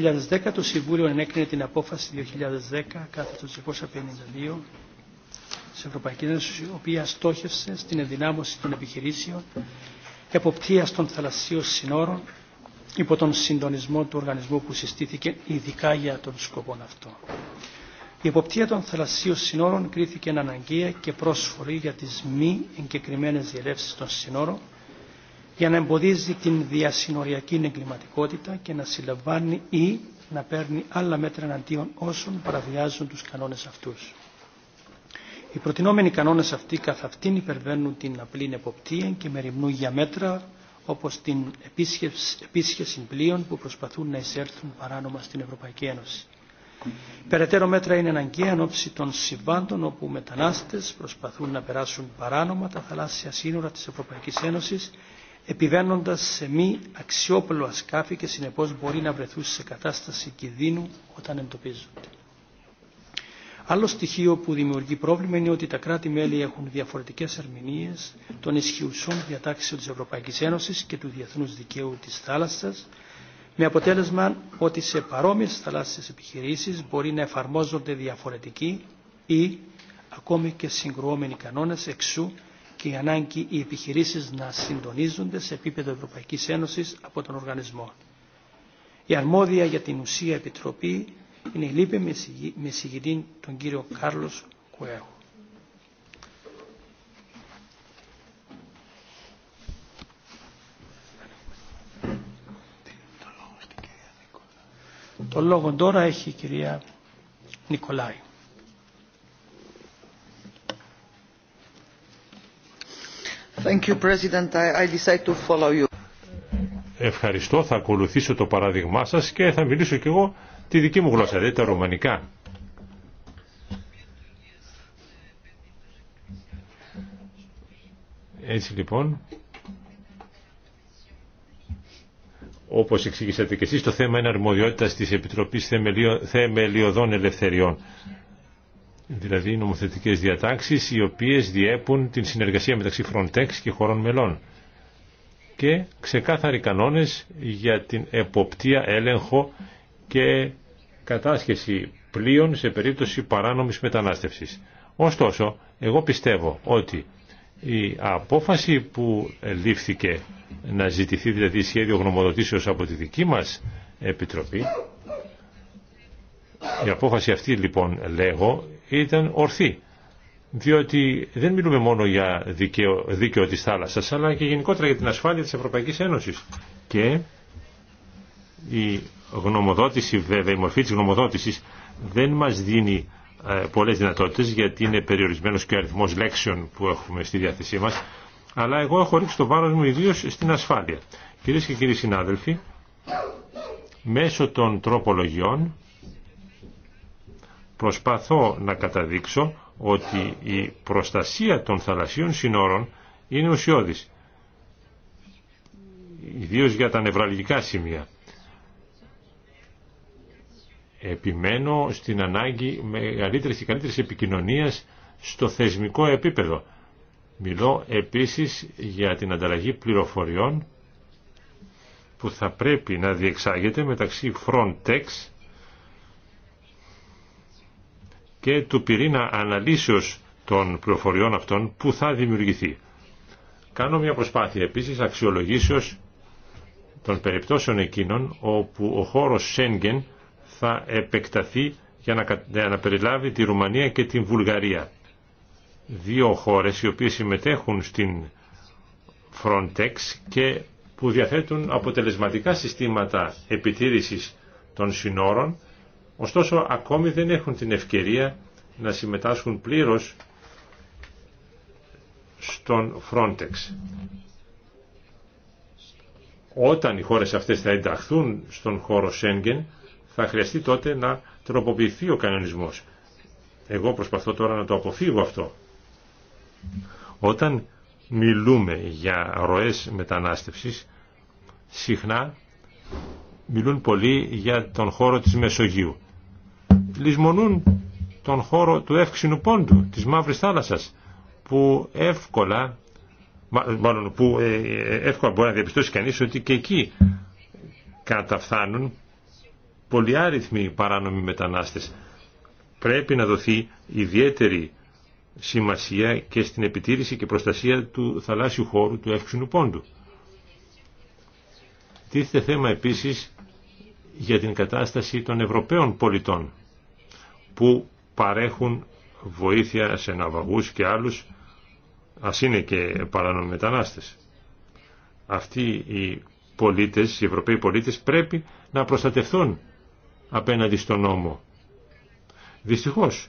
2010 το Συμβούλιο ενέκρινε την απόφαση 2010 κάθετος 252 της Ευρωπαϊκής Ένωσης, η οποία στόχευσε στην ενδυνάμωση των επιχειρήσεων, εποπτείας των θαλασσίων συνόρων, υπό τον συντονισμό του οργανισμού που συστήθηκε ειδικά για τον σκοπό αυτό. Η εποπτεία των θαλασσίων συνόρων κρίθηκε αναγκαία και πρόσφορη για τις μη εγκεκριμένες διελεύσεις των συνόρων, για να εμποδίζει την διασυνοριακή εγκληματικότητα και να συλλαμβάνει ή να παίρνει άλλα μέτρα εναντίον όσων παραβιάζουν τους κανόνες αυτούς. Οι προτινόμενοι κανόνε αυτοί καθ' αυτήν υπερβαίνουν την απλή εποπτεία και μεριμνούν για μέτρα όπω την επίσχεση πλοίων που προσπαθούν να εισέλθουν παράνομα στην Ευρωπαϊκή Ένωση. Περαιτέρω μέτρα είναι αναγκαία εν ώψη των συμβάντων όπου μετανάστε προσπαθούν να περάσουν παράνομα τα θαλάσσια σύνορα τη Ευρωπαϊκή Ένωση επιβαίνοντα σε μη αξιόπλοα σκάφη και συνεπώ μπορεί να βρεθούν σε κατάσταση κινδύνου όταν εντοπίζονται. Άλλο στοιχείο που δημιουργεί πρόβλημα είναι ότι τα κράτη-μέλη έχουν διαφορετικέ ερμηνείε των ισχυουσών διατάξεων τη Ευρωπαϊκή Ένωση και του διεθνού δικαίου τη θάλασσα, με αποτέλεσμα ότι σε παρόμοιε θαλάσσιε επιχειρήσει μπορεί να εφαρμόζονται διαφορετικοί ή ακόμη και συγκρουόμενοι κανόνε, εξού και η ανάγκη οι επιχειρήσει να συντονίζονται σε επίπεδο Ευρωπαϊκή Ένωση από τον οργανισμό. Η αρμόδια για την ουσία Επιτροπή είναι λύπη με συγγητή τον κύριο Κάρλος Κουέου. Το λόγο τώρα έχει η κυρία Νικολάη. Thank you, I to you. Ευχαριστώ, θα ακολουθήσω το παράδειγμά σας και θα μιλήσω κι εγώ τη δική μου γλώσσα, δηλαδή τα ρουμανικά. Έτσι λοιπόν, όπως εξήγησατε και εσείς, το θέμα είναι αρμοδιότητας της Επιτροπής Θεμελιωδών Ελευθεριών. Δηλαδή νομοθετικές διατάξεις οι οποίες διέπουν την συνεργασία μεταξύ Frontex και χωρών μελών και ξεκάθαροι κανόνες για την εποπτεία, έλεγχο και κατάσχεση πλοίων σε περίπτωση παράνομης μετανάστευσης. Ωστόσο, εγώ πιστεύω ότι η απόφαση που λήφθηκε να ζητηθεί δηλαδή σχέδιο γνωμοδοτήσεως από τη δική μας Επιτροπή, η απόφαση αυτή λοιπόν λέγω ήταν ορθή. Διότι δεν μιλούμε μόνο για δίκαιο, δίκαιο της θάλασσας, αλλά και γενικότερα για την ασφάλεια της Ευρωπαϊκής Ένωσης. Και η γνωμοδότηση βέβαια, η μορφή της γνωμοδότησης δεν μας δίνει ε, πολλές δυνατότητες γιατί είναι περιορισμένος και ο αριθμός λέξεων που έχουμε στη διάθεσή μας αλλά εγώ έχω ρίξει το βάρος μου ιδίως στην ασφάλεια. Κυρίες και κύριοι συνάδελφοι, μέσω των τροπολογιών προσπαθώ να καταδείξω ότι η προστασία των θαλασσίων συνόρων είναι ουσιώδης, ιδίως για τα νευραλγικά σημεία. Επιμένω στην ανάγκη μεγαλύτερης και καλύτερης επικοινωνίας στο θεσμικό επίπεδο. Μιλώ επίσης για την ανταλλαγή πληροφοριών που θα πρέπει να διεξάγεται μεταξύ Frontex και του πυρήνα αναλύσεως των πληροφοριών αυτών που θα δημιουργηθεί. Κάνω μια προσπάθεια επίσης αξιολογήσεως των περιπτώσεων εκείνων όπου ο χώρος Σέγγεν θα επεκταθεί για να περιλάβει τη Ρουμανία και την Βουλγαρία. Δύο χώρες οι οποίες συμμετέχουν στην Frontex και που διαθέτουν αποτελεσματικά συστήματα επιτήρησης των συνόρων, ωστόσο ακόμη δεν έχουν την ευκαιρία να συμμετάσχουν πλήρως στον Frontex. Όταν οι χώρες αυτές θα ενταχθούν στον χώρο Σέγγεν, θα χρειαστεί τότε να τροποποιηθεί ο κανονισμός. Εγώ προσπαθώ τώρα να το αποφύγω αυτό. Όταν μιλούμε για ροές μετανάστευσης, συχνά μιλούν πολύ για τον χώρο της Μεσογείου. Λυσμονούν τον χώρο του εύξηνου πόντου, της Μαύρης Θάλασσας, που εύκολα, μάλλον που ε, ε, εύκολα μπορεί να διαπιστώσει κανείς ότι και εκεί καταφθάνουν πολυάριθμοι παράνομοι μετανάστες. Πρέπει να δοθεί ιδιαίτερη σημασία και στην επιτήρηση και προστασία του θαλάσσιου χώρου του εύξηνου πόντου. Τίθε θέμα επίσης για την κατάσταση των Ευρωπαίων πολιτών που παρέχουν βοήθεια σε ναυαγούς και άλλους ας είναι και παράνομοι μετανάστες. Αυτοί οι πολίτες, οι Ευρωπαίοι πολίτες πρέπει να προστατευθούν απέναντι στον νόμο. Δυστυχώς,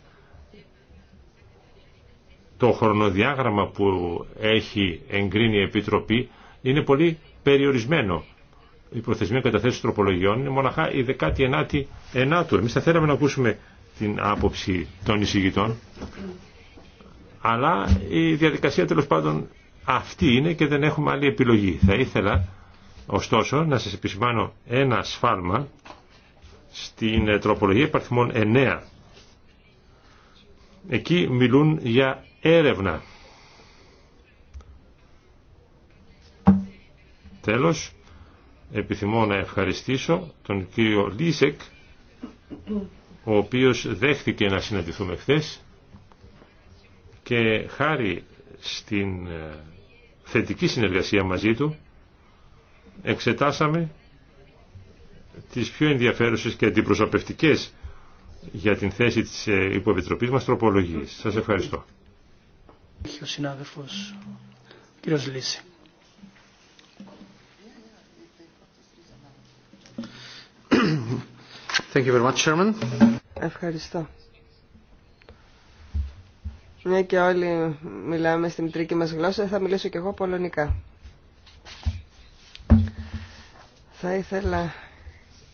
το χρονοδιάγραμμα που έχει εγκρίνει η Επιτροπή είναι πολύ περιορισμένο. Η προθεσμία κατάθεση τροπολογιών είναι μοναχά η 19η Ενάτου. Εμείς θα θέλαμε να ακούσουμε την άποψη των εισηγητών, αλλά η διαδικασία τέλος πάντων αυτή είναι και δεν έχουμε άλλη επιλογή. Θα ήθελα ωστόσο να σας επισημάνω ένα σφάλμα στην ε, τροπολογία υπαρθμών 9. Εκεί μιλούν για έρευνα. Τέλος, επιθυμώ να ευχαριστήσω τον κύριο Λίσεκ, ο οποίος δέχθηκε να συναντηθούμε χθες και χάρη στην ε, θετική συνεργασία μαζί του εξετάσαμε τις πιο ενδιαφέρουσες και αντιπροσωπευτικές για την θέση της ε, υποεπιτροπής μας τροπολογίες. Σας ευχαριστώ. Ο συνάδελφος, κύριος Λύση. Thank you very much, Chairman. Ευχαριστώ. Μια και όλοι μιλάμε στη μητρική μας γλώσσα, θα μιλήσω και εγώ πολωνικά. Θα ήθελα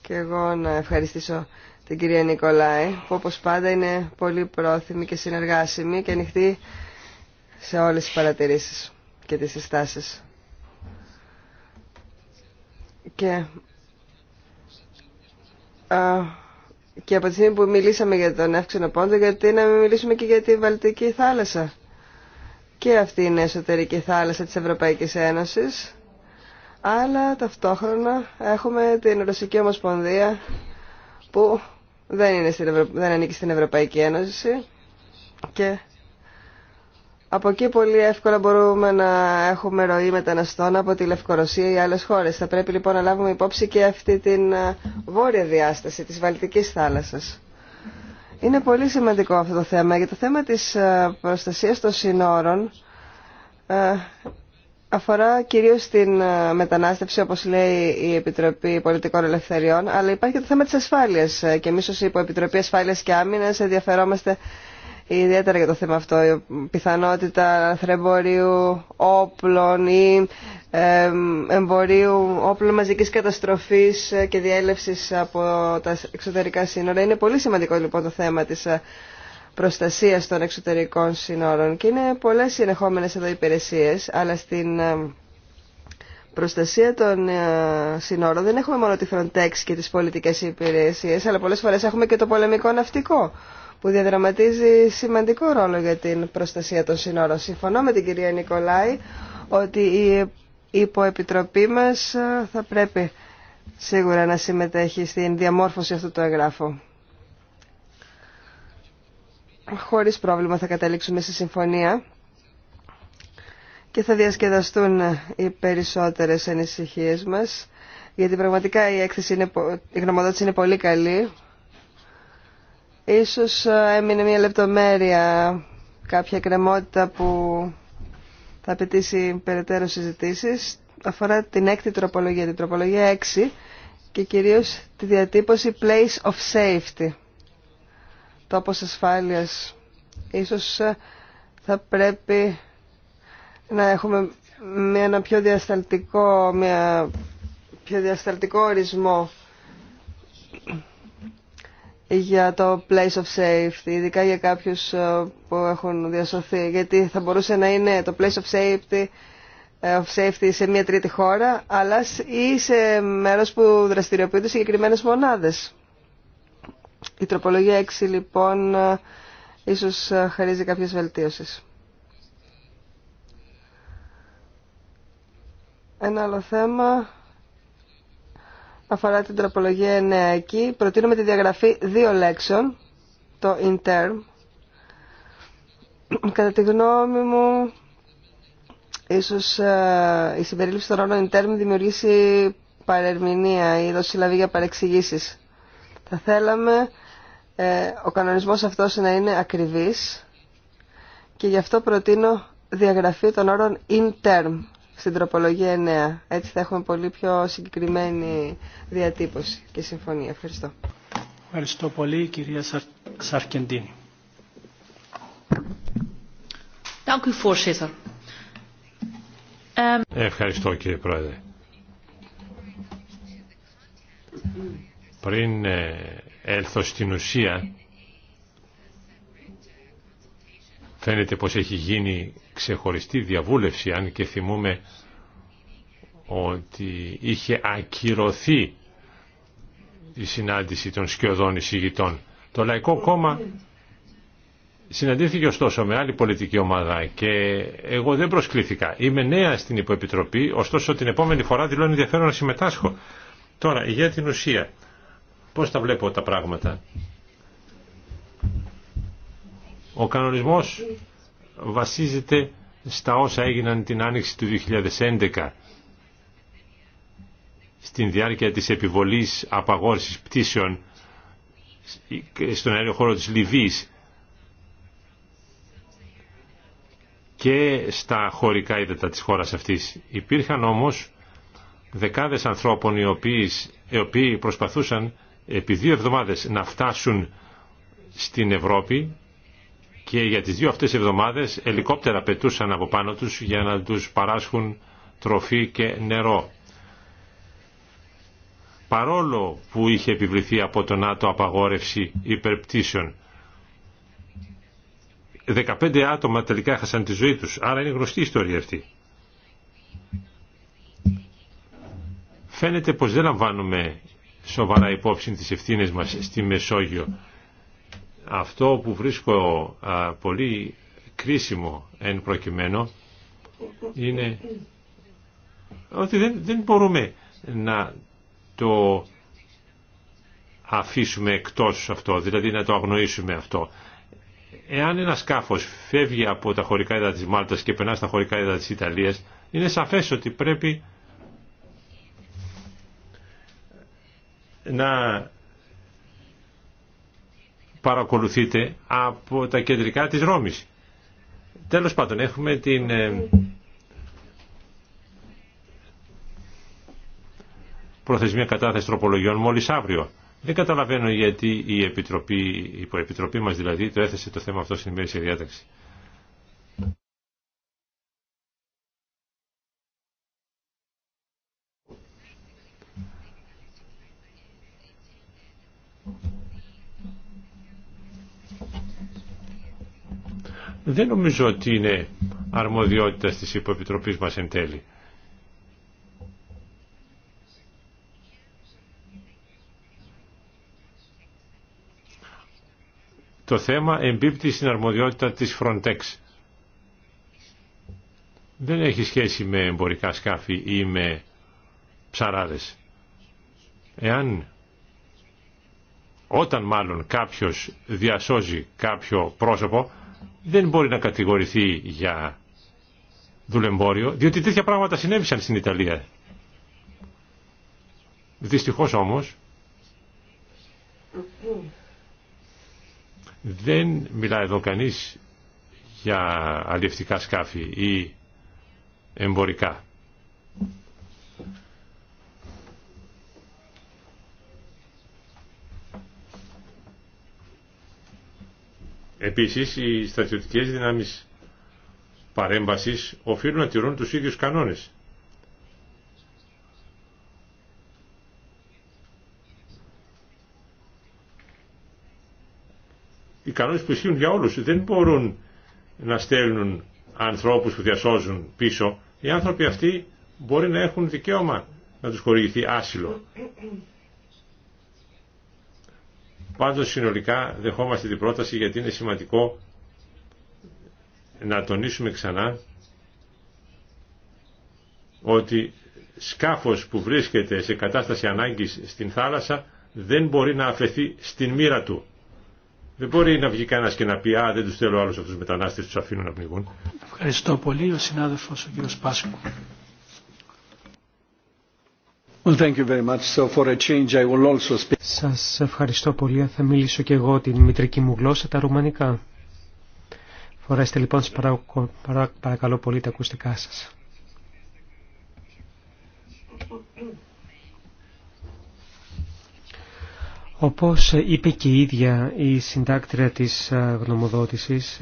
και εγώ να ευχαριστήσω την κυρία Νικολάη, που όπως πάντα είναι πολύ πρόθυμη και συνεργάσιμη και ανοιχτή σε όλες τις παρατηρήσεις και τις συστάσεις. Και, από τη στιγμή που μιλήσαμε για τον Εύξενο Πόντο, γιατί να μην μιλήσουμε και για τη Βαλτική θάλασσα. Και αυτή είναι η εσωτερική θάλασσα της Ευρωπαϊκής Ένωσης αλλά ταυτόχρονα έχουμε την Ρωσική Ομοσπονδία που δεν, είναι στην ανήκει στην Ευρωπαϊκή Ένωση και από εκεί πολύ εύκολα μπορούμε να έχουμε ροή μεταναστών από τη Λευκορωσία ή άλλες χώρες. Θα πρέπει λοιπόν να λάβουμε υπόψη και αυτή την ε, βόρεια διάσταση της Βαλτικής θάλασσας. Είναι πολύ σημαντικό αυτό το θέμα. Για το θέμα της ε, προστασίας των συνόρων ε, αφορά κυρίως την ε, μετανάστευση όπως λέει η Επιτροπή Πολιτικών Ελευθεριών αλλά υπάρχει και το θέμα της ασφάλειας ε, και εμείς ως επιτροπή Ασφάλειας και Άμυνας ενδιαφερόμαστε ιδιαίτερα για το θέμα αυτό η πιθανότητα θρεμπορίου όπλων ή εμπορίου όπλων μαζικής καταστροφής ε, και διέλευση από τα εξωτερικά σύνορα είναι πολύ σημαντικό λοιπόν το θέμα της προστασίας των εξωτερικών συνόρων και είναι πολλές συνεχόμενες εδώ υπηρεσίες, αλλά στην ε, προστασία των ε, συνόρων δεν έχουμε μόνο τη Frontex και τις πολιτικές υπηρεσίες, αλλά πολλές φορές έχουμε και το πολεμικό ναυτικό που διαδραματίζει σημαντικό ρόλο για την προστασία των συνόρων. Συμφωνώ με την κυρία Νικολάη ότι η υποεπιτροπή μας ε, θα πρέπει σίγουρα να συμμετέχει στην διαμόρφωση αυτού του εγγράφου χωρίς πρόβλημα θα καταλήξουμε στη συμφωνία και θα διασκεδαστούν οι περισσότερες ανησυχίες μας γιατί πραγματικά η έκθεση είναι, η γνωμοδότηση είναι πολύ καλή Ίσως ε, έμεινε μια λεπτομέρεια κάποια κρεμότητα που θα απαιτήσει περαιτέρω συζητήσεις αφορά την έκτη τροπολογία, την τροπολογία 6 και κυρίως τη διατύπωση place of safety τόπος ασφάλειας. Ίσως ε, θα πρέπει να έχουμε με ένα πιο διασταλτικό, μια πιο διασταλτικό ορισμό για το place of safety, ειδικά για κάποιους ε, που έχουν διασωθεί, γιατί θα μπορούσε να είναι το place of safety, ε, of safety σε μια τρίτη χώρα, αλλά ή σε μέρος που δραστηριοποιούνται συγκεκριμένες μονάδες. Η τροπολογία 6 λοιπόν ε, ίσως ε, χαρίζει κάποιες βελτίωσεις. Ένα άλλο θέμα αφορά την τροπολογία 9 εκεί. Προτείνουμε τη διαγραφή δύο λέξεων, το in term. Κατά τη γνώμη μου, ίσως ε, η συμπερίληψη των όρων in term δημιουργήσει παρερμηνία ή δοσυλλαβή για παρεξηγήσεις. Θα θέλαμε ε, ο κανονισμός αυτός να είναι ακριβής και γι' αυτό προτείνω διαγραφή των όρων in term στην τροπολογία 9. Έτσι θα έχουμε πολύ πιο συγκεκριμένη διατύπωση και συμφωνία. Ευχαριστώ. Ευχαριστώ πολύ κυρία Σαρκεντίνη. Ευχαριστώ κύριε Πρόεδρε. Πριν ε, έλθω στην ουσία, φαίνεται πως έχει γίνει ξεχωριστή διαβούλευση, αν και θυμούμε ότι είχε ακυρωθεί η συνάντηση των σκιωδών εισηγητών. Το Λαϊκό Κόμμα συναντήθηκε ωστόσο με άλλη πολιτική ομάδα και εγώ δεν προσκλήθηκα. Είμαι νέα στην υποεπιτροπή, ωστόσο την επόμενη φορά δηλώνει ενδιαφέρον να συμμετάσχω. Τώρα, για την ουσία. Πώς τα βλέπω τα πράγματα. Ο κανονισμός βασίζεται στα όσα έγιναν την άνοιξη του 2011 στην διάρκεια της επιβολής απαγόρησης πτήσεων στον χώρο της Λιβύης και στα χωρικά ύδατα της χώρας αυτής. Υπήρχαν όμως δεκάδες ανθρώπων οι οποίοι προσπαθούσαν επί δύο εβδομάδες να φτάσουν στην Ευρώπη και για τις δύο αυτές εβδομάδες ελικόπτερα πετούσαν από πάνω τους για να τους παράσχουν τροφή και νερό. Παρόλο που είχε επιβληθεί από τον ΝΑΤΟ απαγόρευση υπερπτήσεων, 15 άτομα τελικά έχασαν τη ζωή τους, άρα είναι γνωστή η ιστορία αυτή. Φαίνεται πως δεν λαμβάνουμε σοβαρά υπόψη τις ευθύνε μας στη Μεσόγειο. Αυτό που βρίσκω πολύ κρίσιμο εν προκειμένου είναι ότι δεν, δεν μπορούμε να το αφήσουμε εκτός αυτό, δηλαδή να το αγνοήσουμε αυτό. Εάν ένα σκάφος φεύγει από τα χωρικά έδρα της Μάλτας και περνά στα χωρικά έδρα της Ιταλίας, είναι σαφές ότι πρέπει να παρακολουθείτε από τα κεντρικά της Ρώμης. Τέλος πάντων, έχουμε την... Ε, προθεσμία κατάθεση τροπολογιών μόλις αύριο. Δεν καταλαβαίνω γιατί η Επιτροπή, η Υποεπιτροπή μας δηλαδή, το έθεσε το θέμα αυτό στην ημέρηση διάταξη. δεν νομίζω ότι είναι αρμοδιότητα της υποεπιτροπής μας εν τέλει. Το θέμα εμπίπτει στην αρμοδιότητα της Frontex. Δεν έχει σχέση με εμπορικά σκάφη ή με ψαράδες. Εάν όταν μάλλον κάποιος διασώζει κάποιο πρόσωπο δεν μπορεί να κατηγορηθεί για δουλεμπόριο, διότι τέτοια πράγματα συνέβησαν στην Ιταλία. Δυστυχώς όμως δεν μιλάει εδώ κανείς για αλληλευτικά σκάφη ή εμπορικά. Επίσης, οι στρατιωτικές δυνάμεις παρέμβασης οφείλουν να τηρούν τους ίδιους κανόνες. Οι κανόνες που ισχύουν για όλους δεν μπορούν να στέλνουν ανθρώπους που διασώζουν πίσω. Οι άνθρωποι αυτοί μπορεί να έχουν δικαίωμα να τους χορηγηθεί άσυλο. Πάντως συνολικά δεχόμαστε την πρόταση γιατί είναι σημαντικό να τονίσουμε ξανά ότι σκάφος που βρίσκεται σε κατάσταση ανάγκης στην θάλασσα δεν μπορεί να αφαιθεί στην μοίρα του. Δεν μπορεί να βγει κανένα και να πει «Α, δεν τους θέλω άλλους αυτούς τους μετανάστες, τους αφήνω να πνιγούν». Ευχαριστώ πολύ. Ο συνάδελφος, ο κύριος Πάσκου. Σας ευχαριστώ πολύ. Θα μιλήσω και εγώ την μητρική μου γλώσσα, τα ρουμανικά. Φορέστε λοιπόν, παρακαλώ πολύ, τα ακουστικά σας. Όπως είπε και η ίδια η συντάκτρια της ε, γνωμοδότησης,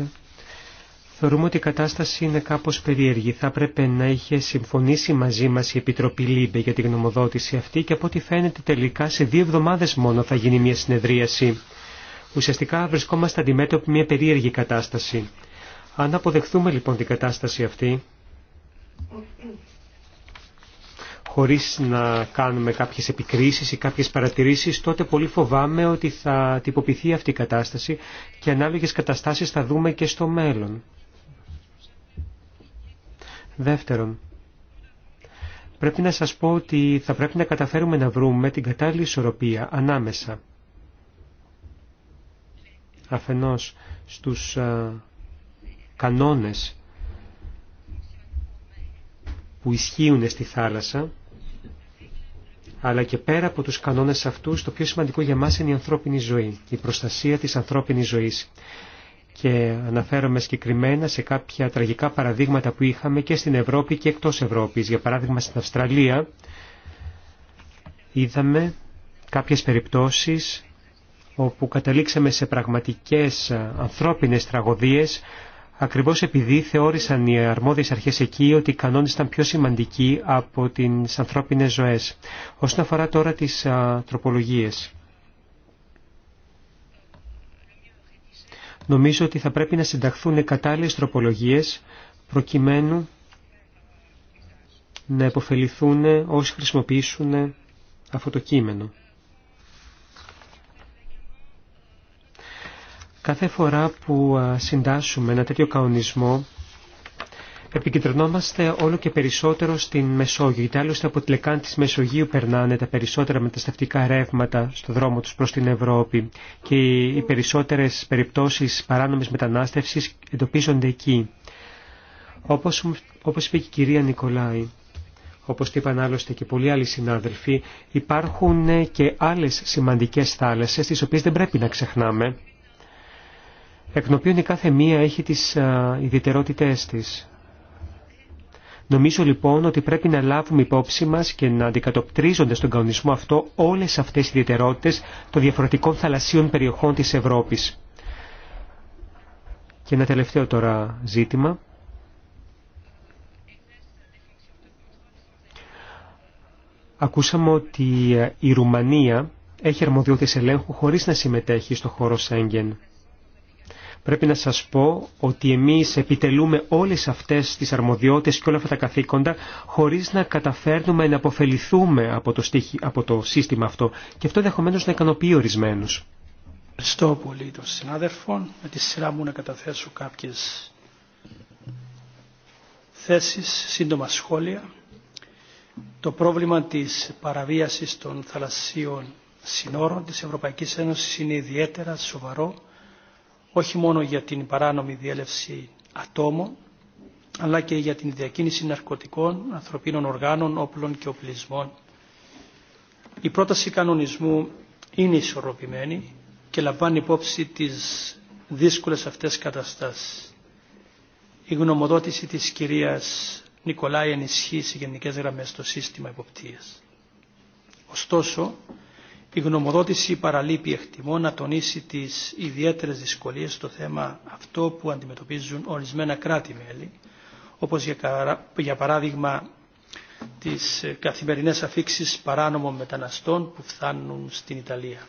Θεωρούμε ότι η κατάσταση είναι κάπως περίεργη. Θα έπρεπε να είχε συμφωνήσει μαζί μας η Επιτροπή ΛΥΜΠΕ για την γνωμοδότηση αυτή και από ό,τι φαίνεται τελικά σε δύο εβδομάδες μόνο θα γίνει μια συνεδρίαση. Ουσιαστικά βρισκόμαστε αντιμέτωποι μια περίεργη κατάσταση. Αν αποδεχθούμε λοιπόν την κατάσταση αυτή, χωρίς να κάνουμε κάποιες επικρίσεις ή κάποιες παρατηρήσεις, τότε πολύ φοβάμαι ότι θα τυποποιηθεί αυτή η κατάσταση και ανάλογες καταστάσεις θα δούμε και στο μέλλον. Δεύτερον, πρέπει να σας πω ότι θα πρέπει να καταφέρουμε να βρούμε την κατάλληλη ισορροπία ανάμεσα αφενός στους α, κανόνες που ισχύουν στη θάλασσα, αλλά και πέρα από τους κανόνες αυτούς, το πιο σημαντικό για μας είναι η ανθρώπινη ζωή, η προστασία της ανθρώπινης ζωής και αναφέρομαι συγκεκριμένα σε κάποια τραγικά παραδείγματα που είχαμε και στην Ευρώπη και εκτός Ευρώπης. Για παράδειγμα στην Αυστραλία είδαμε κάποιες περιπτώσεις όπου καταλήξαμε σε πραγματικές ανθρώπινες τραγωδίες ακριβώς επειδή θεώρησαν οι αρμόδιες αρχές εκεί ότι οι κανόνες ήταν πιο σημαντικοί από τις ανθρώπινες ζωές. Όσον αφορά τώρα τις τροπολογίες. νομίζω ότι θα πρέπει να συνταχθούν κατάλληλες τροπολογίες προκειμένου να επωφεληθούν όσοι χρησιμοποιήσουν αυτό το κείμενο. Κάθε φορά που συντάσσουμε ένα τέτοιο καονισμό επικεντρωνόμαστε όλο και περισσότερο στην Μεσόγειο, γιατί άλλωστε από τη λεκάνη της Μεσογείου περνάνε τα περισσότερα μετασταυτικά ρεύματα στο δρόμο τους προς την Ευρώπη και οι περισσότερες περιπτώσεις παράνομης μετανάστευσης εντοπίζονται εκεί. Όπως, είπε και η κυρία Νικολάη, όπως το είπαν άλλωστε και πολλοί άλλοι συνάδελφοι, υπάρχουν και άλλες σημαντικές θάλασσες, τις οποίες δεν πρέπει να ξεχνάμε, εκ των οποίων η κάθε μία έχει τις ιδιαιτερότητές της. Νομίζω λοιπόν ότι πρέπει να λάβουμε υπόψη μας και να αντικατοπτρίζονται στον κανονισμό αυτό όλες αυτές οι ιδιαιτερότητες των διαφορετικών θαλασσίων περιοχών της Ευρώπης. Και ένα τελευταίο τώρα ζήτημα. Ακούσαμε ότι ε, η Ρουμανία έχει αρμοδιότητες ελέγχου χωρίς να συμμετέχει στο χώρο Σέγγεν. Πρέπει να σας πω ότι εμείς επιτελούμε όλες αυτές τις αρμοδιότητες και όλα αυτά τα καθήκοντα χωρίς να καταφέρνουμε να αποφεληθούμε από το, στίχη, από το σύστημα αυτό και αυτό ενδεχομένω να ικανοποιεί ορισμένου. Ευχαριστώ πολύ τον συνάδελφο. Με τη σειρά μου να καταθέσω κάποιες θέσεις, σύντομα σχόλια. Το πρόβλημα της παραβίασης των θαλασσίων συνόρων της Ευρωπαϊκής Ένωσης είναι ιδιαίτερα σοβαρό όχι μόνο για την παράνομη διέλευση ατόμων, αλλά και για την διακίνηση ναρκωτικών, ανθρωπίνων οργάνων, όπλων και οπλισμών. Η πρόταση κανονισμού είναι ισορροπημένη και λαμβάνει υπόψη τις δύσκολες αυτές καταστάσεις. Η γνωμοδότηση της κυρίας Νικολάη ενισχύει σε γενικές γραμμές το σύστημα υποπτίας. Ωστόσο, η γνωμοδότηση παραλείπει εκτιμώ να τονίσει τις ιδιαίτερες δυσκολίες στο θέμα αυτό που αντιμετωπίζουν ορισμένα κράτη-μέλη, όπως για παράδειγμα τις καθημερινές αφήξεις παράνομων μεταναστών που φθάνουν στην Ιταλία.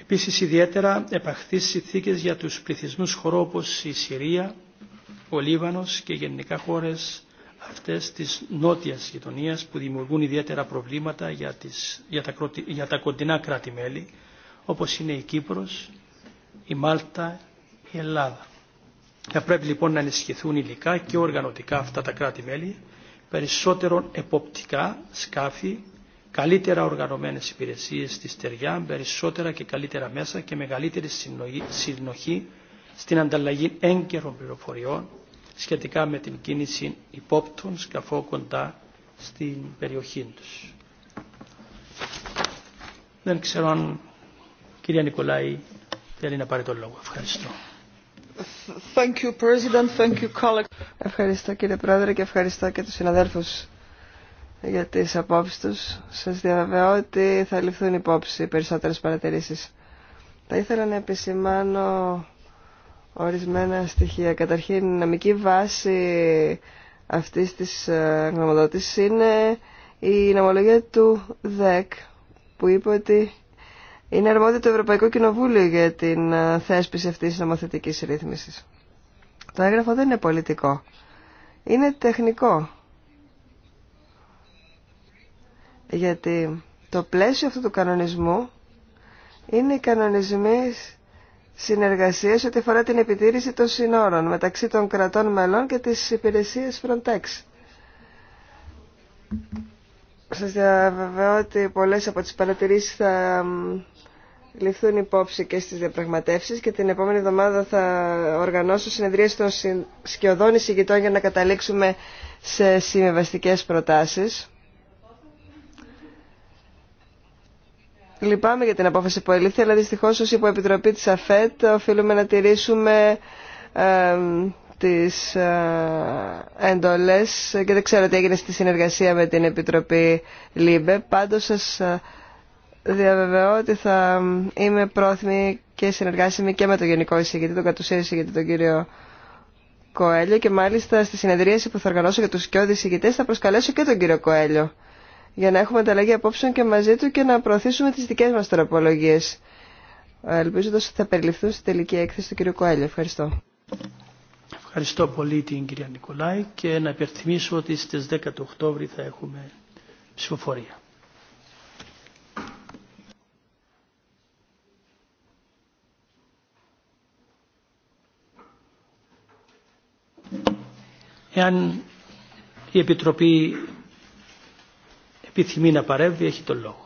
Επίσης ιδιαίτερα επαχθείς συνθήκες για τους πληθυσμούς χωρών όπως η Συρία, ο Λίβανος και γενικά χώρες αυτές της νότιας γειτονίας που δημιουργούν ιδιαίτερα προβλήματα για, τις, για, τα, για τα κοντινά κράτη-μέλη όπως είναι η Κύπρος, η Μάλτα, η Ελλάδα. Θα πρέπει λοιπόν να ενισχυθούν υλικά και οργανωτικά αυτά τα κράτη-μέλη, περισσότερον εποπτικά σκάφη, καλύτερα οργανωμένες υπηρεσίες στη στεριά, περισσότερα και καλύτερα μέσα και μεγαλύτερη συνοχή στην ανταλλαγή έγκαιρων πληροφοριών, σχετικά με την κίνηση υπόπτων σκαφόκοντα στην περιοχή τους. Δεν ξέρω αν κυρία Νικολάη θέλει να πάρει τον λόγο. Ευχαριστώ. Thank you, President. Thank you, colleague. Ευχαριστώ κύριε Πρόεδρε και ευχαριστώ και τους συναδέλφους για τις απόψεις τους. Σας διαβεβαιώ ότι θα ληφθούν υπόψη περισσότερες παρατηρήσεις. Θα ήθελα να επισημάνω ορισμένα στοιχεία. Καταρχήν, η δυναμική βάση αυτής της ε, γνωμοδότησης είναι η νομολογία του ΔΕΚ που είπε ότι είναι αρμόδιο το Ευρωπαϊκό Κοινοβούλιο για την ε, θέσπιση αυτής της νομοθετικής ρύθμισης. Το έγγραφο δεν είναι πολιτικό. Είναι τεχνικό. Γιατί το πλαίσιο αυτού του κανονισμού είναι οι κανονισμοί συνεργασίες ό,τι αφορά την επιτήρηση των συνόρων μεταξύ των κρατών μελών και της υπηρεσίας Frontex. Σας διαβεβαιώ ότι πολλές από τις παρατηρήσεις θα ληφθούν υπόψη και στις διαπραγματεύσεις και την επόμενη εβδομάδα θα οργανώσω συνεδρίες των σκιωδών εισηγητών για να καταλήξουμε σε συμβιβαστικέ προτάσεις. Λυπάμαι για την απόφαση που ελήφθη, αλλά δυστυχώ ως υποεπιτροπή της ΑΦΕΤ οφείλουμε να τηρήσουμε ε, τις ε, εντολές και δεν ξέρω τι έγινε στη συνεργασία με την Επιτροπή ΛΥΜΠΕ. Πάντω σα ε, διαβεβαιώ ότι θα είμαι πρόθυμη και συνεργάσιμη και με τον Γενικό Εισηγητή, τον Κατουσία Εισηγητή, τον κύριο Κοέλιο και μάλιστα στη συνεδρίαση που θα οργανώσω για του σκιώδει εισηγητές θα προσκαλέσω και τον κύριο Κοέλιο για να έχουμε ανταλλαγή απόψεων και μαζί του και να προωθήσουμε τις δικές μας τροπολογίε. Ε, ελπίζω ότι θα περιληφθούν στη τελική έκθεση του κ. Κοέλια. Ευχαριστώ. Ευχαριστώ πολύ την κυρία Νικολάη και να υπερθυμίσω ότι στις 10 Οκτώβρη θα έχουμε ψηφοφορία. Εάν η Επιτροπή επιθυμεί να παρεύει, έχει τον λόγο.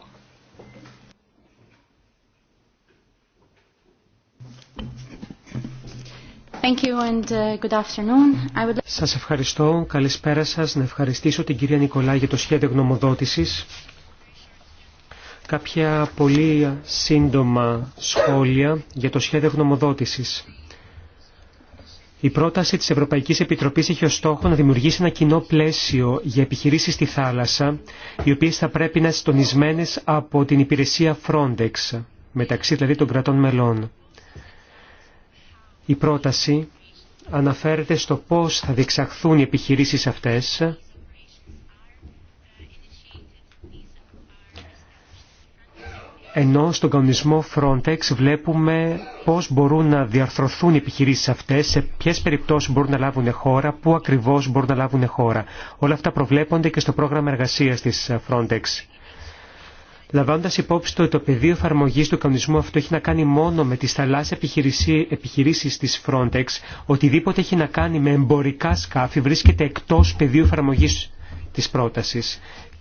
Uh, σας ευχαριστώ. Καλησπέρα σας. Να ευχαριστήσω την κυρία Νικολά για το σχέδιο γνωμοδότησης. Κάποια πολύ σύντομα σχόλια για το σχέδιο γνωμοδότησης. Η πρόταση της Ευρωπαϊκής Επιτροπής έχει ως στόχο να δημιουργήσει ένα κοινό πλαίσιο για επιχειρήσεις στη θάλασσα, οι οποίες θα πρέπει να συντονισμένες από την υπηρεσία Frontex, μεταξύ δηλαδή των κρατών μελών. Η πρόταση αναφέρεται στο πώς θα διεξαχθούν οι επιχειρήσεις αυτές, ενώ στον κανονισμό Frontex βλέπουμε πώς μπορούν να διαρθρωθούν οι επιχειρήσεις αυτές, σε ποιες περιπτώσεις μπορούν να λάβουν χώρα, πού ακριβώς μπορούν να λάβουν χώρα. Όλα αυτά προβλέπονται και στο πρόγραμμα εργασίας της Frontex. Λαμβάνοντα υπόψη το ότι το πεδίο εφαρμογή του κανονισμού αυτό έχει να κάνει μόνο με τι θαλάσσιε επιχειρήσει τη Frontex, οτιδήποτε έχει να κάνει με εμπορικά σκάφη βρίσκεται εκτό πεδίου εφαρμογή τη πρόταση.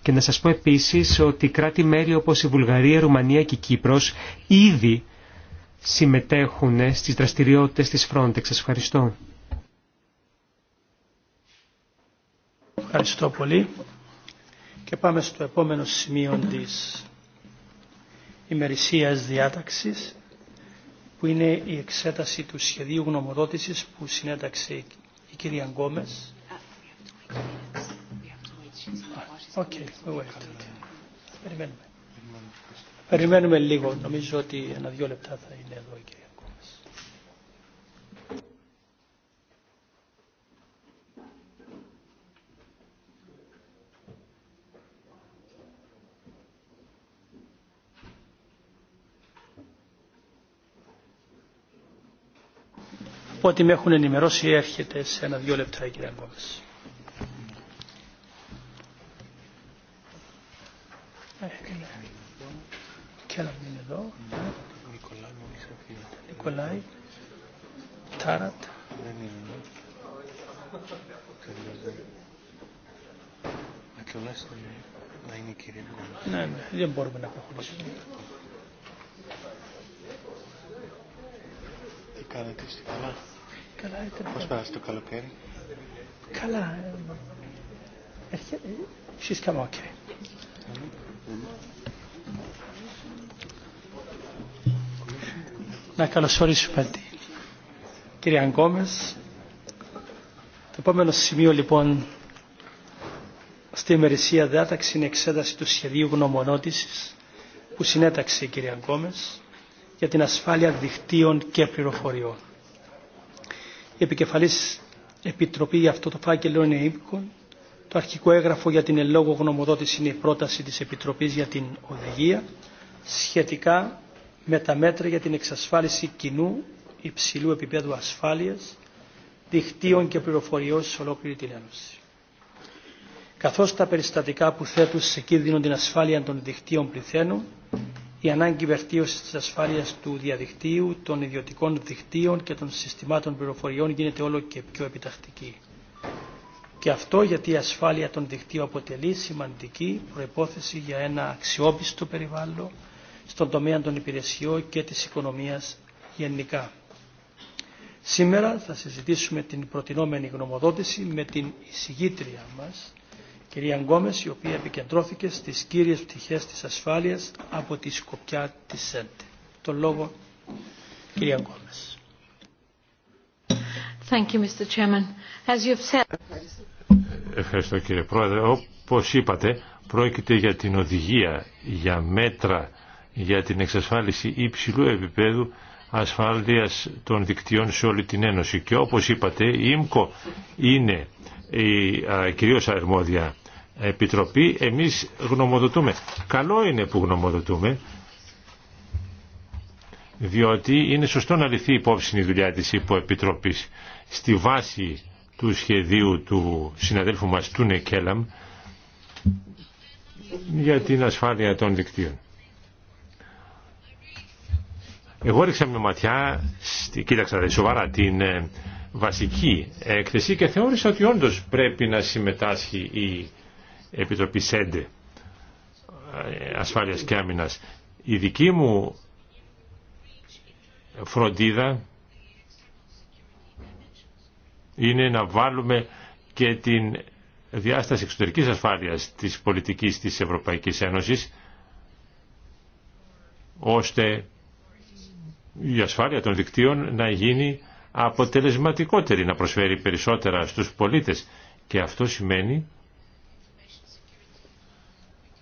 Και να σας πω επίσης ότι κράτη-μέλη όπως η Βουλγαρία, η Ρουμανία και η Κύπρος ήδη συμμετέχουν στις δραστηριότητες της Frontex. Σας ευχαριστώ. Ευχαριστώ πολύ. Και πάμε στο επόμενο σημείο της ημερησίας διάταξης που είναι η εξέταση του σχεδίου γνωμοδότησης που συνέταξε η κυρία Γκόμες. Uh, Okay, περιμένουμε. Περιμένουμε λίγο. Νομίζω ότι ένα-δύο λεπτά θα είναι εδώ η κυρία. Από ό,τι με έχουν ενημερώσει έρχεται σε ένα-δύο λεπτά η κυρία Γκόμες. Κέλαμ είναι εδώ. Νικολάη μόλις έφυγε. Νικολάη. Τάρατ. Δεν είναι εδώ. Να είναι η κυρία Ναι, ναι, δεν μπορούμε να προχωρήσουμε. Τι κάνετε στη καλά. Καλά ήταν. Πώς πέρασε το καλοκαίρι. Καλά. She's come okay. Να καλωσορίσουμε την κυρία Γκόμες. Το επόμενο σημείο λοιπόν στη ημερησία διάταξη είναι εξέταση του σχεδίου γνωμονότησης που συνέταξε η κυρία Γκόμες για την ασφάλεια δικτύων και πληροφοριών. Η επικεφαλής επιτροπή για αυτό το φάκελο είναι η το αρχικό έγγραφο για την ελόγω γνωμοδότηση είναι η πρόταση της Επιτροπής για την Οδηγία σχετικά με τα μέτρα για την εξασφάλιση κοινού υψηλού επίπεδου ασφάλειας, δικτύων και πληροφοριών σε ολόκληρη την Ένωση. Καθώς τα περιστατικά που θέτουν σε κίνδυνο την ασφάλεια των δικτύων πληθαίνουν, η ανάγκη βελτίωση της ασφάλειας του διαδικτύου, των ιδιωτικών δικτύων και των συστημάτων πληροφοριών γίνεται όλο και πιο επιτακτική. Και αυτό γιατί η ασφάλεια των δικτύων αποτελεί σημαντική προϋπόθεση για ένα αξιόπιστο περιβάλλον στον τομέα των υπηρεσιών και της οικονομίας γενικά. Σήμερα θα συζητήσουμε την προτινόμενη γνωμοδότηση με την εισηγήτρια μας, κυρία Γκόμες, η οποία επικεντρώθηκε στις κύριες πτυχές της ασφάλειας από τη σκοπιά της ΣΕΝΤΕ. Το λόγο, κυρία Γκόμες. Ευχαριστώ κύριε Πρόεδρε. Όπως είπατε, πρόκειται για την οδηγία, για μέτρα, για την εξασφάλιση υψηλού επίπεδου ασφάλειας των δικτυών σε όλη την Ένωση. Και όπως είπατε, η ΙΜΚΟ είναι η α, κυρίως αρμόδια επιτροπή. Εμείς γνωμοδοτούμε. Καλό είναι που γνωμοδοτούμε, διότι είναι σωστό να λυθεί υπόψη η δουλειά της υποεπιτροπής στη βάση του σχεδίου του συναδέλφου μας του Νεκέλαμ για την ασφάλεια των δικτύων. Εγώ ρίξα μια ματιά, κοίταξα δηλαδή, σοβαρά την ε, βασική έκθεση και θεώρησα ότι όντως πρέπει να συμμετάσχει η Επιτροπή ΣΕΝΤΕ ε, Ασφάλειας και Άμυνας. Η δική μου φροντίδα είναι να βάλουμε και την διάσταση εξωτερικής ασφάλειας της πολιτικής της Ευρωπαϊκής Ένωσης ώστε η ασφάλεια των δικτύων να γίνει αποτελεσματικότερη, να προσφέρει περισσότερα στους πολίτες. Και αυτό σημαίνει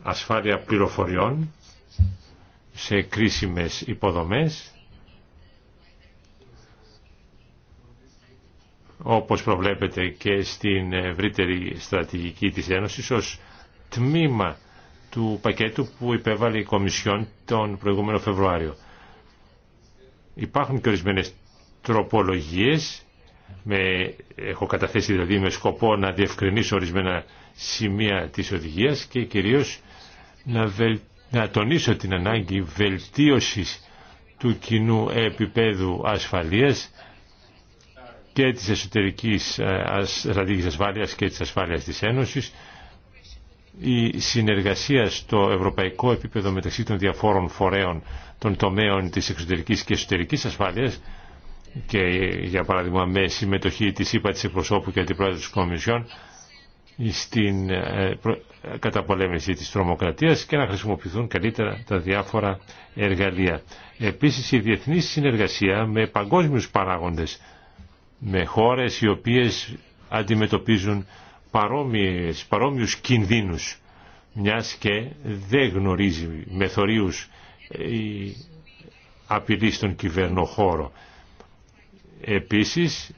ασφάλεια πληροφοριών σε κρίσιμες υποδομές όπως προβλέπεται και στην ευρύτερη στρατηγική της Ένωσης ως τμήμα του πακέτου που υπέβαλε η Κομισιόν τον προηγούμενο Φεβρουάριο. Υπάρχουν και ορισμένε τροπολογίες, με, έχω καταθέσει δηλαδή με σκοπό να διευκρινίσω ορισμένα σημεία της οδηγίας και κυρίως να, να τονίσω την ανάγκη βελτίωσης του κοινού επίπεδου ασφαλείας και της εσωτερικής ε, στρατηγικής ασφάλειας και της ασφάλειας της Ένωσης, η συνεργασία στο ευρωπαϊκό επίπεδο μεταξύ των διαφόρων φορέων των τομέων της εξωτερικής και εσωτερικής ασφάλειας και για παράδειγμα με συμμετοχή της ΥΠΑ της εκπροσώπου και αντιπρόεδρου της Κομισιόν στην ε, καταπολέμηση της τρομοκρατίας και να χρησιμοποιηθούν καλύτερα τα διάφορα εργαλεία. Επίσης η διεθνή συνεργασία με παγκόσμιους παράγοντες με χώρες οι οποίες αντιμετωπίζουν παρόμοιες, παρόμοιους κινδύνους μιας και δεν γνωρίζει με ε, η απειλή στον κυβερνοχώρο. Επίσης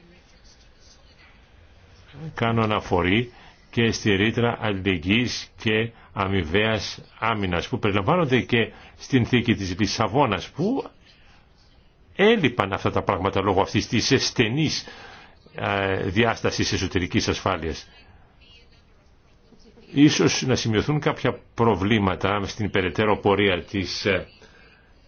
κάνω αναφορή και στη ρήτρα αλληλεγγύης και αμοιβαίας άμυνας που περιλαμβάνονται και στην θήκη της Λισαβόνας που έλειπαν αυτά τα πράγματα λόγω αυτής της στενής ε, διάστασης εσωτερικής ασφάλειας. Ίσως να σημειωθούν κάποια προβλήματα στην περαιτέρω πορεία της ε,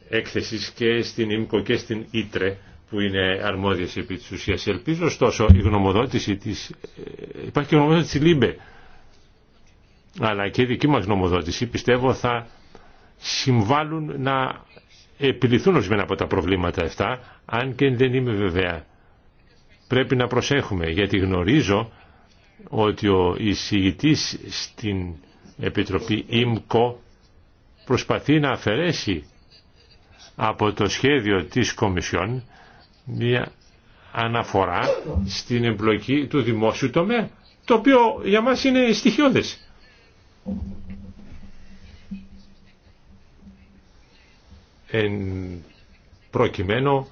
έκθεσης και στην ΙΜΚΟ και στην ΙΤΡΕ που είναι αρμόδιες επί της ουσίας. Ελπίζω ωστόσο η γνωμοδότηση της... Ε, υπάρχει και η γνωμοδότηση της ΛΥΜΠΕ αλλά και η δική μας γνωμοδότηση πιστεύω θα συμβάλλουν να επιληθούν ορισμένα από τα προβλήματα αυτά, αν και δεν είμαι βεβαία. Πρέπει να προσέχουμε, γιατί γνωρίζω ότι ο εισηγητής στην Επιτροπή ΙΜΚΟ προσπαθεί να αφαιρέσει από το σχέδιο της Κομισιόν μια αναφορά στην εμπλοκή του δημόσιου τομέα, το οποίο για μας είναι στοιχειώδες. Εν προκειμένου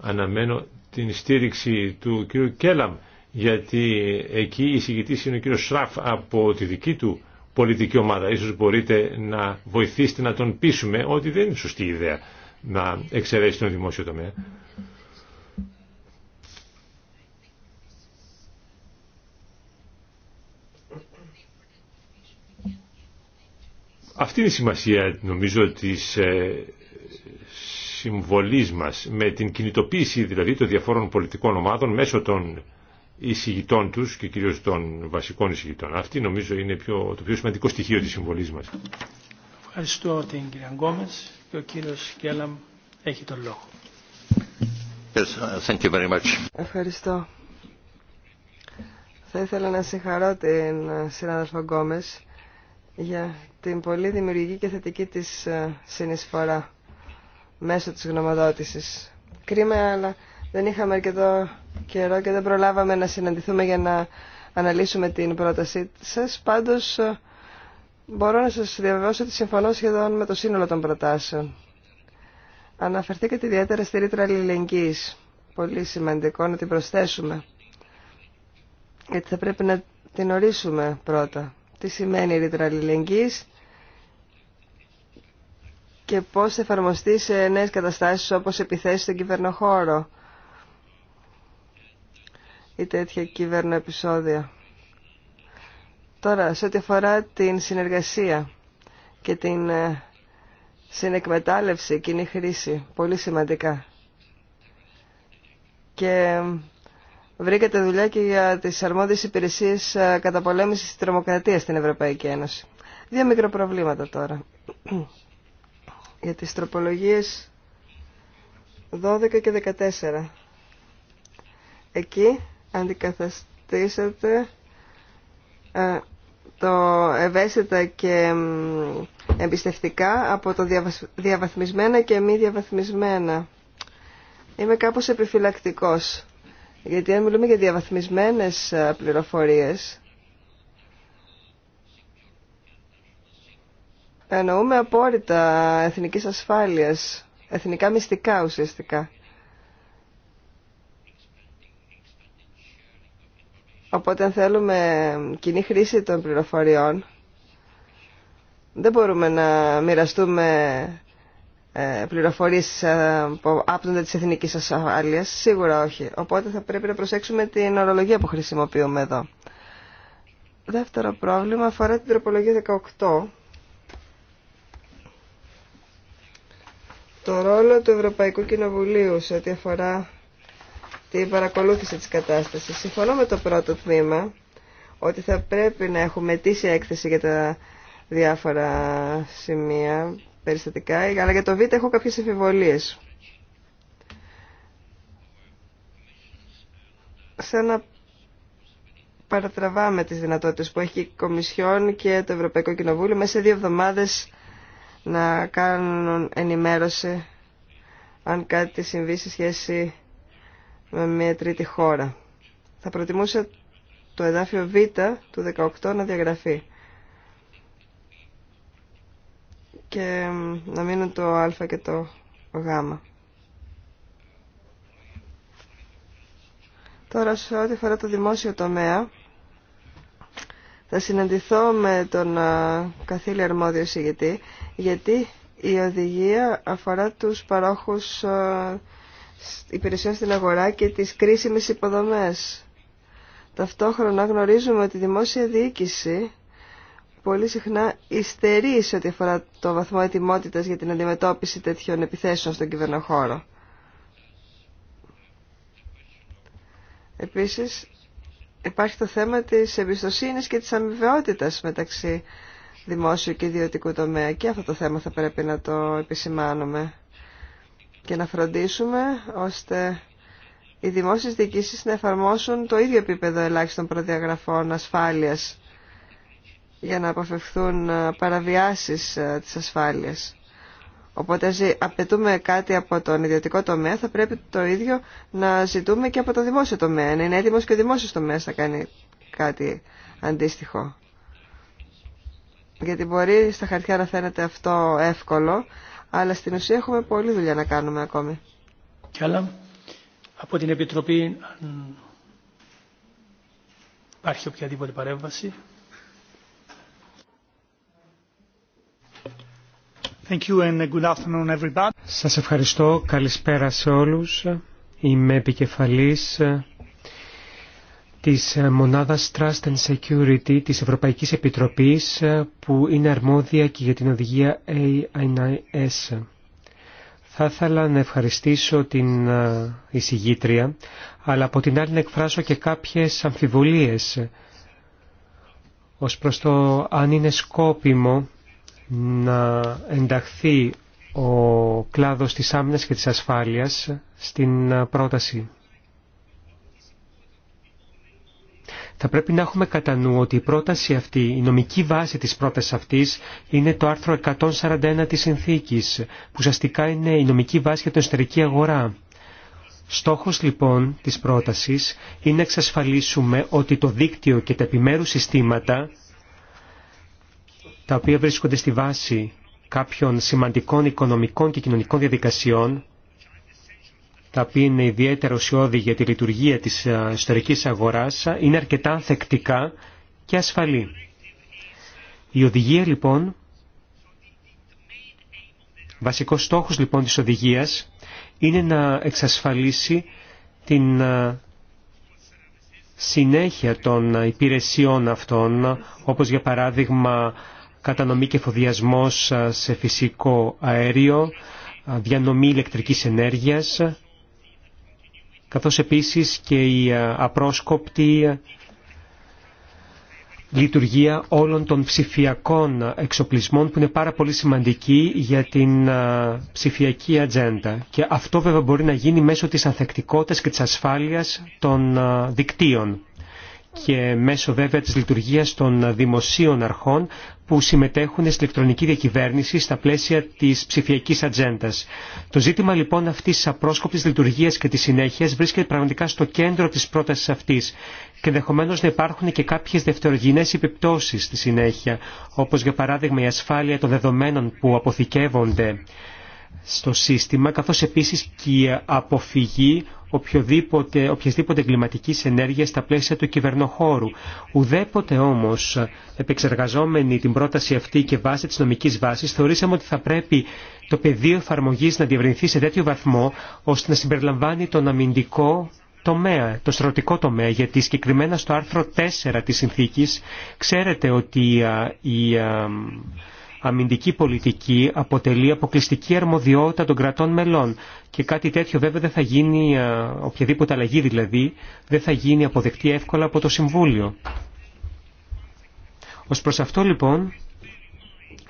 αναμένω την στήριξη του κ. Κέλαμ γιατί εκεί η συγκητής είναι ο κ. Σραφ από τη δική του πολιτική ομάδα. Ίσως μπορείτε να βοηθήσετε να τον πείσουμε ότι δεν είναι σωστή ιδέα να εξαιρέσει τον δημόσιο τομέα. Αυτή είναι η σημασία νομίζω της ε, συμβολής μας, με την κινητοποίηση δηλαδή των διαφόρων πολιτικών ομάδων μέσω των εισηγητών τους και κυρίως των βασικών εισηγητών. Αυτή νομίζω είναι πιο, το πιο σημαντικό στοιχείο της συμβολής μας. Ευχαριστώ την κυρία Γκόμες και ο κύριος Κέλαμ έχει τον λόγο. Yes, uh, thank you very much. Ευχαριστώ. Θα ήθελα να συγχαρώ την ε, συνάδελφο Γκόμες για την πολύ δημιουργική και θετική της ε, συνεισφορά μέσω της γνωμοδότησης. Κρίμα, αλλά δεν είχαμε αρκετό καιρό και δεν προλάβαμε να συναντηθούμε για να αναλύσουμε την πρότασή σας. Πάντως, μπορώ να σας διαβεβαιώσω ότι συμφωνώ σχεδόν με το σύνολο των προτάσεων. Αναφερθήκατε ιδιαίτερα στη ρήτρα αλληλεγγύης. Πολύ σημαντικό να την προσθέσουμε. Γιατί θα πρέπει να την ορίσουμε πρώτα. Τι σημαίνει η ρήτρα αλληλεγγύης και πώς θα εφαρμοστεί σε νέες καταστάσεις όπως επιθέσεις στον κυβερνοχώρο ή τέτοια κυβέρνο Τώρα, σε ό,τι αφορά την συνεργασία και την ε, συνεκμετάλλευση, κοινή χρήση, πολύ σημαντικά. Και ε, βρήκατε δουλειά και για τις αρμόδιες υπηρεσίες ε, καταπολέμησης της τρομοκρατίας στην Ευρωπαϊκή Ένωση. Δύο μικροπροβλήματα τώρα για τις τροπολογίες 12 και 14. Εκεί αντικαταστήσατε ε, το ευαίσθητα και εμπιστευτικά από το διαβαθμισμένα και μη διαβαθμισμένα. Είμαι κάπως επιφυλακτικός, γιατί αν μιλούμε για διαβαθμισμένες ε, πληροφορίες, Εννοούμε απόρριτα εθνικής ασφάλειας, εθνικά μυστικά ουσιαστικά. Οπότε αν θέλουμε κοινή χρήση των πληροφοριών, δεν μπορούμε να μοιραστούμε ε, πληροφορίες ε, που άπτονται της εθνικής ασφάλειας. Σίγουρα όχι. Οπότε θα πρέπει να προσέξουμε την ορολογία που χρησιμοποιούμε εδώ. Δεύτερο πρόβλημα αφορά την τροπολογία 18 το ρόλο του Ευρωπαϊκού Κοινοβουλίου σε ό,τι αφορά την παρακολούθηση της κατάστασης. Συμφωνώ με το πρώτο τμήμα ότι θα πρέπει να έχουμε αιτήσει έκθεση για τα διάφορα σημεία περιστατικά, αλλά για το Β έχω κάποιες εμφιβολίες. Σαν να παρατραβάμε τις δυνατότητες που έχει η Κομισιόν και το Ευρωπαϊκό Κοινοβούλιο μέσα σε δύο εβδομάδες να κάνουν ενημέρωση αν κάτι συμβεί σε σχέση με μια τρίτη χώρα. Θα προτιμούσα το εδάφιο Β του 18 να διαγραφεί και να μείνουν το Α και το Γ. Τώρα σε ό,τι αφορά το δημόσιο τομέα θα συναντηθώ με τον καθήλιο αρμόδιο συγγετή, γιατί η οδηγία αφορά τους παρόχους υπηρεσιών στην αγορά και τις κρίσιμες υποδομές. Ταυτόχρονα γνωρίζουμε ότι η δημόσια διοίκηση πολύ συχνά υστερεί σε ό,τι αφορά το βαθμό ετοιμότητας για την αντιμετώπιση τέτοιων επιθέσεων στον κυβερνοχώρο. Επίσης, υπάρχει το θέμα της εμπιστοσύνης και της αμοιβαιότητας μεταξύ δημόσιου και ιδιωτικού τομέα. Και αυτό το θέμα θα πρέπει να το επισημάνουμε και να φροντίσουμε ώστε οι δημόσιες διοικήσεις να εφαρμόσουν το ίδιο επίπεδο ελάχιστων προδιαγραφών ασφάλειας για να αποφευχθούν παραβιάσεις ε, της ασφάλειας. Οπότε απαιτούμε κάτι από τον ιδιωτικό τομέα, θα πρέπει το ίδιο να ζητούμε και από το δημόσιο τομέα. Να είναι έτοιμος και ο δημόσιος τομέας να κάνει κάτι αντίστοιχο. Γιατί μπορεί στα χαρτιά να φαίνεται αυτό εύκολο, αλλά στην ουσία έχουμε πολλή δουλειά να κάνουμε ακόμη. Καλά. Από την Επιτροπή, υπάρχει οποιαδήποτε παρέμβαση. Thank Σας ευχαριστώ. Καλησπέρα σε όλους. Είμαι επικεφαλής της μονάδας Trust and Security της Ευρωπαϊκής Επιτροπής που είναι αρμόδια και για την οδηγία AINIS. Θα ήθελα να ευχαριστήσω την εισηγήτρια, αλλά από την άλλη να εκφράσω και κάποιες αμφιβολίες ως προς το αν είναι σκόπιμο να ενταχθεί ο κλάδος της άμυνας και της ασφάλειας στην πρόταση. Θα πρέπει να έχουμε κατά νου ότι η πρόταση αυτή, η νομική βάση της πρότασης αυτής είναι το άρθρο 141 της συνθήκης, που ουσιαστικά είναι η νομική βάση για την εσωτερική αγορά. Στόχος λοιπόν της πρότασης είναι να εξασφαλίσουμε ότι το δίκτυο και τα επιμέρους συστήματα τα οποία βρίσκονται στη βάση κάποιων σημαντικών οικονομικών και κοινωνικών διαδικασιών, τα οποία είναι ιδιαίτερα ουσιώδη για τη λειτουργία της ιστορικής ε, αγοράς, είναι αρκετά ανθεκτικά και ασφαλή. Η οδηγία λοιπόν, βασικός στόχος λοιπόν της οδηγίας, είναι να εξασφαλίσει την ε, συνέχεια των ε, υπηρεσιών αυτών, όπως για παράδειγμα κατανομή και φοδιασμός σε φυσικό αέριο, διανομή ηλεκτρικής ενέργειας, καθώς επίσης και η απρόσκοπτη λειτουργία όλων των ψηφιακών εξοπλισμών που είναι πάρα πολύ σημαντική για την ψηφιακή ατζέντα. Και αυτό βέβαια μπορεί να γίνει μέσω της ανθεκτικότητας και της ασφάλειας των δικτύων και μέσω βέβαια της λειτουργίας των δημοσίων αρχών που συμμετέχουν στην ηλεκτρονική διακυβέρνηση στα πλαίσια της ψηφιακής ατζέντα. Το ζήτημα λοιπόν αυτής της απρόσκοπτης λειτουργία και της συνέχειας βρίσκεται πραγματικά στο κέντρο τη πρόταση αυτή, και ενδεχομένω να υπάρχουν και κάποιε δευτερογενέ επιπτώσει στη συνέχεια, όπως για παράδειγμα η ασφάλεια των δεδομένων που αποθηκεύονται στο σύστημα, καθώς επίσης και η αποφυγή οποιοδήποτε, οποιασδήποτε εγκληματική ενέργεια στα πλαίσια του κυβερνοχώρου. Ουδέποτε όμως, επεξεργαζόμενοι την πρόταση αυτή και βάσει της νομικής βάσης, θεωρήσαμε ότι θα πρέπει το πεδίο εφαρμογή να διευρυνθεί σε τέτοιο βαθμό, ώστε να συμπεριλαμβάνει τον αμυντικό τομέα, το στρατικό τομέα, γιατί συγκεκριμένα στο άρθρο 4 της συνθήκης ξέρετε ότι η αμυντική πολιτική αποτελεί αποκλειστική αρμοδιότητα των κρατών μελών και κάτι τέτοιο βέβαια δεν θα γίνει, ε, οποιαδήποτε αλλαγή δηλαδή, δεν θα γίνει αποδεκτή εύκολα από το Συμβούλιο. Ως προς αυτό λοιπόν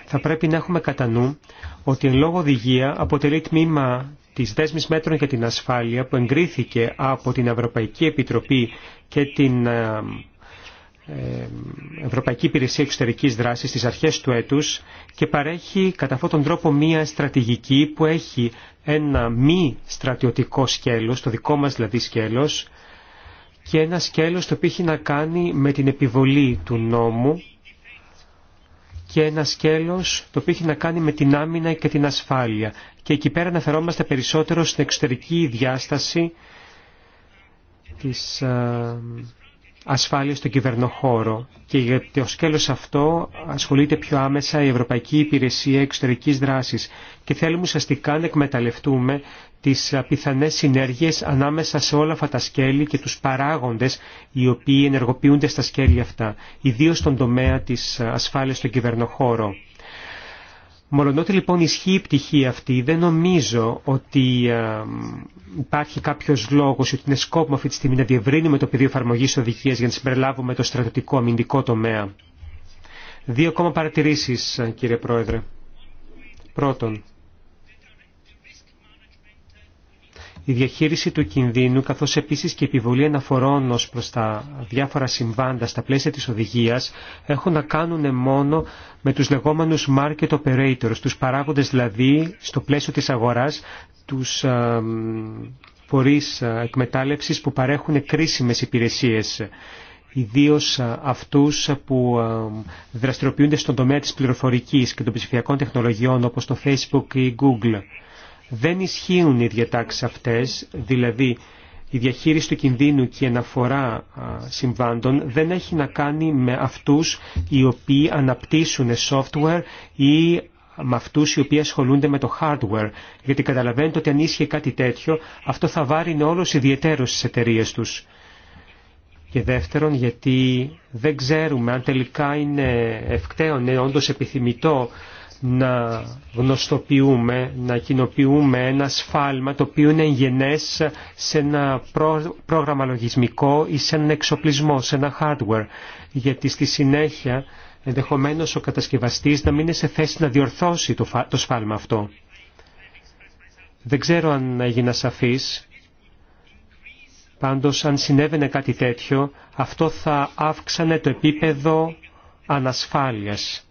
θα πρέπει να έχουμε κατά νου ότι εν λόγω οδηγία αποτελεί τμήμα της δέσμης μέτρων για την ασφάλεια που εγκρίθηκε από την Ευρωπαϊκή Επιτροπή και την ε, ε, Ευρωπαϊκή Υπηρεσία Εξωτερικής Δράσης στις αρχές του έτους και παρέχει κατά αυτόν τον τρόπο μία στρατηγική που έχει ένα μη στρατιωτικό σκέλος, το δικό μας δηλαδή σκέλος, και ένα σκέλος το οποίο έχει να κάνει με την επιβολή του νόμου και ένα σκέλος το οποίο έχει να κάνει με την άμυνα και την ασφάλεια. Και εκεί πέρα αναφερόμαστε περισσότερο στην εξωτερική διάσταση της ε, ασφάλεια στον κυβερνοχώρο και για το σκέλος αυτό ασχολείται πιο άμεσα η Ευρωπαϊκή Υπηρεσία Εξωτερικής Δράσης και θέλουμε ουσιαστικά να εκμεταλλευτούμε τις πιθανές συνέργειες ανάμεσα σε όλα αυτά τα σκέλη και τους παράγοντες οι οποίοι ενεργοποιούνται στα σκέλη αυτά, ιδίως στον τομέα της ασφάλειας στον κυβερνοχώρο. Μολονότι λοιπόν ισχύει η πτυχή αυτή, δεν νομίζω ότι ε, υπάρχει κάποιο λόγο ότι είναι σκόπιμο αυτή τη στιγμή να διευρύνουμε το πεδίο εφαρμογή οδηγία για να συμπεριλάβουμε το στρατιωτικό αμυντικό τομέα. Δύο ακόμα παρατηρήσει, ε, κύριε Πρόεδρε. Πρώτον, η διαχείριση του κινδύνου, καθώς επίσης και η επιβολή αναφορών ως προς τα διάφορα συμβάντα στα πλαίσια της οδηγίας, έχουν να κάνουν μόνο με τους λεγόμενους market operators, τους παράγοντες δηλαδή στο πλαίσιο της αγοράς, τους ε, φορείς ε, εκμετάλλευσης που παρέχουν κρίσιμες υπηρεσίες ιδίως ε, αυτούς που δραστηριοποιούνται στον τομέα της πληροφορικής και των ψηφιακών τεχνολογιών όπως το Facebook ή Google δεν ισχύουν οι διατάξεις αυτές, δηλαδή η διαχείριση του κινδύνου και η αναφορά συμβάντων δεν έχει να κάνει με αυτούς οι οποίοι αναπτύσσουν software ή με αυτού οι οποίοι ασχολούνται με το hardware. Γιατί καταλαβαίνετε ότι αν ίσχυε κάτι τέτοιο, αυτό θα βάρει όλο ιδιαίτερο στι εταιρείε του. Και δεύτερον, γιατί δεν ξέρουμε αν τελικά είναι ευκταίο, είναι όντω επιθυμητό να γνωστοποιούμε, να κοινοποιούμε ένα σφάλμα το οποίο είναι γενές σε ένα πρόγραμμα λογισμικό ή σε έναν εξοπλισμό, σε ένα hardware. Γιατί στη συνέχεια ενδεχομένως ο κατασκευαστής να μην είναι σε θέση να διορθώσει το σφάλμα αυτό. Δεν ξέρω αν έγινα σαφής. Πάντως αν συνέβαινε κάτι τέτοιο αυτό θα αύξανε το επίπεδο ανασφάλειας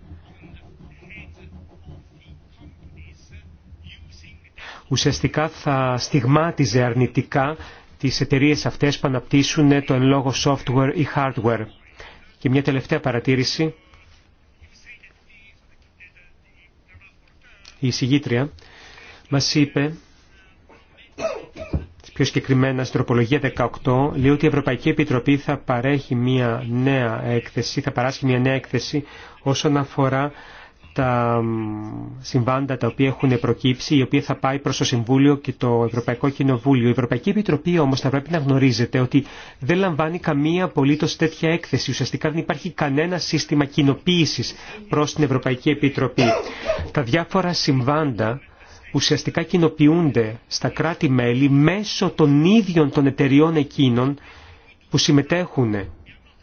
ουσιαστικά θα στιγμάτιζε αρνητικά τις εταιρείες αυτές που αναπτύσσουν το εν λόγω software ή hardware. Και μια τελευταία παρατήρηση. Η εισηγήτρια μας είπε πιο συγκεκριμένα στην τροπολογία 18, λέει ότι η Ευρωπαϊκή Επιτροπή θα παρέχει μια νέα έκθεση, θα παράσχει μια νέα έκθεση όσον αφορά τα συμβάντα τα οποία έχουν προκύψει, η οποία θα πάει προς το Συμβούλιο και το Ευρωπαϊκό Κοινοβούλιο. Η Ευρωπαϊκή Επιτροπή όμως θα πρέπει να γνωρίζετε ότι δεν λαμβάνει καμία απολύτως τέτοια έκθεση. Ουσιαστικά δεν υπάρχει κανένα σύστημα κοινοποίησης προς την Ευρωπαϊκή Επιτροπή. Τα διάφορα συμβάντα ουσιαστικά κοινοποιούνται στα κράτη-μέλη μέσω των ίδιων των εταιριών εκείνων που συμμετέχουν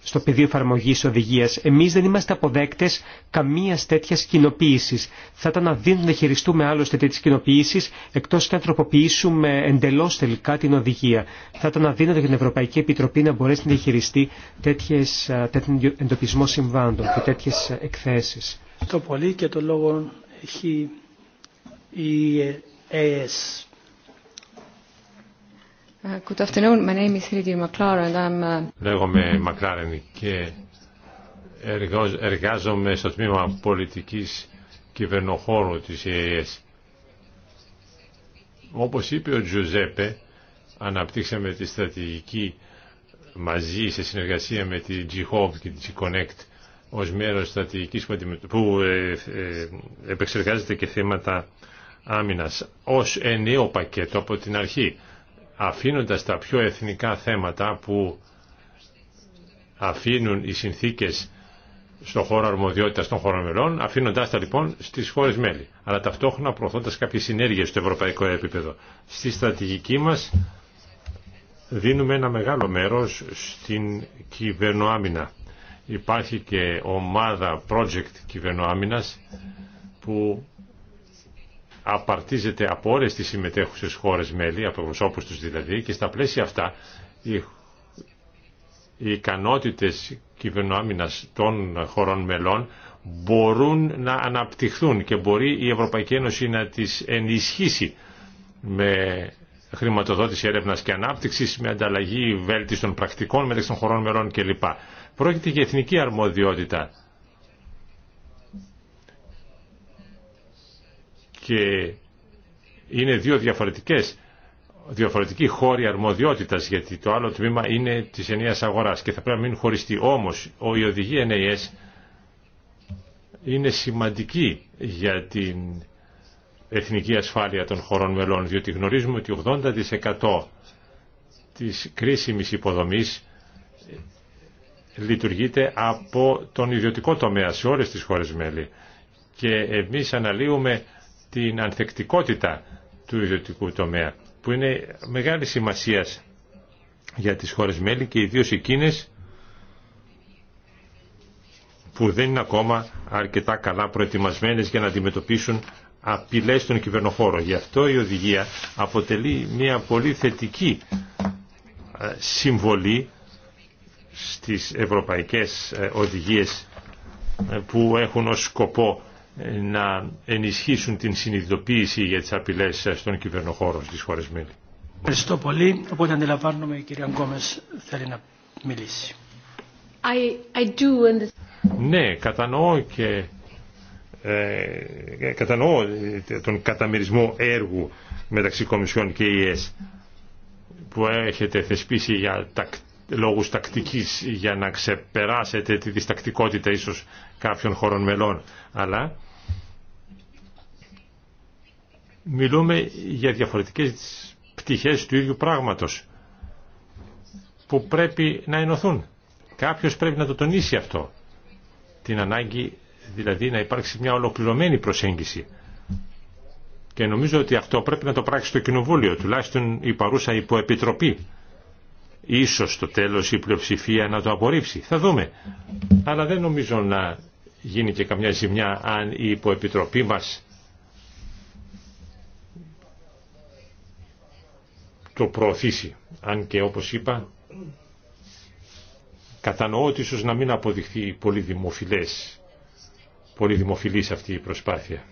στο πεδίο εφαρμογή οδηγία. Εμεί δεν είμαστε αποδέκτε καμία τέτοια κοινοποίηση. Θα ήταν αδύνατο να χειριστούμε άλλωστε τέτοιε κοινοποίησει εκτό και να τροποποιήσουμε εντελώ τελικά την οδηγία. Θα ήταν αδύνατο για την Ευρωπαϊκή Επιτροπή να μπορέσει να χειριστεί τέτοιες, τέτοιο εντοπισμό συμβάντων και τέτοιε εκθέσει. Το πολύ και το λόγο έχει η ΕΕΣ. Uh, good afternoon. Uh, Λέγομαι Μακλάρεν και εργάζομαι στο τμήμα πολιτικής κυβερνοχώρου της ΕΕΣ. Όπως είπε ο Τζουζέπε, αναπτύξαμε τη στρατηγική μαζί σε συνεργασία με τη g και τη G-Connect ως μέρος στρατηγικής που ε, ε, επεξεργάζεται και θέματα άμυνας ως ενίο πακέτο από την αρχή αφήνοντας τα πιο εθνικά θέματα που αφήνουν οι συνθήκες στον χώρο αρμοδιότητας των χωρών μελών, αφήνοντα τα λοιπόν στις χώρες μέλη, αλλά ταυτόχρονα προωθώντας κάποιες συνέργειες στο ευρωπαϊκό επίπεδο. Στη στρατηγική μας δίνουμε ένα μεγάλο μέρος στην κυβερνοάμυνα. Υπάρχει και ομάδα project κυβερνοάμυνας που απαρτίζεται από όλες τις συμμετέχουσες χώρες μέλη, από προσώπους τους δηλαδή, και στα πλαίσια αυτά οι, οι ικανότητες των χωρών μελών μπορούν να αναπτυχθούν και μπορεί η Ευρωπαϊκή Ένωση να τις ενισχύσει με χρηματοδότηση έρευνας και ανάπτυξης, με ανταλλαγή βέλτιστων πρακτικών μεταξύ των χωρών μελών κλπ. Πρόκειται για εθνική αρμοδιότητα και είναι δύο διαφορετικές διαφορετικοί χώροι αρμοδιότητας γιατί το άλλο τμήμα είναι της ενιαίας αγοράς και θα πρέπει να μην χωριστεί. Όμως ...ο οδηγία NAS είναι σημαντική για την εθνική ασφάλεια των χωρών μελών διότι γνωρίζουμε ότι 80% της κρίσιμης υποδομής λειτουργείται από τον ιδιωτικό τομέα σε όλες τις χώρες μέλη και εμείς αναλύουμε την ανθεκτικότητα του ιδιωτικού τομέα που είναι μεγάλη σημασία για τις χώρες μέλη και ιδίως εκείνε που δεν είναι ακόμα αρκετά καλά προετοιμασμένες για να αντιμετωπίσουν απειλές των κυβερνοχώρων. Γι' αυτό η οδηγία αποτελεί μια πολύ θετική ε, συμβολή στις ευρωπαϊκές ε, οδηγίες ε, που έχουν ως σκοπό να ενισχύσουν την συνειδητοποίηση για τις απειλές στον κυβερνοχώρο στις χώρες μέλη. Ευχαριστώ πολύ. Οπότε αντιλαμβάνομαι η κυρία Γκόμες θέλει να μιλήσει. I Ναι, κατανοώ και ε, κατανοώ ε, τον καταμερισμό έργου μεταξύ Κομισιόν και ΙΕΣ που έχετε θεσπίσει για τακ, λόγους τακτικής για να ξεπεράσετε τη διστακτικότητα ίσως κάποιων χωρών μελών αλλά μιλούμε για διαφορετικές πτυχές του ίδιου πράγματος που πρέπει να ενωθούν. Κάποιος πρέπει να το τονίσει αυτό. Την ανάγκη δηλαδή να υπάρξει μια ολοκληρωμένη προσέγγιση. Και νομίζω ότι αυτό πρέπει να το πράξει το Κοινοβούλιο, τουλάχιστον η παρούσα υποεπιτροπή. Ίσως στο τέλος η πλειοψηφία να το απορρίψει. Θα δούμε. Αλλά δεν νομίζω να γίνει και καμιά ζημιά αν η υποεπιτροπή μας το προωθήσει. Αν και όπως είπα, κατανοώ ότι ίσως να μην αποδειχθεί πολύ δημοφιλές, πολύ δημοφιλής αυτή η προσπάθεια.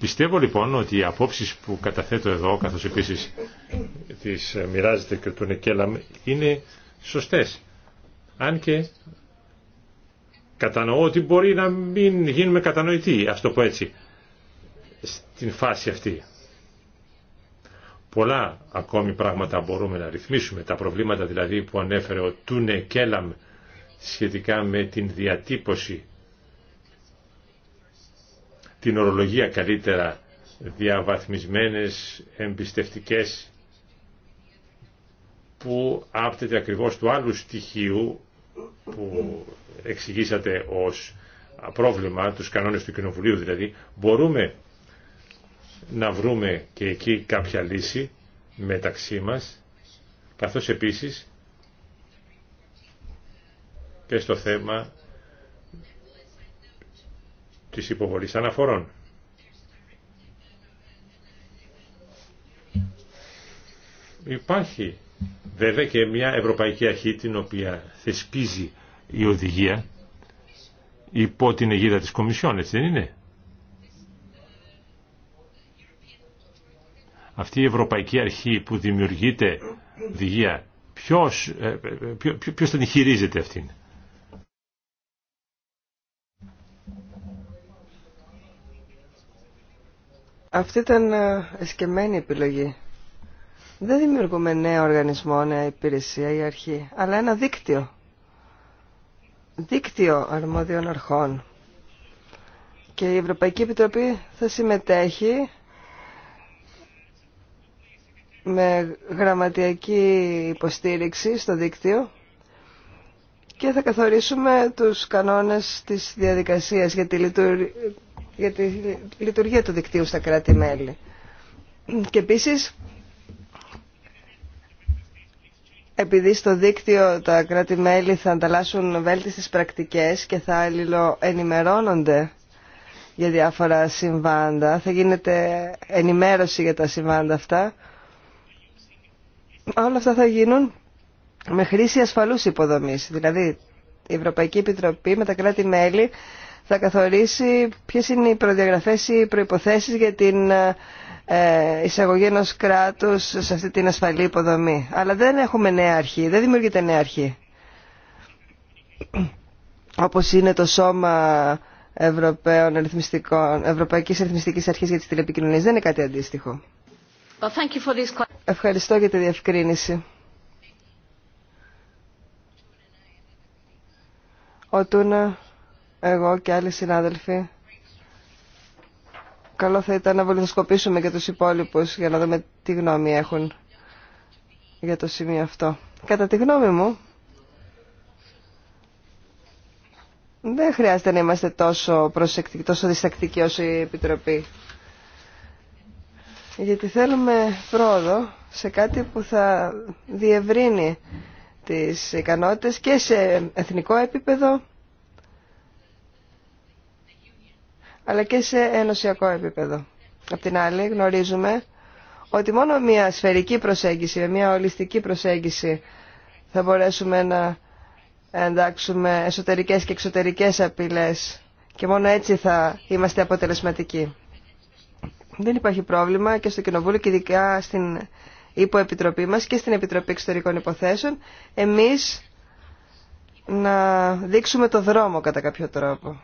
Πιστεύω λοιπόν ότι οι απόψεις που καταθέτω εδώ, καθώς επίσης τις μοιράζεται και τον Εκέλαμ, είναι σωστές. Αν και Κατανοώ ότι μπορεί να μην γίνουμε κατανοητοί, αυτό το πω έτσι, στην φάση αυτή. Πολλά ακόμη πράγματα μπορούμε να ρυθμίσουμε. Τα προβλήματα δηλαδή που ανέφερε ο Τούνε Κέλαμ σχετικά με την διατύπωση, την ορολογία καλύτερα, διαβαθμισμένες, εμπιστευτικές, που άπτεται ακριβώς του άλλου στοιχείου που εξηγήσατε ως πρόβλημα, τους κανόνες του Κοινοβουλίου δηλαδή, μπορούμε να βρούμε και εκεί κάποια λύση μεταξύ μας, καθώς επίσης και στο θέμα της υποβολής αναφορών. Υπάρχει Βέβαια και μια ευρωπαϊκή αρχή την οποία θεσπίζει η οδηγία υπό την αιγίδα της Κομισιόν, έτσι δεν είναι. Αυτή η ευρωπαϊκή αρχή που δημιουργείται οδηγία, ποιος, ε, ποιος, ποιος την χειρίζεται αυτήν. Αυτή ήταν ε, εσκεμμένη επιλογή δεν δημιουργούμε νέο οργανισμό, νέα υπηρεσία ή αρχή, αλλά ένα δίκτυο. Δίκτυο αρμόδιων αρχών. Και η Ευρωπαϊκή Επιτροπή θα συμμετέχει με γραμματιακή υποστήριξη στο δίκτυο και θα καθορίσουμε τους κανόνες της διαδικασίας για τη, για τη λειτουργία του δικτύου στα κράτη-μέλη. Και επίσης επειδή στο δίκτυο τα κράτη-μέλη θα ανταλλάσσουν βέλτιστες πρακτικές και θα ενημερώνονται για διάφορα συμβάντα, θα γίνεται ενημέρωση για τα συμβάντα αυτά. Όλα αυτά θα γίνουν με χρήση ασφαλούς υποδομής. Δηλαδή η Ευρωπαϊκή Επιτροπή με τα κράτη-μέλη θα καθορίσει ποιες είναι οι προδιαγραφές ή προϋποθέσεις για την ε, ε, εισαγωγή ενός κράτους σε αυτή την ασφαλή υποδομή. Αλλά δεν έχουμε νέα αρχή, δεν δημιουργείται νέα αρχή. Όπως είναι το σώμα Ευρωπαίων Ρυθμιστικών, Ευρωπαϊκής Ρυθμιστικής Αρχής για τις Τηλεπικοινωνίες. Δεν είναι κάτι αντίστοιχο. this... Ευχαριστώ για τη διευκρίνηση. Ο Τούνα, εγώ και άλλοι συνάδελφοι καλό θα ήταν να βολιδοσκοπήσουμε και τους υπόλοιπους για να δούμε τι γνώμη έχουν για το σημείο αυτό. Κατά τη γνώμη μου, δεν χρειάζεται να είμαστε τόσο προσεκτικοί, τόσο διστακτικοί όσο η Επιτροπή. Γιατί θέλουμε πρόοδο σε κάτι που θα διευρύνει τις ικανότητες και σε εθνικό επίπεδο αλλά και σε ενωσιακό επίπεδο. Απ' την άλλη γνωρίζουμε ότι μόνο μια σφαιρική προσέγγιση, μια ολιστική προσέγγιση θα μπορέσουμε να εντάξουμε εσωτερικές και εξωτερικές απειλές και μόνο έτσι θα είμαστε αποτελεσματικοί. Δεν υπάρχει πρόβλημα και στο Κοινοβούλιο και ειδικά στην υποεπιτροπή μας και στην Επιτροπή Εξωτερικών Υποθέσεων εμείς να δείξουμε το δρόμο κατά κάποιο τρόπο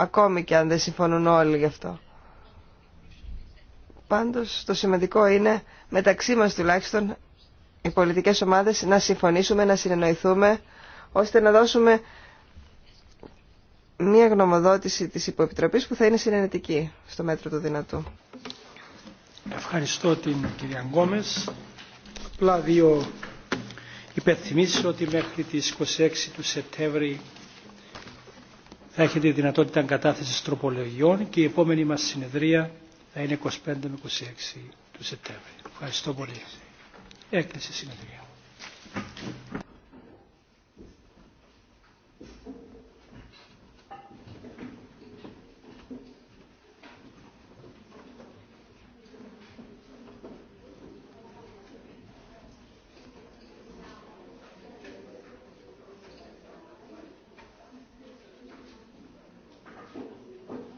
ακόμη και αν δεν συμφωνούν όλοι γι' αυτό. Πάντως το σημαντικό είναι μεταξύ μας τουλάχιστον οι πολιτικές ομάδες να συμφωνήσουμε, να συνεννοηθούμε ώστε να δώσουμε μία γνωμοδότηση της υποεπιτροπής που θα είναι συνενετική στο μέτρο του δυνατού. Ευχαριστώ την κυρία Γκόμες. Απλά δύο υπενθυμίσεις ότι μέχρι τις 26 του Σεπτέμβρη θα έχετε δυνατότητα κατάθεση τροπολογιών και η επόμενη μας συνεδρία θα είναι 25 με 26 του Σεπτέμβρη. Ευχαριστώ πολύ. Έκλεισε η συνεδρία.